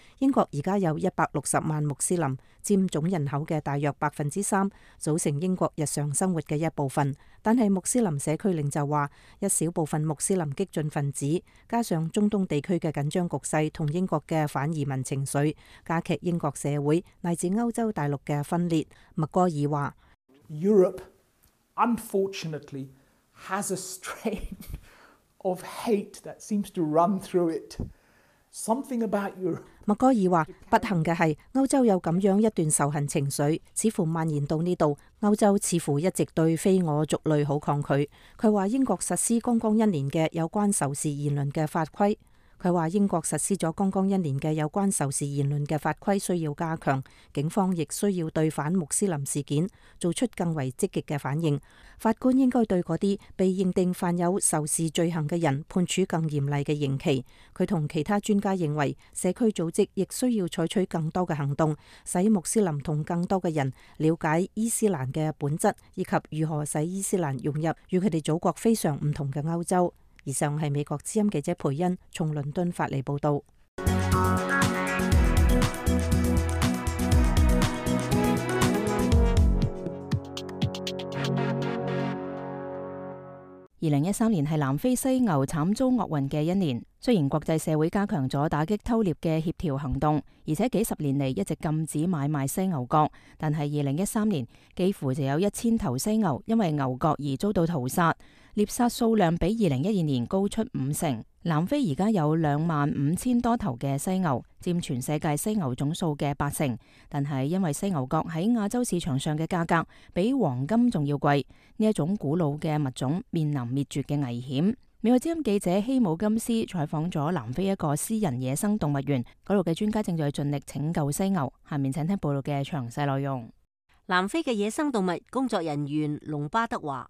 [SPEAKER 5] 英國而家有一百六十萬穆斯林，佔總人口嘅大約百分之三，組成英國日常生活嘅一部分。但係穆斯林社區領袖話，一小部分穆斯林激進分子，加上中東地區嘅緊張局勢同英國嘅反移民情緒，加劇英國社會乃至歐洲大陸嘅分裂。麥哥爾
[SPEAKER 8] 話：Europe unfortunately has a strain of hate that seems to run through it.
[SPEAKER 5] 默哥爾話：不幸嘅係，歐洲有咁樣一段仇恨情緒，似乎蔓延到呢度。歐洲似乎一直對非我族類好抗拒。佢話英國實施剛剛一年嘅有關仇視言論嘅法規。佢話：英國實施咗剛剛一年嘅有關仇視言論嘅法規需要加強，警方亦需要對反穆斯林事件做出更為積極嘅反應。法官應該對嗰啲被認定犯有仇視罪行嘅人判處更嚴厲嘅刑期。佢同其他專家認為，社區組織亦需要採取更多嘅行動，使穆斯林同更多嘅人了解伊斯蘭嘅本質，以及如何使伊斯蘭融入與佢哋祖國非常唔同嘅歐洲。以上係美國之音記者佩恩從倫敦發嚟報道。
[SPEAKER 2] 二零一三年係南非犀牛慘遭厄運嘅一年。雖然國際社會加強咗打擊偷獵嘅協調行動，而且幾十年嚟一直禁止買賣犀牛角，但係二零一三年幾乎就有一千頭犀牛因為牛角而遭到屠殺，獵殺數量比二零一二年高出五成。南非而家有兩萬五千多頭嘅犀牛，佔全世界犀牛總數嘅八成。但係因為犀牛角喺亞洲市場上嘅價格比黃金仲要貴，呢一種古老嘅物種面臨滅，滅絕嘅危險。美國之音記者希姆金斯採訪咗南非一個私人野生動物園，嗰度嘅專家正在盡力拯救犀牛。下面請聽報道嘅詳細內容。
[SPEAKER 11] 南非嘅野生動物工作人員龍巴德話，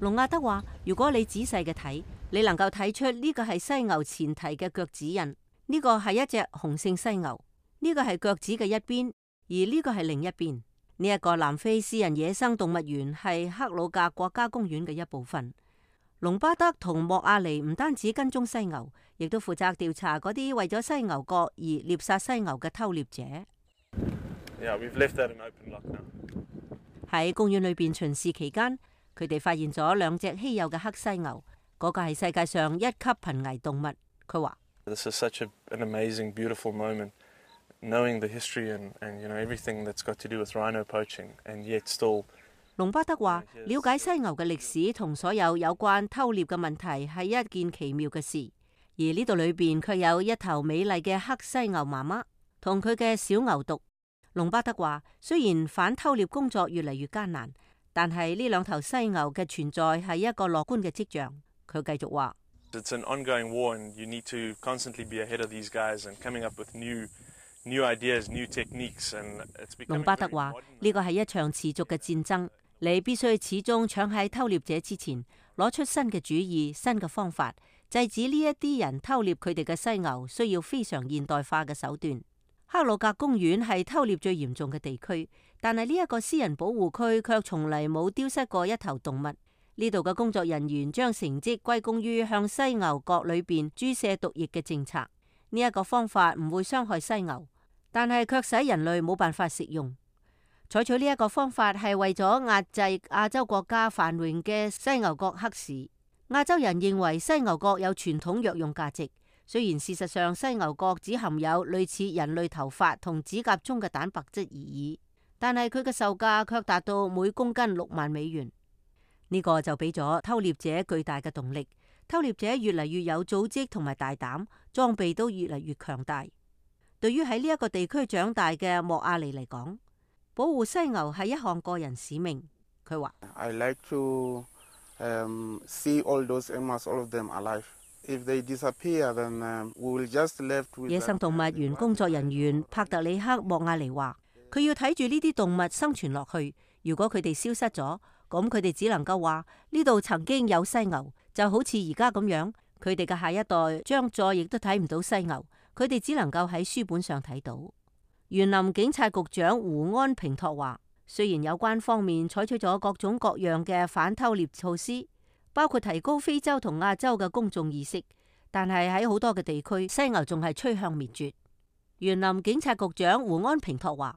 [SPEAKER 11] 龍亞德話：如果你仔細嘅睇，你能夠睇出呢個係犀牛前蹄嘅腳趾印，呢、這個係一隻雄性犀牛，呢、這個係腳趾嘅一邊，而呢個係另一邊。呢、這、一個南非私人野生動物園係克魯格國家公園嘅一部分。龍巴德同莫亞尼唔單止跟蹤犀牛，亦都負責調查嗰啲為咗犀牛角而獵殺犀牛嘅偷獵者。喺、yeah, 公園裏邊巡視期間。佢哋發現咗兩隻稀有嘅黑犀牛，嗰個係世界上一
[SPEAKER 1] 級瀕危動物。佢話，
[SPEAKER 11] 龍巴德話，了解犀牛嘅歷史同所有有關偷獵嘅問題係一件奇妙嘅事，而呢度裏邊卻有一頭美麗嘅黑犀牛媽媽同佢嘅小牛犢。龍巴德話，雖然反偷獵工作越嚟越艱難。但係呢兩頭犀牛嘅存在係一個樂觀嘅跡象。佢繼續話
[SPEAKER 1] ：It's an ongoing war, and you need to constantly be ahead of these guys, and coming up with new, new ideas, new techniques, and it's becoming very modern. 龍巴特話
[SPEAKER 11] 呢個係一場持續嘅戰爭，你必須始終搶喺偷獵者之前，攞出新嘅主意、新嘅方法，制止呢一啲人偷獵佢哋嘅犀牛，需要非常現代化嘅手段。克魯格公園係偷獵最嚴重嘅地區。但係呢一個私人保護區卻從嚟冇丟失過一頭動物。呢度嘅工作人員將成績歸功於向犀牛角裏邊注射毒液嘅政策。呢一個方法唔會傷害犀牛，但係卻使人類冇辦法食用。採取呢一個方法係為咗壓制亞洲國家繁榮嘅犀牛角黑市。亞洲人認為犀牛角有傳統藥用價值，雖然事實上犀牛角只含有類似人類頭髮同指甲中嘅蛋白質而已。但係佢嘅售價卻達到每公斤六萬美元，呢、這個就俾咗偷獵者巨大嘅動力。偷獵者越嚟越有組織同埋大膽，裝備都越嚟越強大。對於喺呢一個地區長大嘅莫亞尼嚟講，保護犀牛係一項個人使命。佢話
[SPEAKER 7] ：I like to see all those animals, all of them alive. If they disappear, then we will just leave. 野生
[SPEAKER 11] 動物園工作人員帕特里克莫亞尼話。佢要睇住呢啲動物生存落去。如果佢哋消失咗，咁佢哋只能夠話呢度曾經有犀牛，就好似而家咁樣，佢哋嘅下一代將再亦都睇唔到犀牛。佢哋只能夠喺書本上睇到。園林警察局長胡安平托話，雖然有關方面採取咗各種各樣嘅反偷獵措施，包括提高非洲同亞洲嘅公眾意識，但係喺好多嘅地區，犀牛仲係趨向滅絕。園林警察局長胡安平托話。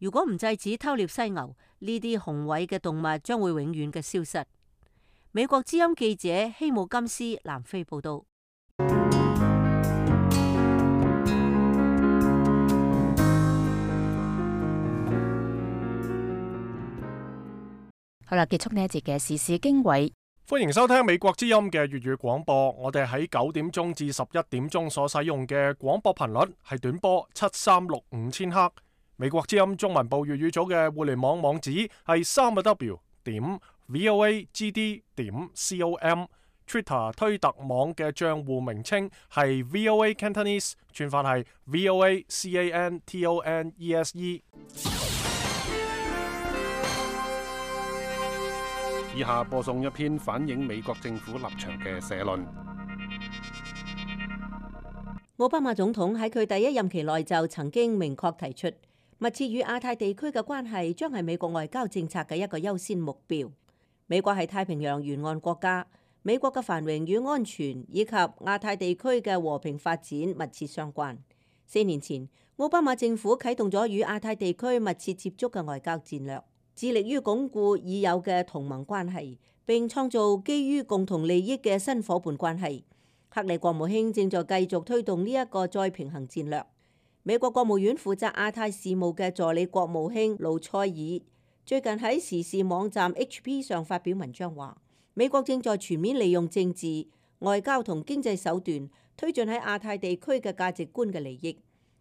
[SPEAKER 11] 如果唔制止偷獵犀牛，呢啲雄偉嘅動物將會永遠嘅消失。美國之音記者希姆金斯南非報道。
[SPEAKER 2] 好啦，結束呢一節嘅時事經緯。
[SPEAKER 1] 歡迎收聽美國之音嘅粵語廣播。我哋喺九點鐘至十一點鐘所使用嘅廣播頻率係短波七三六五千赫。美國之音中文部粵語組嘅互聯網網址係三個 W 點 VOAGD 點 COM，Twitter 推特網嘅賬戶名稱係 VOA Cantonese，串法係 VOACANTONESE。以下播送一篇反映美國政府立場嘅社論。
[SPEAKER 11] 奧巴馬總統喺佢第一任期內就曾經明確提出，密切與亞太地區嘅關係將係美國外交政策嘅一個優先目標。美國係太平洋沿岸國家，美國嘅繁榮與安全以及亞太地區嘅和平發展密切相關。四年前，奧巴馬政府啟動咗與亞太地區密切接觸嘅外交戰略，致力於鞏固已有嘅同盟關係，並創造基於共同利益嘅新夥伴關係。克里國務卿正在繼續推動呢一個再平衡戰略。美國國務院負責亞太事務嘅助理國務卿盧塞爾最近喺時事網站 H.P 上發表文章，話美國正在全面利用政治、外交同經濟手段推進喺亞太地區嘅價值觀嘅利益。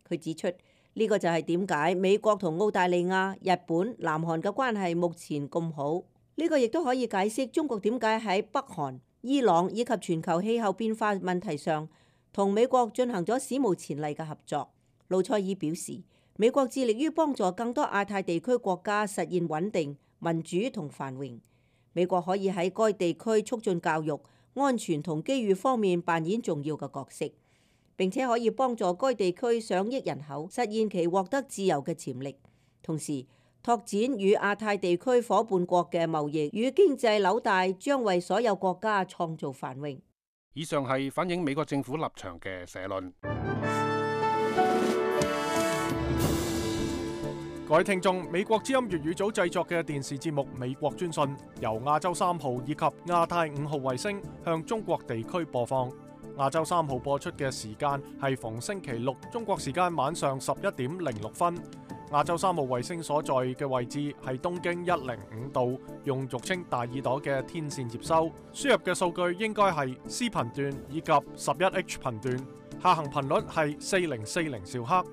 [SPEAKER 11] 佢指出呢個就係點解美國同澳大利亞、日本、南韓嘅關係目前咁好。呢個亦都可以解釋中國點解喺北韓、伊朗以及全球氣候變化問題上同美國進行咗史無前例嘅合作。盧塞爾表示，美國致力於幫助更多亞太地區國家實現穩定、民主同繁榮。美國可以喺該地區促進教育、安全同機遇方面扮演重要嘅角色，並且可以幫助該地區上億人口實現其獲得自由嘅潛力。同時，拓展與亞太地區夥伴國嘅貿易與經濟紐帶，將為所有國家創造繁榮。
[SPEAKER 1] 以上係反映美國政府立場嘅社論。各位聽眾，美國之音粵語組製作嘅電視節目《美國專訊》，由亞洲三號以及亞太五號衛星向中國地區播放。亞洲三號播出嘅時間係逢星期六中國時間晚上十一點零六分。亞洲三號衛星所在嘅位置係東經一零五度，用俗稱大耳朵嘅天線接收。輸入嘅數據應該係 C 頻段以及十一 H 頻段，下行頻率係四零四零兆赫。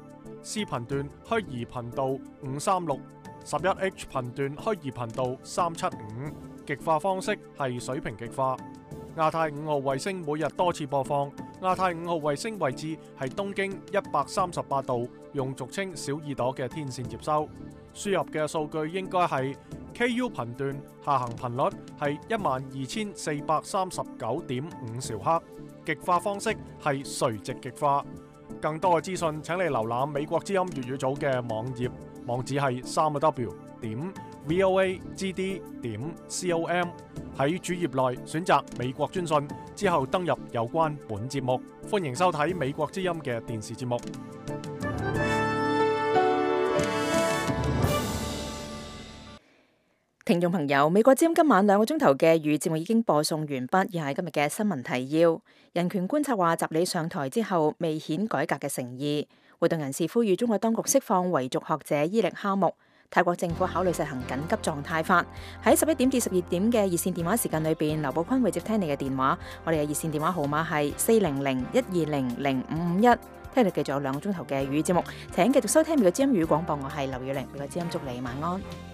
[SPEAKER 1] C 頻段虛擬頻道五三六，十一 H 頻段虛擬頻道三七五，極化方式係水平極化。亞太五號衛星每日多次播放。亞太五號衛星位置係東經一百三十八度，用俗稱小耳朵嘅天綫接收。輸入嘅數據應該係 KU 頻段，下行頻率係一萬二千四百三十九點五兆赫，極化方式係垂直極化。更多嘅資訊，請你瀏覽美國之音粵語組嘅網頁，網址係三個 w 點 v o a g d 點 com 喺主頁內選擇美國專訊，之後登入有關本節目，歡迎收睇美國之音嘅電視節目。
[SPEAKER 2] 聽眾朋友，美國之音今晚兩個鐘頭嘅粵語節目已經播送完畢，以下係今日嘅新聞提要。人權觀察話，習李上台之後未顯改革嘅誠意。活動人士呼籲中國當局釋放維族學者伊力哈木。泰國政府考慮實行緊急狀態法。喺十一點至十二點嘅熱線電話時間裏邊，劉寶坤會接聽你嘅電話。我哋嘅熱線電話號碼係四零零一二零零五五一。聽日繼續有兩個鐘頭嘅粵語節目，請繼續收聽美國之音粵語廣播。我係劉雨玲，美國之音祝你晚安。